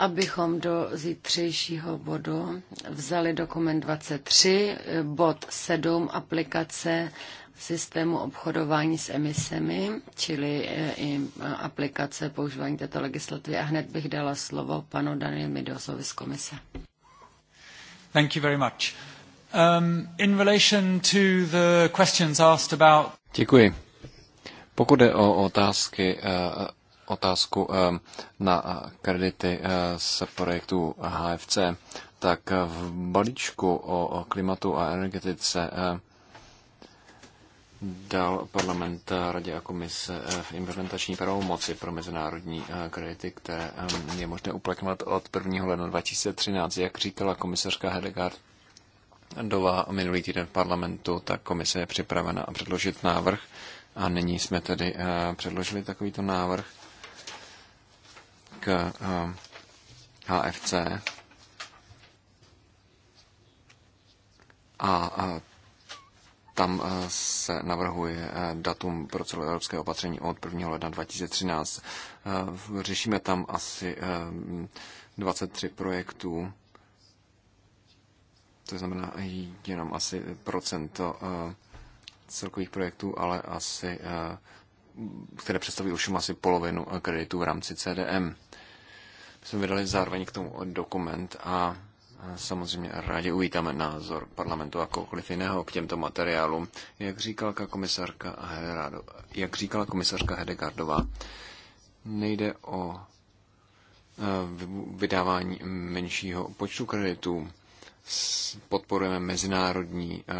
S1: abychom do zítřejšího bodu vzali dokument 23, bod 7, aplikace systému obchodování s emisemi, čili eh, i eh, aplikace používání této legislativy. A hned bych dala slovo panu Daniel Midosovi z komise.
S3: Thank you very much. Um, in relation to the questions asked about... Děkuji. Pokud je o otázky eh, otázku ehm, na eh, kredity eh, z projektu HFC, tak eh, v balíčku o klimatu a energetice ehm, dal parlament Radě a komise v implementační pravomoci pro mezinárodní kredity, které ehm, je možné uplatňovat od 1. ledna 2013. Jak říkala komisařka Hedegaard Dová minulý týden v parlamentu, tak komise je připravena předložit návrh a nyní jsme tedy předložili takovýto návrh k HFC eh, a eh, tam eh, se navrhuje datum pro celoevropské opatření od 1. ledna 2013. Řešíme tam asi 23 projektů, to znamená jenom asi procento celkových projektů, ale asi, které představují už asi polovinu kreditů v rámci CDM. My jsme vydali zároveň k tomu dokument a samozřejmě rádi uvítáme názor parlamentu a kohokoliv jiného k těmto materiálům. Jak říkala komisarka, Hedrado, jak říkala komisarka Hedegardová, nejde o e, vydávání menšího počtu kreditů. Podporujeme mezinárodní e,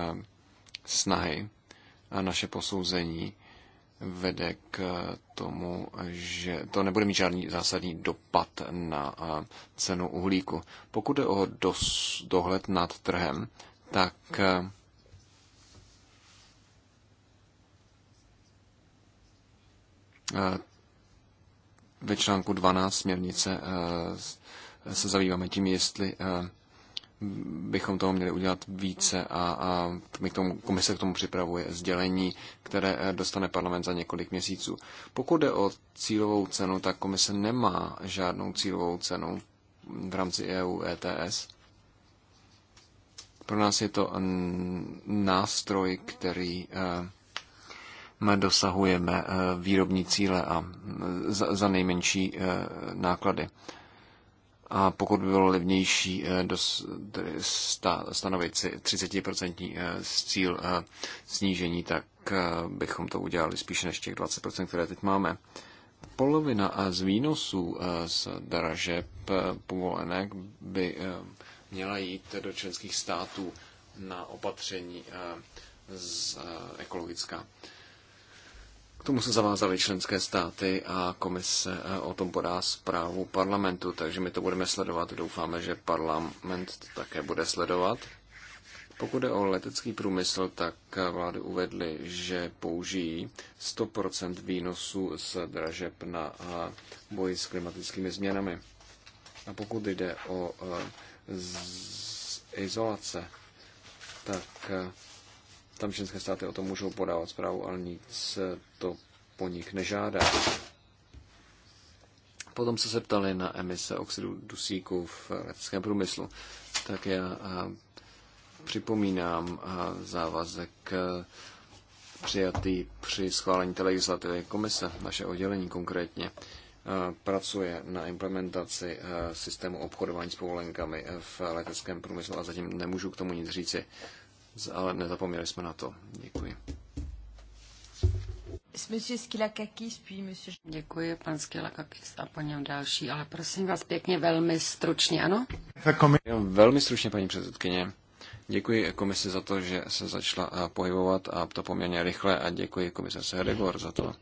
S3: snahy a naše posouzení vede k tomu, že to nebude mít žádný zásadní dopad na cenu uhlíku. Pokud je o dos, dohled nad trhem, tak ve článku 12 směrnice se zabýváme tím, jestli bychom toho měli udělat více a, a my k tomu, komise k tomu připravuje sdělení, které eh, dostane parlament za několik měsíců. Pokud jde o cílovou cenu, tak komise nemá žádnou cílovou cenu v rámci EU ETS. Pro nás je to nástroj, který eh, my dosahujeme eh, výrobní cíle a za, za nejmenší náklady a pokud by bylo levnější eh, stanovit si 30% eh, cíl eh, snížení, tak bychom to udělali spíše než těch 20%, které teď máme. Polovina z výnosů z dražeb povolenek by měla jít do členských států na opatření z ekologická. K tomu se zavázaly členské státy a komise eh, o tom podá zprávu parlamentu, takže my to budeme sledovat. Doufáme, že parlament to také bude sledovat. Pokud je o letecký průmysl, tak eh, vlády uvedly, že použijí 100% výnosu z dražeb na eh, boji s klimatickými změnami. A pokud jde o z- izolace, tak tam členské státy o tom můžou podávat zprávu, ale nic to po nich nežádá. Potom se zeptali na emise oxidu dusíku v leteckém průmyslu. Tak já připomínám závazek přijatý při schválení té legislativy komise, naše oddělení konkrétně, pracuje na implementaci systému obchodování s povolenkami v leteckém průmyslu a zatím nemůžu k tomu nic říci ale nezapomněli jsme na to. Děkuji.
S1: Děkuji, pan Skilakakis a po něm další, ale prosím vás pěkně velmi stručně, ano?
S3: Velmi stručně, paní předsedkyně. Děkuji komisi za to, že se začala eh, pohybovat a to poměrně rychle a děkuji komise Hedegor za to.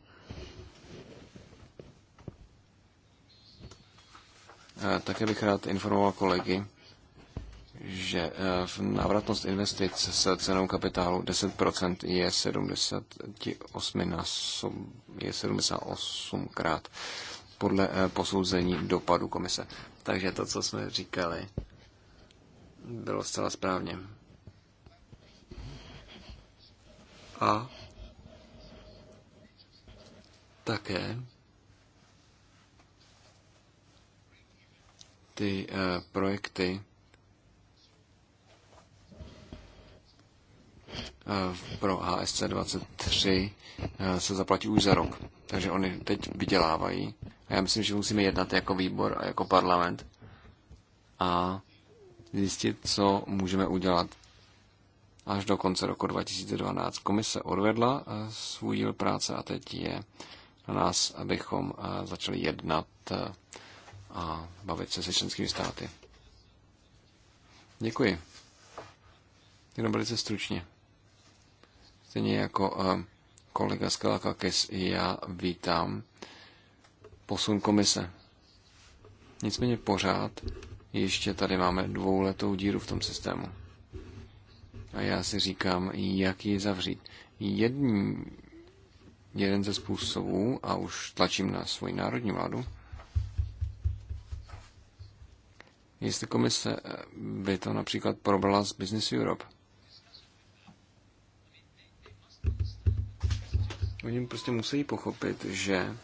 S3: Eh, také bych rád informoval kolegy, že eh, v návratnost investic s cenou kapitálu 10% je 78, je 78 krát podle eh, posouzení dopadu komise. Takže to, co jsme říkali, bylo zcela správně. A také ty eh, projekty Eh, pro HSC 23 eh, se zaplatí už za rok. Takže oni teď vydělávají. A já myslím, že musíme jednat jako výbor a jako parlament a zjistit, co můžeme udělat až do konce roku 2012. Komise odvedla eh, svůj díl práce a teď je na nás, abychom začali jednat a bavit se se členskými státy. Děkuji. Jenom velice stručně. Stejně jako eh, kolega Skelakakis i já vítám posun komise. Nicméně pořád ještě tady máme dvouletou díru v tom systému. A já si říkám, jak ji zavřít. Jedný, jeden ze způsobů, a už tlačím na svoji národní vládu, jestli komise eh, by to například probrala z Business Europe – Oni prostě musí pochopit, že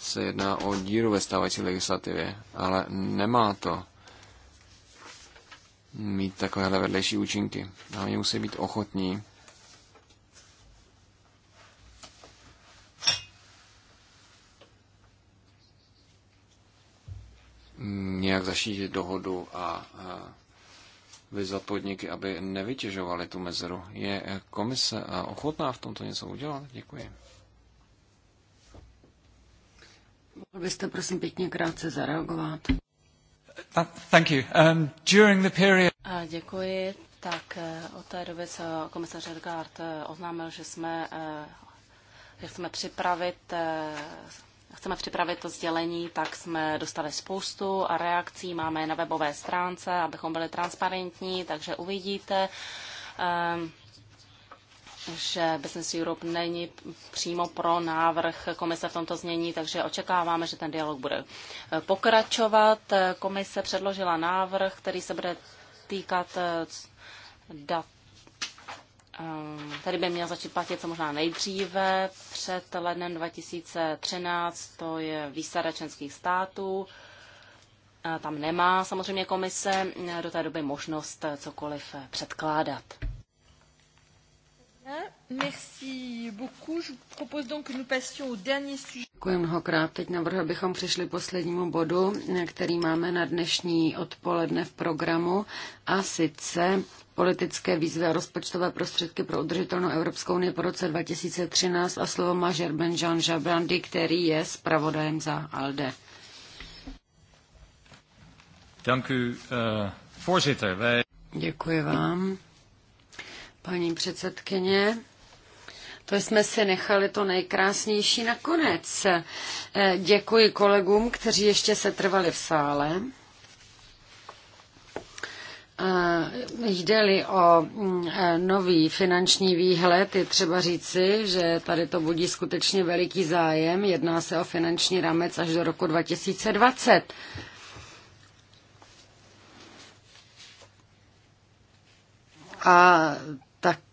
S3: se jedná o díru ve stávající legislativě, ale nemá to mít takovéhle vedlejší účinky. A oni musí být ochotní nějak zašítit dohodu a, a vyzvat podniky, aby nevytěžovali tu mezeru. Je komise eh, ochotná v tomto něco udělat? Děkuji.
S1: Mohl byste prosím pěkně krátce zareagovat?
S3: Uh, thank you. Um, during the period...
S2: A děkuji. Tak eh, od té doby, co komisař Edgard eh, oznámil, že jsme, že chceme připravit chceme připravit to sdělení, tak jsme dostali spoustu a reakcí máme na webové stránce, abychom byli transparentní, takže uvidíte, ehm, že Business Europe není přímo pro návrh komise v tomto znění, takže očekáváme, že ten dialog bude eh, pokračovat. Eh, komise předložila návrh, který se bude týkat eh, dat Ehm, tady by měl začít platit co možná nejdříve, před lednem 2013, to je výsada členských států. Tam nemá samozřejmě komise do té doby možnost cokoliv předkládat.
S1: Děkuji mnohokrát. Teď navrhl, bychom přišli poslednímu bodu, který máme na dnešní odpoledne v programu, a sice politické výzvy a rozpočtové prostředky pro udržitelnou Evropskou unii po roce 2013 a slovo má Žerben Jean Žabrandy, který je zpravodajem za ALDE. Eh, Děkuji vám. Paní předsedkyně, to jsme si nechali to nejkrásnější nakonec. Eh, děkuji kolegům, kteří ještě se trvali v sále. Eh, jde-li o mm, eh, nový finanční výhled, je třeba říci, že tady to budí skutečně veliký zájem. Jedná se o finanční rámec až do roku 2020. A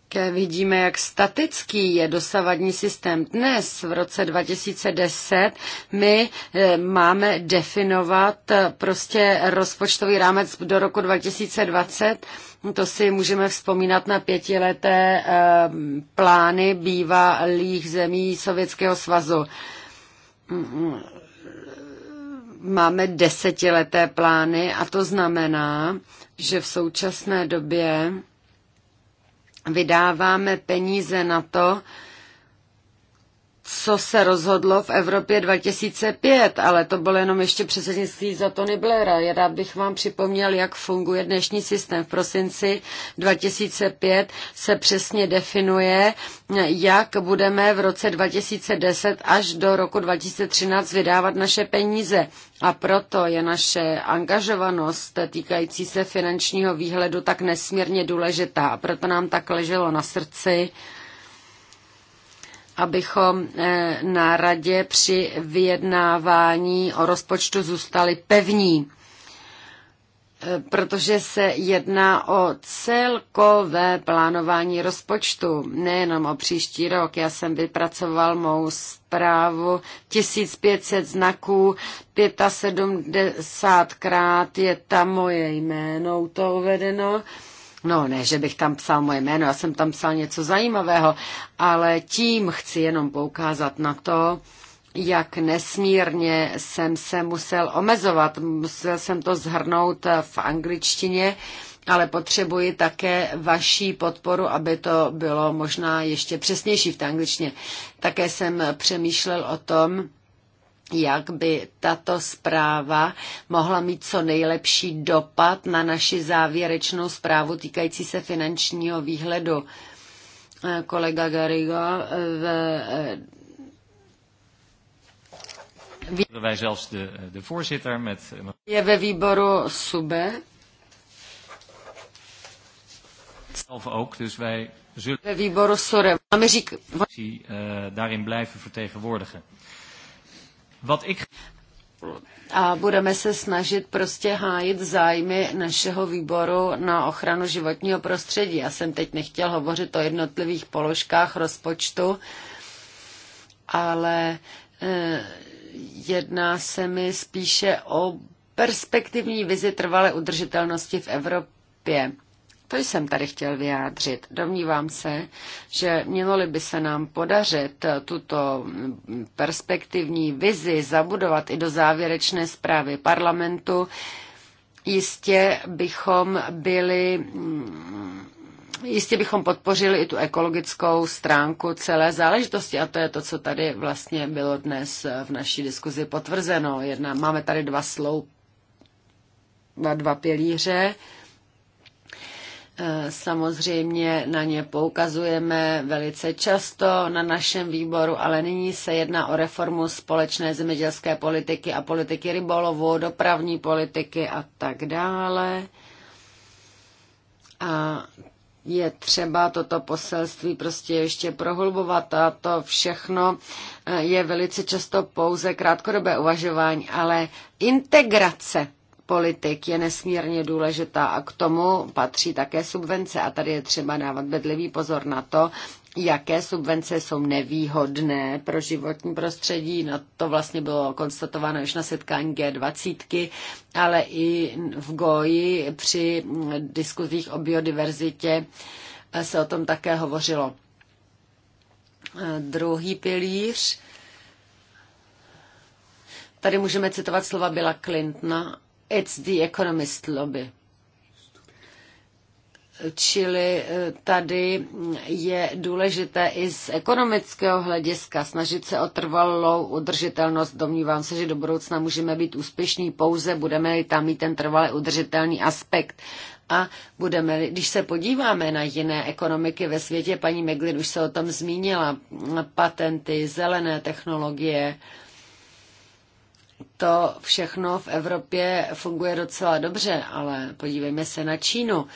S1: také vidíme, jak statický je dosavadní systém. Dnes, v roce 2010, my eh, máme definovat eh, prostě rozpočtový rámec do roku 2020. To si můžeme vzpomínat na pětileté eh, plány bývalých zemí Sovětského svazu. Máme desetileté plány a to znamená, že v současné době vydáváme peníze na to, co se rozhodlo v Evropě 2005, ale to bylo jenom ještě předsednictví za Tony Blaira. Já rád bych vám připomněl, jak funguje dnešní systém. V prosinci 2005 se přesně definuje, jak budeme v roce 2010 až do roku 2013 vydávat naše peníze. A proto je naše angažovanost týkající se finančního výhledu tak nesmírně důležitá. A proto nám tak leželo na srdci, abychom eh, na radě při vyjednávání o rozpočtu zůstali pevní, eh, protože se jedná o celkové plánování rozpočtu, nejenom o příští rok. Já jsem vypracoval mou zprávu 1500 znaků, 75krát je tam moje jméno, to uvedeno. No ne, že bych tam psal moje jméno, já jsem tam psal něco zajímavého, ale tím chci jenom poukázat na to, jak nesmírně jsem se musel omezovat. Musel jsem to zhrnout v angličtině, ale potřebuji také vaší podporu, aby to bylo možná ještě přesnější v té angličtině. Také jsem přemýšlel o tom, jak by tato zpráva mohla mít co nejlepší dopad na naši závěrečnou zprávu týkající se finančního výhledu. Eh, kolega Garigo eh, v
S3: eh, de, de
S1: Je ve výboru SUBE. Ve výboru SURE. Máme řík... ...daarin blijven vertegenwoordigen. A budeme se snažit prostě hájit zájmy našeho výboru na ochranu životního prostředí. Já jsem teď nechtěl hovořit o jednotlivých položkách rozpočtu, ale eh, jedná se mi spíše o perspektivní vizi trvalé udržitelnosti v Evropě. To jsem tady chtěl vyjádřit. Domnívám se, že mělo by se nám podařit tuto perspektivní vizi zabudovat i do závěrečné zprávy parlamentu, jistě bychom byli jistě bychom podpořili i tu ekologickou stránku celé záležitosti a to je to, co tady vlastně bylo dnes v naší diskuzi potvrzeno. Jedna, máme tady dva sloup, dva, dva pilíře, Eh, samozřejmě na ně poukazujeme velice často na našem výboru, ale nyní se jedná o reformu společné zemědělské politiky a politiky rybolovu, dopravní politiky a tak dále. A je třeba toto poselství prostě ještě prohlubovat a to všechno eh, je velice často pouze krátkodobé uvažování, ale integrace politik je nesmírně důležitá a k tomu patří také subvence. A tady je třeba dávat bedlivý pozor na to, jaké subvence jsou nevýhodné pro životní prostředí. No, to vlastně bylo konstatováno už na setkání G20, ale i v Goji při diskuzích o biodiverzitě se o tom také hovořilo. Druhý pilíř. Tady můžeme citovat slova Billa Clintona It's the economist lobby. Čili eh, tady je důležité i z ekonomického hlediska snažit se o trvalou udržitelnost. Domnívám se, že do budoucna můžeme být úspěšní pouze, budeme-li tam mít ten trvalý udržitelný aspekt. A budeme, když se podíváme na jiné ekonomiky ve světě, paní Meglin už se o tom zmínila, patenty, zelené technologie, to všechno v Evropě funguje docela dobře, ale podívejme se na Čínu.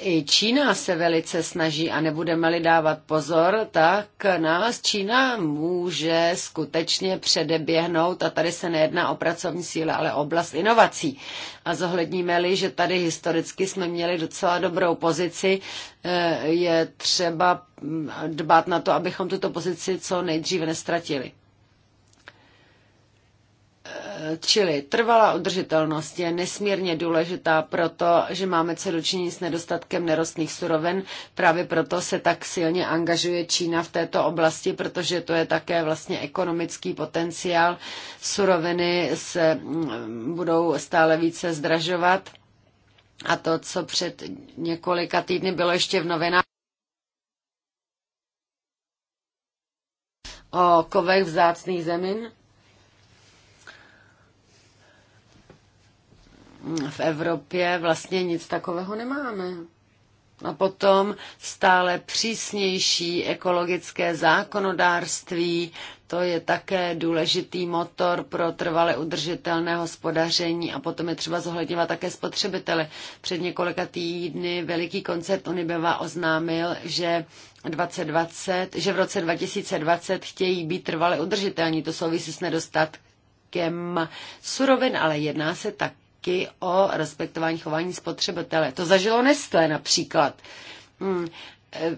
S1: I Čína se velice snaží a nebudeme-li dávat pozor, tak nás Čína může skutečně předeběhnout a tady se nejedná o pracovní síle, ale oblast inovací. A zohledníme-li, že tady historicky jsme měli docela dobrou pozici, eh, je třeba dbát na to, abychom tuto pozici co nejdříve nestratili. Čili trvalá udržitelnost je nesmírně důležitá proto, že máme co dočinění s nedostatkem nerostných surovin. Právě proto se tak silně angažuje Čína v této oblasti, protože to je také vlastně ekonomický potenciál. Suroviny se mm, budou stále více zdražovat. A to, co před několika týdny bylo ještě v novinách, o kovech vzácných zemin, v Evropě vlastně nic takového nemáme. A potom stále přísnější ekologické zákonodárství, to je také důležitý motor pro trvale udržitelné hospodaření a potom je třeba zohledňovat také spotřebitele. Před několika týdny veliký koncert Unibeva oznámil, že 2020, že v roce 2020 chtějí být trvale udržitelní. To souvisí s nedostatkem surovin, ale jedná se tak taky o respektování chování spotřebitele. To zažilo Nestlé například. Hmm. E,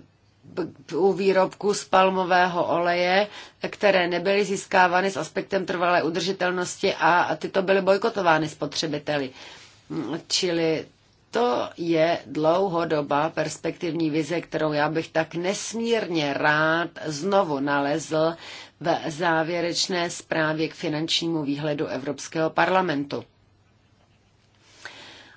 S1: u výrobku z palmového oleje, které nebyly získávány s aspektem trvalé udržitelnosti a tyto byly bojkotovány spotřebiteli. Hmm, čili to je dlouhodobá perspektivní vize, kterou já bych tak nesmírně rád znovu nalezl v závěrečné zprávě k finančnímu výhledu Evropského parlamentu.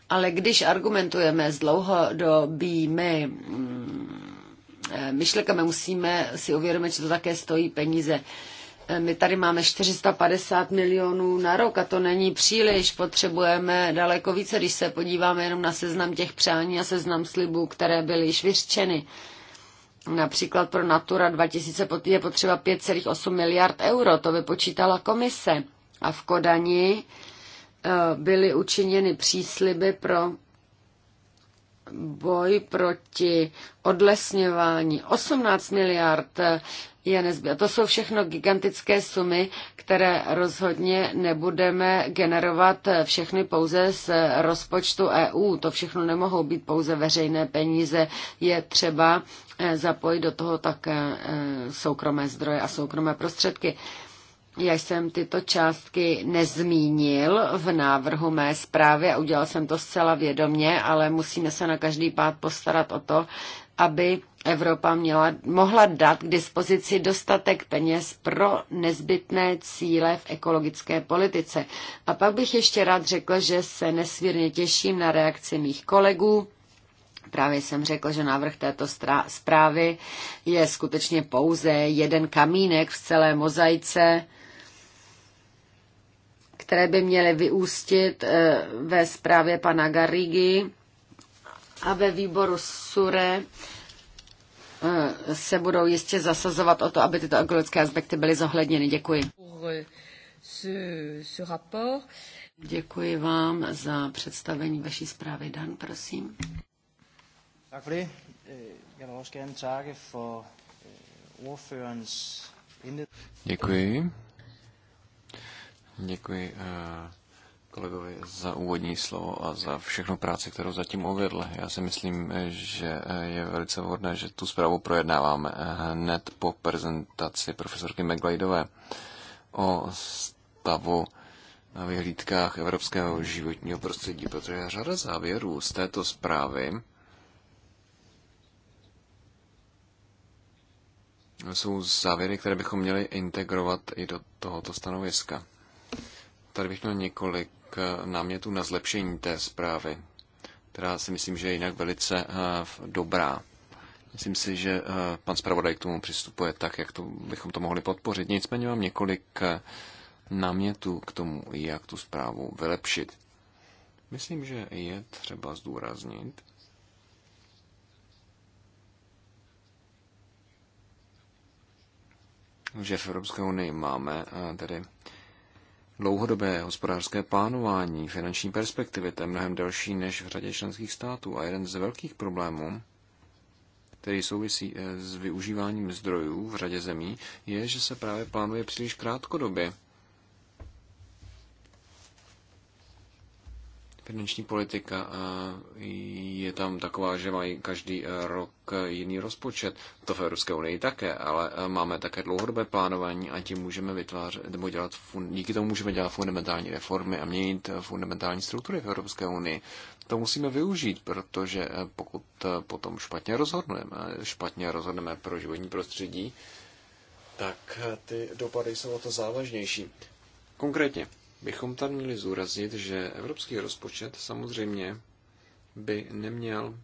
S1: Ale když argumentujeme s dlouhodobými mm, eh, myšlekami, musíme si uvědomit, že to také stojí peníze. Eh, my tady máme 450 milionů na rok a to není příliš. Potřebujeme daleko více, když se podíváme jenom na seznam těch přání a seznam slibů, které byly již vyřčeny. Například pro Natura 2000 je potřeba 5,8 miliard euro, to vypočítala komise. A v Kodani Eh, byly učiněny přísliby pro boj proti odlesňování. 18 miliard je nezbyt. To jsou všechno gigantické sumy, které rozhodně nebudeme generovat všechny pouze z rozpočtu EU. To všechno nemohou být pouze veřejné peníze. Je třeba eh, zapojit do toho také eh, soukromé zdroje a soukromé prostředky. Já jsem tyto částky nezmínil v návrhu mé zprávy a udělal jsem to zcela vědomě, ale musíme se na každý pád postarat o to, aby Evropa měla, mohla dát k dispozici dostatek peněz pro nezbytné cíle v ekologické politice. A pak bych ještě rád řekl, že se nesmírně těším na reakci mých kolegů. Právě jsem řekl, že návrh této zprávy je skutečně pouze jeden kamínek v celé mozaice které by měly vyústit eh, ve zprávě pana Garrigy a ve výboru SURE eh, se budou jistě zasazovat o to, aby tyto ekologické aspekty byly zohledněny. Děkuji. Děkuji vám za představení vaší zprávy. Dan, prosím. Øh,
S3: øh, Děkuji. Děkuji eh, kolegovi za úvodní slovo a za všechno práci, kterou zatím uvedl. Já si myslím, že eh, je velice vhodné, že tu zprávu projednáváme eh, hned po prezentaci profesorky McGladeové o stavu na vyhlídkách evropského životního prostředí, protože řada závěrů z této zprávy jsou závěry, které bychom měli integrovat i do tohoto stanoviska. Tady bych měl několik eh, námětů na zlepšení té zprávy, která si myslím, že je jinak velice eh, dobrá. Myslím si, že eh, pan zpravodaj k tomu přistupuje tak, jak to bychom to mohli podpořit. Nicméně mám několik námětů k tomu, jak tu zprávu vylepšit. Myslím, že je třeba zdůraznit, že v Evropské unii máme tedy dlouhodobé hospodářské plánování, finanční perspektivy, to je mnohem delší než v řadě členských států. A jeden z velkých problémů, který souvisí eh, s využíváním zdrojů v řadě zemí, je, že se právě plánuje příliš krátkodobě. Finanční politika je tam taková, že mají každý eh, rok eh, jiný rozpočet. To v Evropské unii také, ale eh, máme také dlouhodobé plánování a tím můžeme vytvářet, nebo dělat, díky tomu můžeme dělat fundamentální reformy a měnit fundamentální struktury v Evropské unii. To musíme využít, protože pokud potom špatně rozhodneme, špatně rozhodneme pro životní prostředí, tak ty dopady jsou o to závažnější. Konkrétně, bychom tam měli zúraznit, že evropský rozpočet samozřejmě by neměl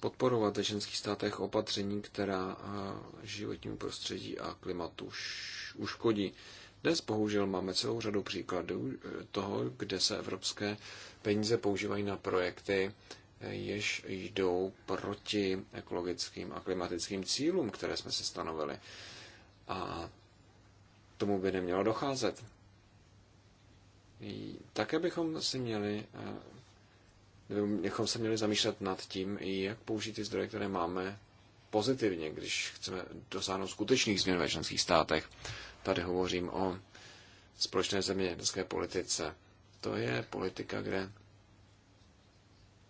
S3: podporovat ve ženských státech opatření, která eh, životnímu prostředí a klimatu uškodí. Dnes bohužel máme celou řadu příkladů eh, toho, kde se evropské peníze používají na projekty, eh, jež jdou proti ekologickým a klimatickým cílům, které jsme si stanovili. A tomu by nemělo docházet. Také bychom si měli eh, bychom se měli zamýšlet nad tím, jak použít ty zdroje, které máme pozitivně, když chceme dosáhnout skutečných změn ve členských státech. Tady hovořím o společné zemědělské politice. To je politika, kde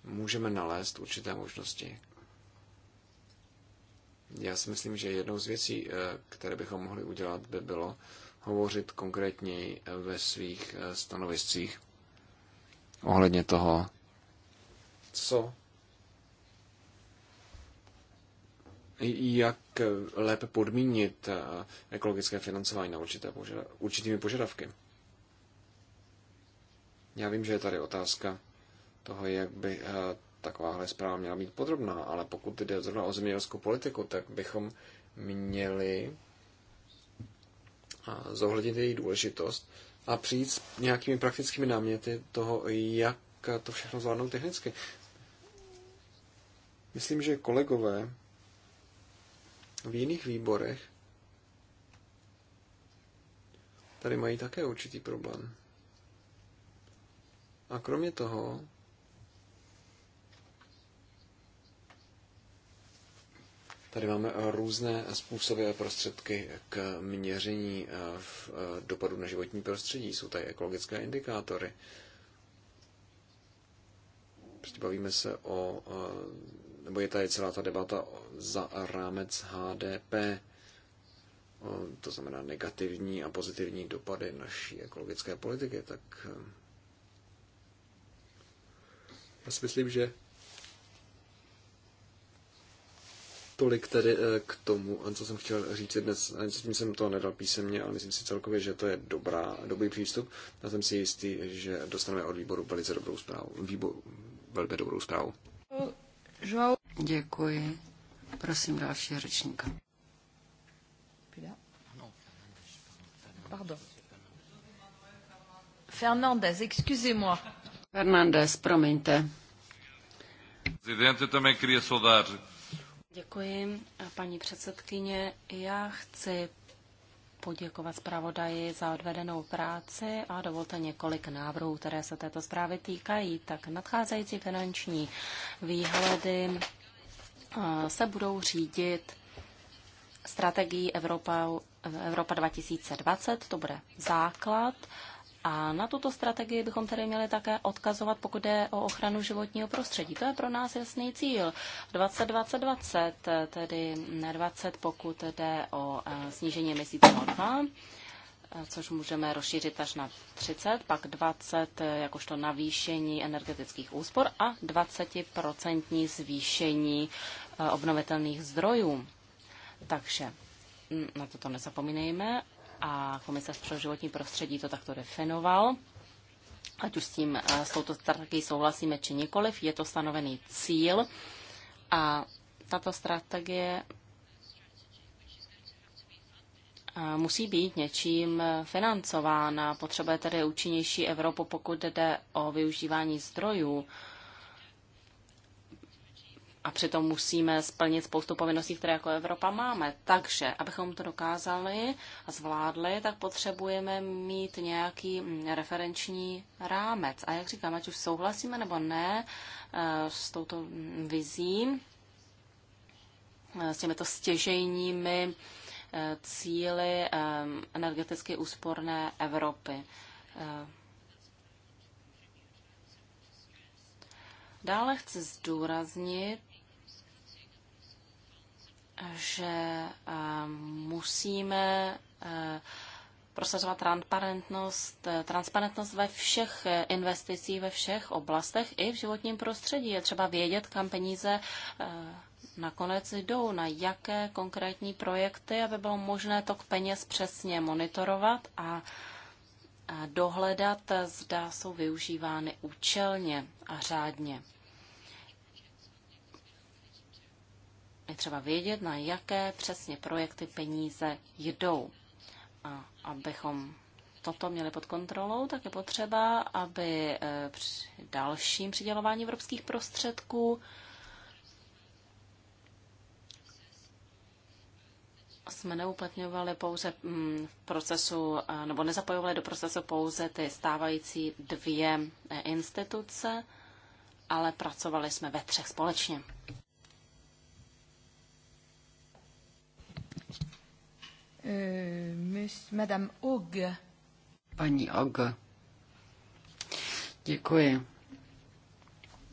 S3: můžeme nalézt určité možnosti. Já si myslím, že jednou z věcí, eh, které bychom mohli udělat, by bylo hovořit konkrétněji eh, ve svých eh, stanoviscích ohledně toho, co jak eh, lépe podmínit ekologické financování na určité požada- určitými požadavky. Já vím, že je tady otázka toho, jak by takováhle zpráva měla být podrobná, ale pokud jde zrovna o zemědělskou politiku, tak bychom měli a zohlednit její důležitost a přijít s nějakými praktickými náměty toho, jak to všechno zvládnout technicky. Myslím, že kolegové v jiných výborech tady mají také určitý problém. A kromě toho Tady máme různé způsoby a prostředky k měření eh, v eh, dopadu na životní prostředí. Jsou tady ekologické indikátory. Prostě bavíme se o, eh, nebo je tady celá ta debata za rámec HDP, to znamená negativní a pozitivní dopady naší ekologické politiky, tak já si myslím, že Tolik tedy eh, k tomu, eh, co jsem chtěl říct dnes. Eh, Ani tím jsem to nedal písemně, ale myslím si celkově, že to je dobrá, dobrý přístup. Já jsem si jistý, že dostaneme od výboru velice dobrou zprávu. Výboru, velmi dobrou zprávu.
S1: Děkuji. Prosím dalšího řečníka. Pardon. Fernandez, excusez-moi. Fernandez, promiňte.
S2: Presidente, também queria saudar Děkuji, paní předsedkyně. Já chci poděkovat zpravodaji za odvedenou práci a dovolte několik návrhů, které se této zprávy týkají. Tak nadcházející finanční výhledy se budou řídit strategií Evropa, Evropa 2020, to bude základ a na tuto strategii bychom tedy měli také odkazovat, pokud je o ochranu životního prostředí. To je pro nás jasný cíl. 2020, tedy 20, pokud jde o eh, snížení emisí CO2, eh, což můžeme rozšířit až na 30, pak 20 eh, jakožto navýšení energetických úspor a 20% zvýšení obnovitelných zdrojů. Takže mm, na toto nezapomínejme a komisař pro životní prostředí to takto definoval. Ať už s tím, eh, s touto strategií souhlasíme či nikoliv, je to stanovený cíl a tato strategie eh, musí být něčím eh, financována. Potřebuje tedy účinnější Evropu, pokud jde o využívání zdrojů a přitom musíme splnit spoustu povinností, které jako Evropa máme. Takže, abychom to dokázali a zvládli, tak potřebujeme mít nějaký mm, referenční rámec. A jak říkám, ať už souhlasíme nebo ne eh, s touto mm, vizí, eh, s těmito stěžejními eh, cíly energeticky úsporné Evropy. Dále chci zdůraznit, že eh, musíme eh, prosazovat transparentnost, eh, transparentnost ve všech investicích, ve všech oblastech i v životním prostředí. Je třeba vědět, kam peníze nakonec jdou, na jaké konkrétní projekty, aby bylo možné tok peněz přesně monitorovat a dohledat, zda jsou využívány účelně a řádně. Je třeba vědět, na jaké přesně projekty peníze jdou. A abychom toto měli pod kontrolou, tak je potřeba, aby eh, při dalším přidělování evropských prostředků jsme neuplatňovali pouze mm, v procesu, eh, nebo nezapojovali do procesu pouze ty stávající dvě eh, instituce, ale pracovali jsme ve třech společně.
S1: Eh, Madame Og. Paní Og. Děkuji.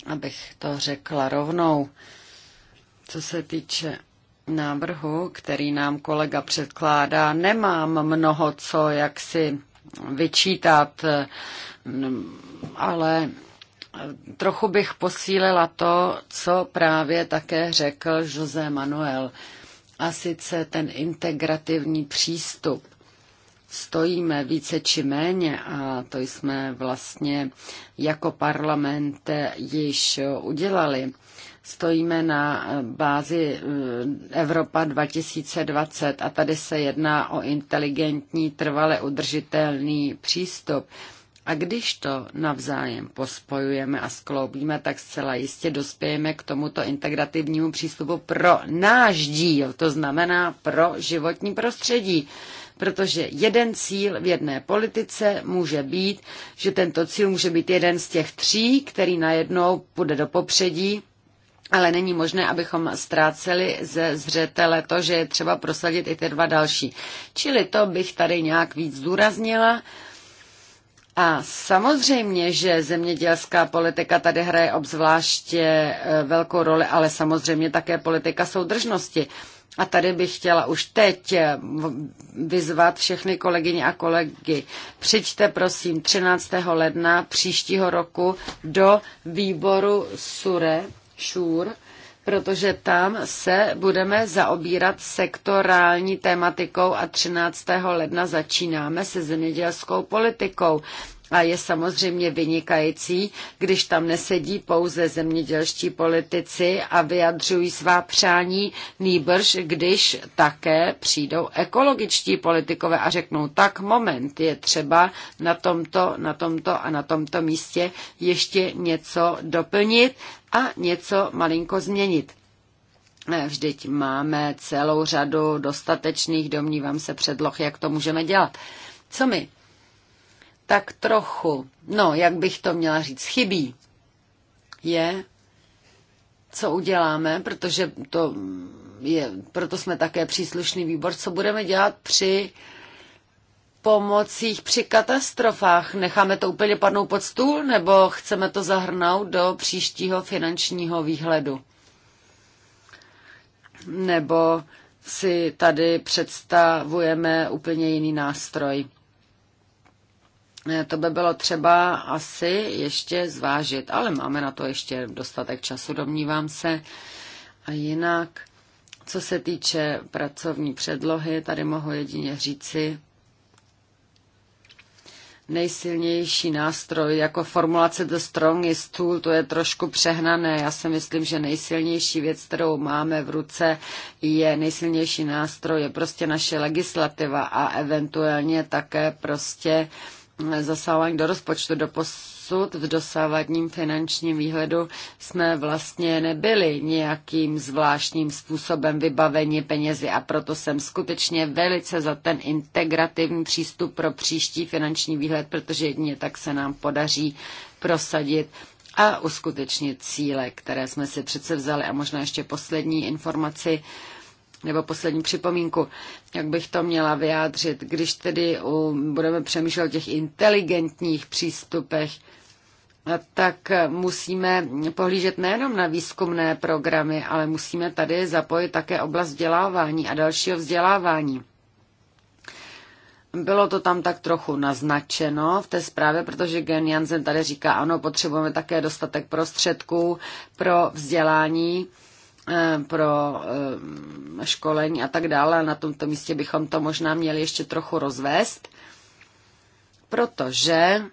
S1: Abych to řekla rovnou, co se týče návrhu, který nám kolega předkládá, nemám mnoho co jak si vyčítat, ale trochu bych posílila to, co právě také řekl José Manuel a sice ten integrativní přístup. Stojíme více či méně a to jsme vlastně jako parlament již udělali. Stojíme na bázi eh, Evropa 2020 a tady se jedná o inteligentní, trvale udržitelný přístup a když to navzájem pospojujeme a skloubíme, tak zcela jistě dospějeme k tomuto integrativnímu přístupu pro náš díl, to znamená pro životní prostředí. Protože jeden cíl v jedné politice může být, že tento cíl může být jeden z těch tří, který najednou půjde do popředí, ale není možné, abychom ztráceli ze zřetele to, že je třeba prosadit i ty dva další. Čili to bych tady nějak víc zdůraznila a samozřejmě, že zemědělská politika tady hraje obzvláště e, velkou roli, ale samozřejmě také politika soudržnosti. A tady bych chtěla už teď e, vyzvat všechny kolegyně a kolegy. Přijďte prosím 13. ledna příštího roku do výboru SURE, ŠUR, sure, protože tam se budeme zaobírat sektorální tématikou a 13. ledna začínáme se zemědělskou politikou. A je samozřejmě vynikající, když tam nesedí pouze zemědělští politici a vyjadřují svá přání, nýbrž když také přijdou ekologičtí politikové a řeknou, tak moment, je třeba na tomto, na tomto a na tomto místě ještě něco doplnit a něco malinko změnit. Vždyť máme celou řadu dostatečných, domnívám se, předloh, jak to můžeme dělat. Co mi? Tak trochu, no, jak bych to měla říct, chybí, je, co uděláme, protože to je, proto jsme také příslušný výbor, co budeme dělat při uh, pomocích při katastrofách. Necháme to úplně padnout pod stůl nebo chceme to zahrnout do příštího finančního výhledu? Nebo si tady představujeme úplně jiný nástroj? Eh, to by bylo třeba asi ještě zvážit, ale máme na to ještě dostatek času, domnívám se. A jinak, co se týče pracovní předlohy, tady mohu jedině říci, nejsilnější nástroj, jako formulace the strongest tool, to je trošku přehnané. Já si myslím, že nejsilnější věc, kterou máme v ruce, je nejsilnější nástroj, je prostě naše legislativa a eventuálně také prostě zasávání do rozpočtu, do pos dosud v dosávadním finančním výhledu jsme vlastně nebyli nějakým zvláštním způsobem vybaveni penězi a proto jsem skutečně velice za ten integrativní přístup pro příští finanční výhled, protože jedině tak se nám podaří prosadit a uskutečnit cíle, které jsme si přece vzali. A možná ještě poslední informaci nebo poslední připomínku, jak bych to měla vyjádřit, když tedy budeme přemýšlet o těch inteligentních přístupech, tak musíme pohlížet nejenom na výzkumné programy, ale musíme tady zapojit také oblast vzdělávání a dalšího vzdělávání. Bylo to tam tak trochu naznačeno v té zprávě, protože Gen Jansen tady říká, ano, potřebujeme také dostatek prostředků pro vzdělání, eh, pro eh, školení a tak dále. Na tomto místě bychom to možná měli ještě trochu rozvést, protože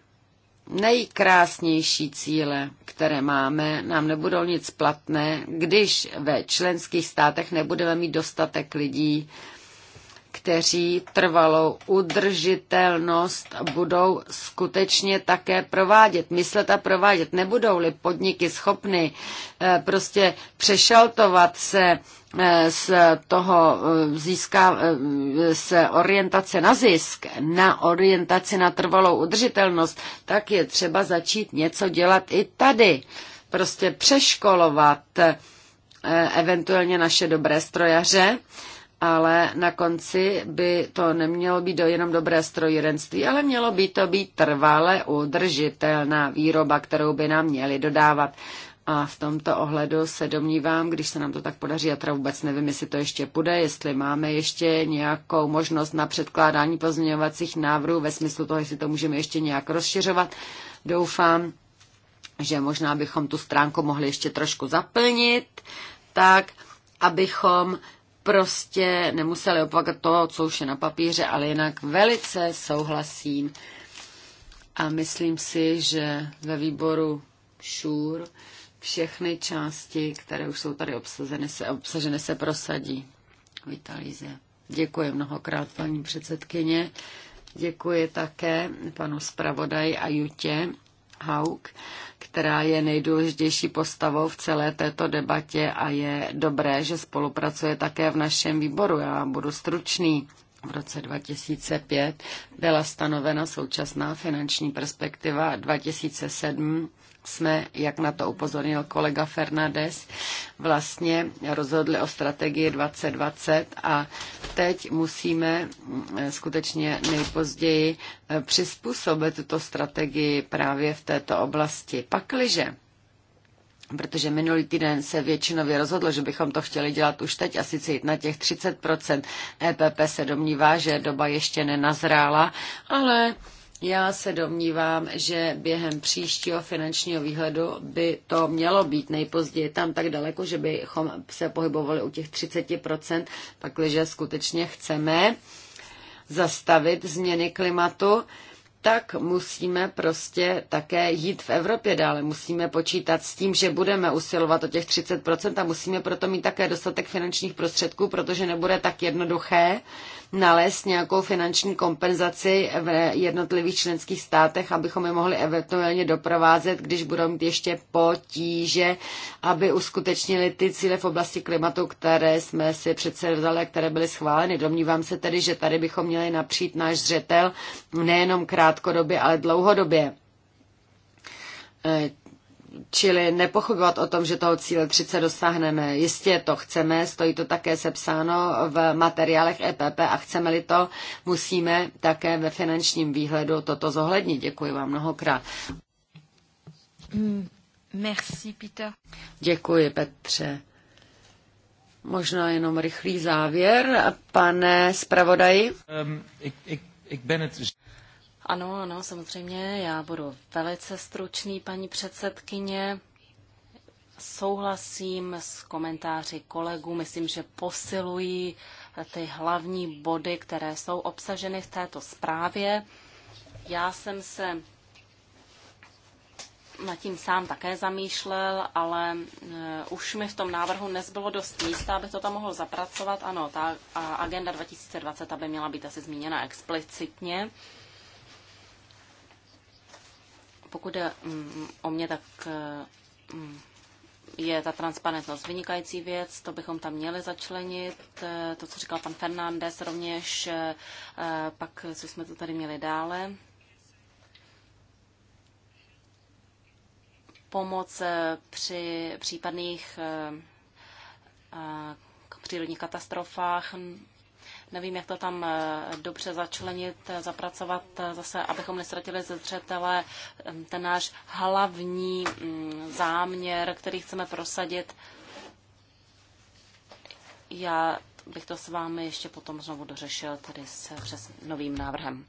S1: nejkrásnější cíle, které máme, nám nebudou nic platné, když ve členských státech nebudeme mít dostatek lidí, kteří trvalou udržitelnost budou skutečně také provádět, myslet a provádět. Nebudou-li podniky schopny eh, prostě přešaltovat se eh, z toho eh, získá z orientace na zisk na orientaci na trvalou udržitelnost, tak je třeba začít něco dělat i tady. Prostě přeškolovat eventuálně naše dobré strojaře, ale na konci by to nemělo být jenom dobré strojírenství, ale mělo by to být trvale udržitelná výroba, kterou by nám měli dodávat. A v tomto ohledu se domnívám, když se nám to tak podaří, já teda vůbec nevím, jestli to ještě půjde, jestli máme ještě nějakou možnost na předkládání pozměňovacích návrhů ve smyslu toho, jestli to můžeme ještě nějak rozšiřovat. Doufám, že možná bychom tu stránku mohli ještě trošku zaplnit, tak abychom prostě nemuseli opakovat to, co už je na papíře, ale jinak velice souhlasím. A myslím si, že ve výboru šůr všechny části, které už jsou tady obsazeny, se, obsaženy, se prosadí. Vitalize. Děkuji mnohokrát, paní předsedkyně. Děkuji také panu zpravodaji a Jutě Hauk, která je nejdůležitější postavou v celé této debatě a je dobré, že spolupracuje také v našem výboru. Já budu stručný. V roce 2005 byla stanovena současná finanční perspektiva 2007 jsme, jak na to upozornil kolega Fernandez, vlastně rozhodli o strategii 2020 a teď musíme mm, eh, skutečně nejpozději eh, přizpůsobit tuto strategii právě v této oblasti. Pakliže protože minulý týden se většinově rozhodlo, že bychom to chtěli dělat už teď a sice jít na těch 30%. EPP se domnívá, že doba ještě nenazrála, ale já se domnívám, že během příštího finančního výhledu by to mělo být nejpozději tam tak daleko, že bychom se pohybovali u těch 30%, pakliže skutečně chceme zastavit změny klimatu tak musíme prostě také jít v Evropě dále. Musíme počítat s tím, že budeme usilovat o těch 30% a musíme proto mít také dostatek finančních prostředků, protože nebude tak jednoduché nalézt nějakou finanční kompenzaci v jednotlivých členských státech, abychom je mohli eventuálně doprovázet, když budou mít ještě potíže, aby uskutečnili ty cíle v oblasti klimatu, které jsme si přece vzali a které byly schváleny. Domnívám se tedy, že tady bychom měli napřít náš zřetel nejenom krát krátkodobě, ale dlouhodobě. E, čili nepochybovat o tom, že toho cíle 30 dosáhneme. Jistě to chceme, stojí to také sepsáno v materiálech EPP a chceme-li to, musíme také ve finančním výhledu toto zohlednit. Děkuji vám mnohokrát. Mm, merci, Peter. Děkuji, Petře. Možná jenom rychlý závěr, pane zpravodaji. Um, ik, ik, ik ben het...
S2: Ano, ano, samozřejmě, já budu velice stručný, paní předsedkyně. Souhlasím s komentáři kolegů, myslím, že posilují ty hlavní body, které jsou obsaženy v této zprávě. Já jsem se nad tím sám také zamýšlel, ale e, už mi v tom návrhu nezbylo dost místa, aby to tam mohl zapracovat. Ano, ta agenda 2020 by měla být asi zmíněna explicitně. Pokud jde mm, o mě, tak eh, mm, je ta transparentnost vynikající věc, to bychom tam měli začlenit. Eh, to, co říkal pan Fernández, rovněž eh, pak, co jsme to tady měli dále. Pomoc při případných přírodních katastrofách, Nevím, jak to tam eh, dobře začlenit, eh, zapracovat eh, zase, abychom nestratili ze zřetele ten náš hlavní mm, záměr, který chceme prosadit. Já bych to s vámi ještě potom znovu dořešil tedy s přes novým návrhem.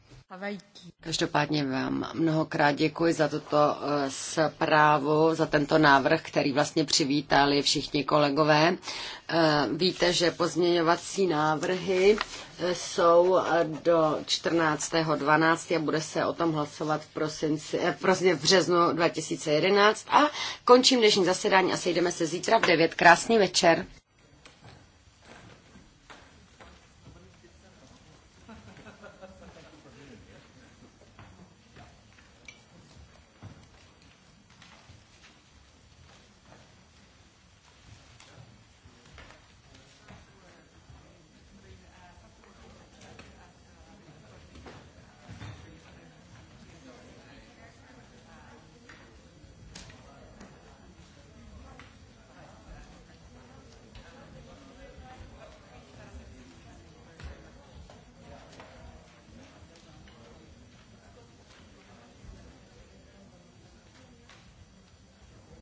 S1: Každopádně vám mnohokrát děkuji za tuto eh, zprávu, za tento návrh, který vlastně přivítali všichni kolegové. Eh, víte, že pozměňovací návrhy eh, jsou do 14.12. a bude se o tom hlasovat v, prosinci, v, v březnu 2011. A končím dnešní zasedání a sejdeme se zítra v 9. Krásný večer.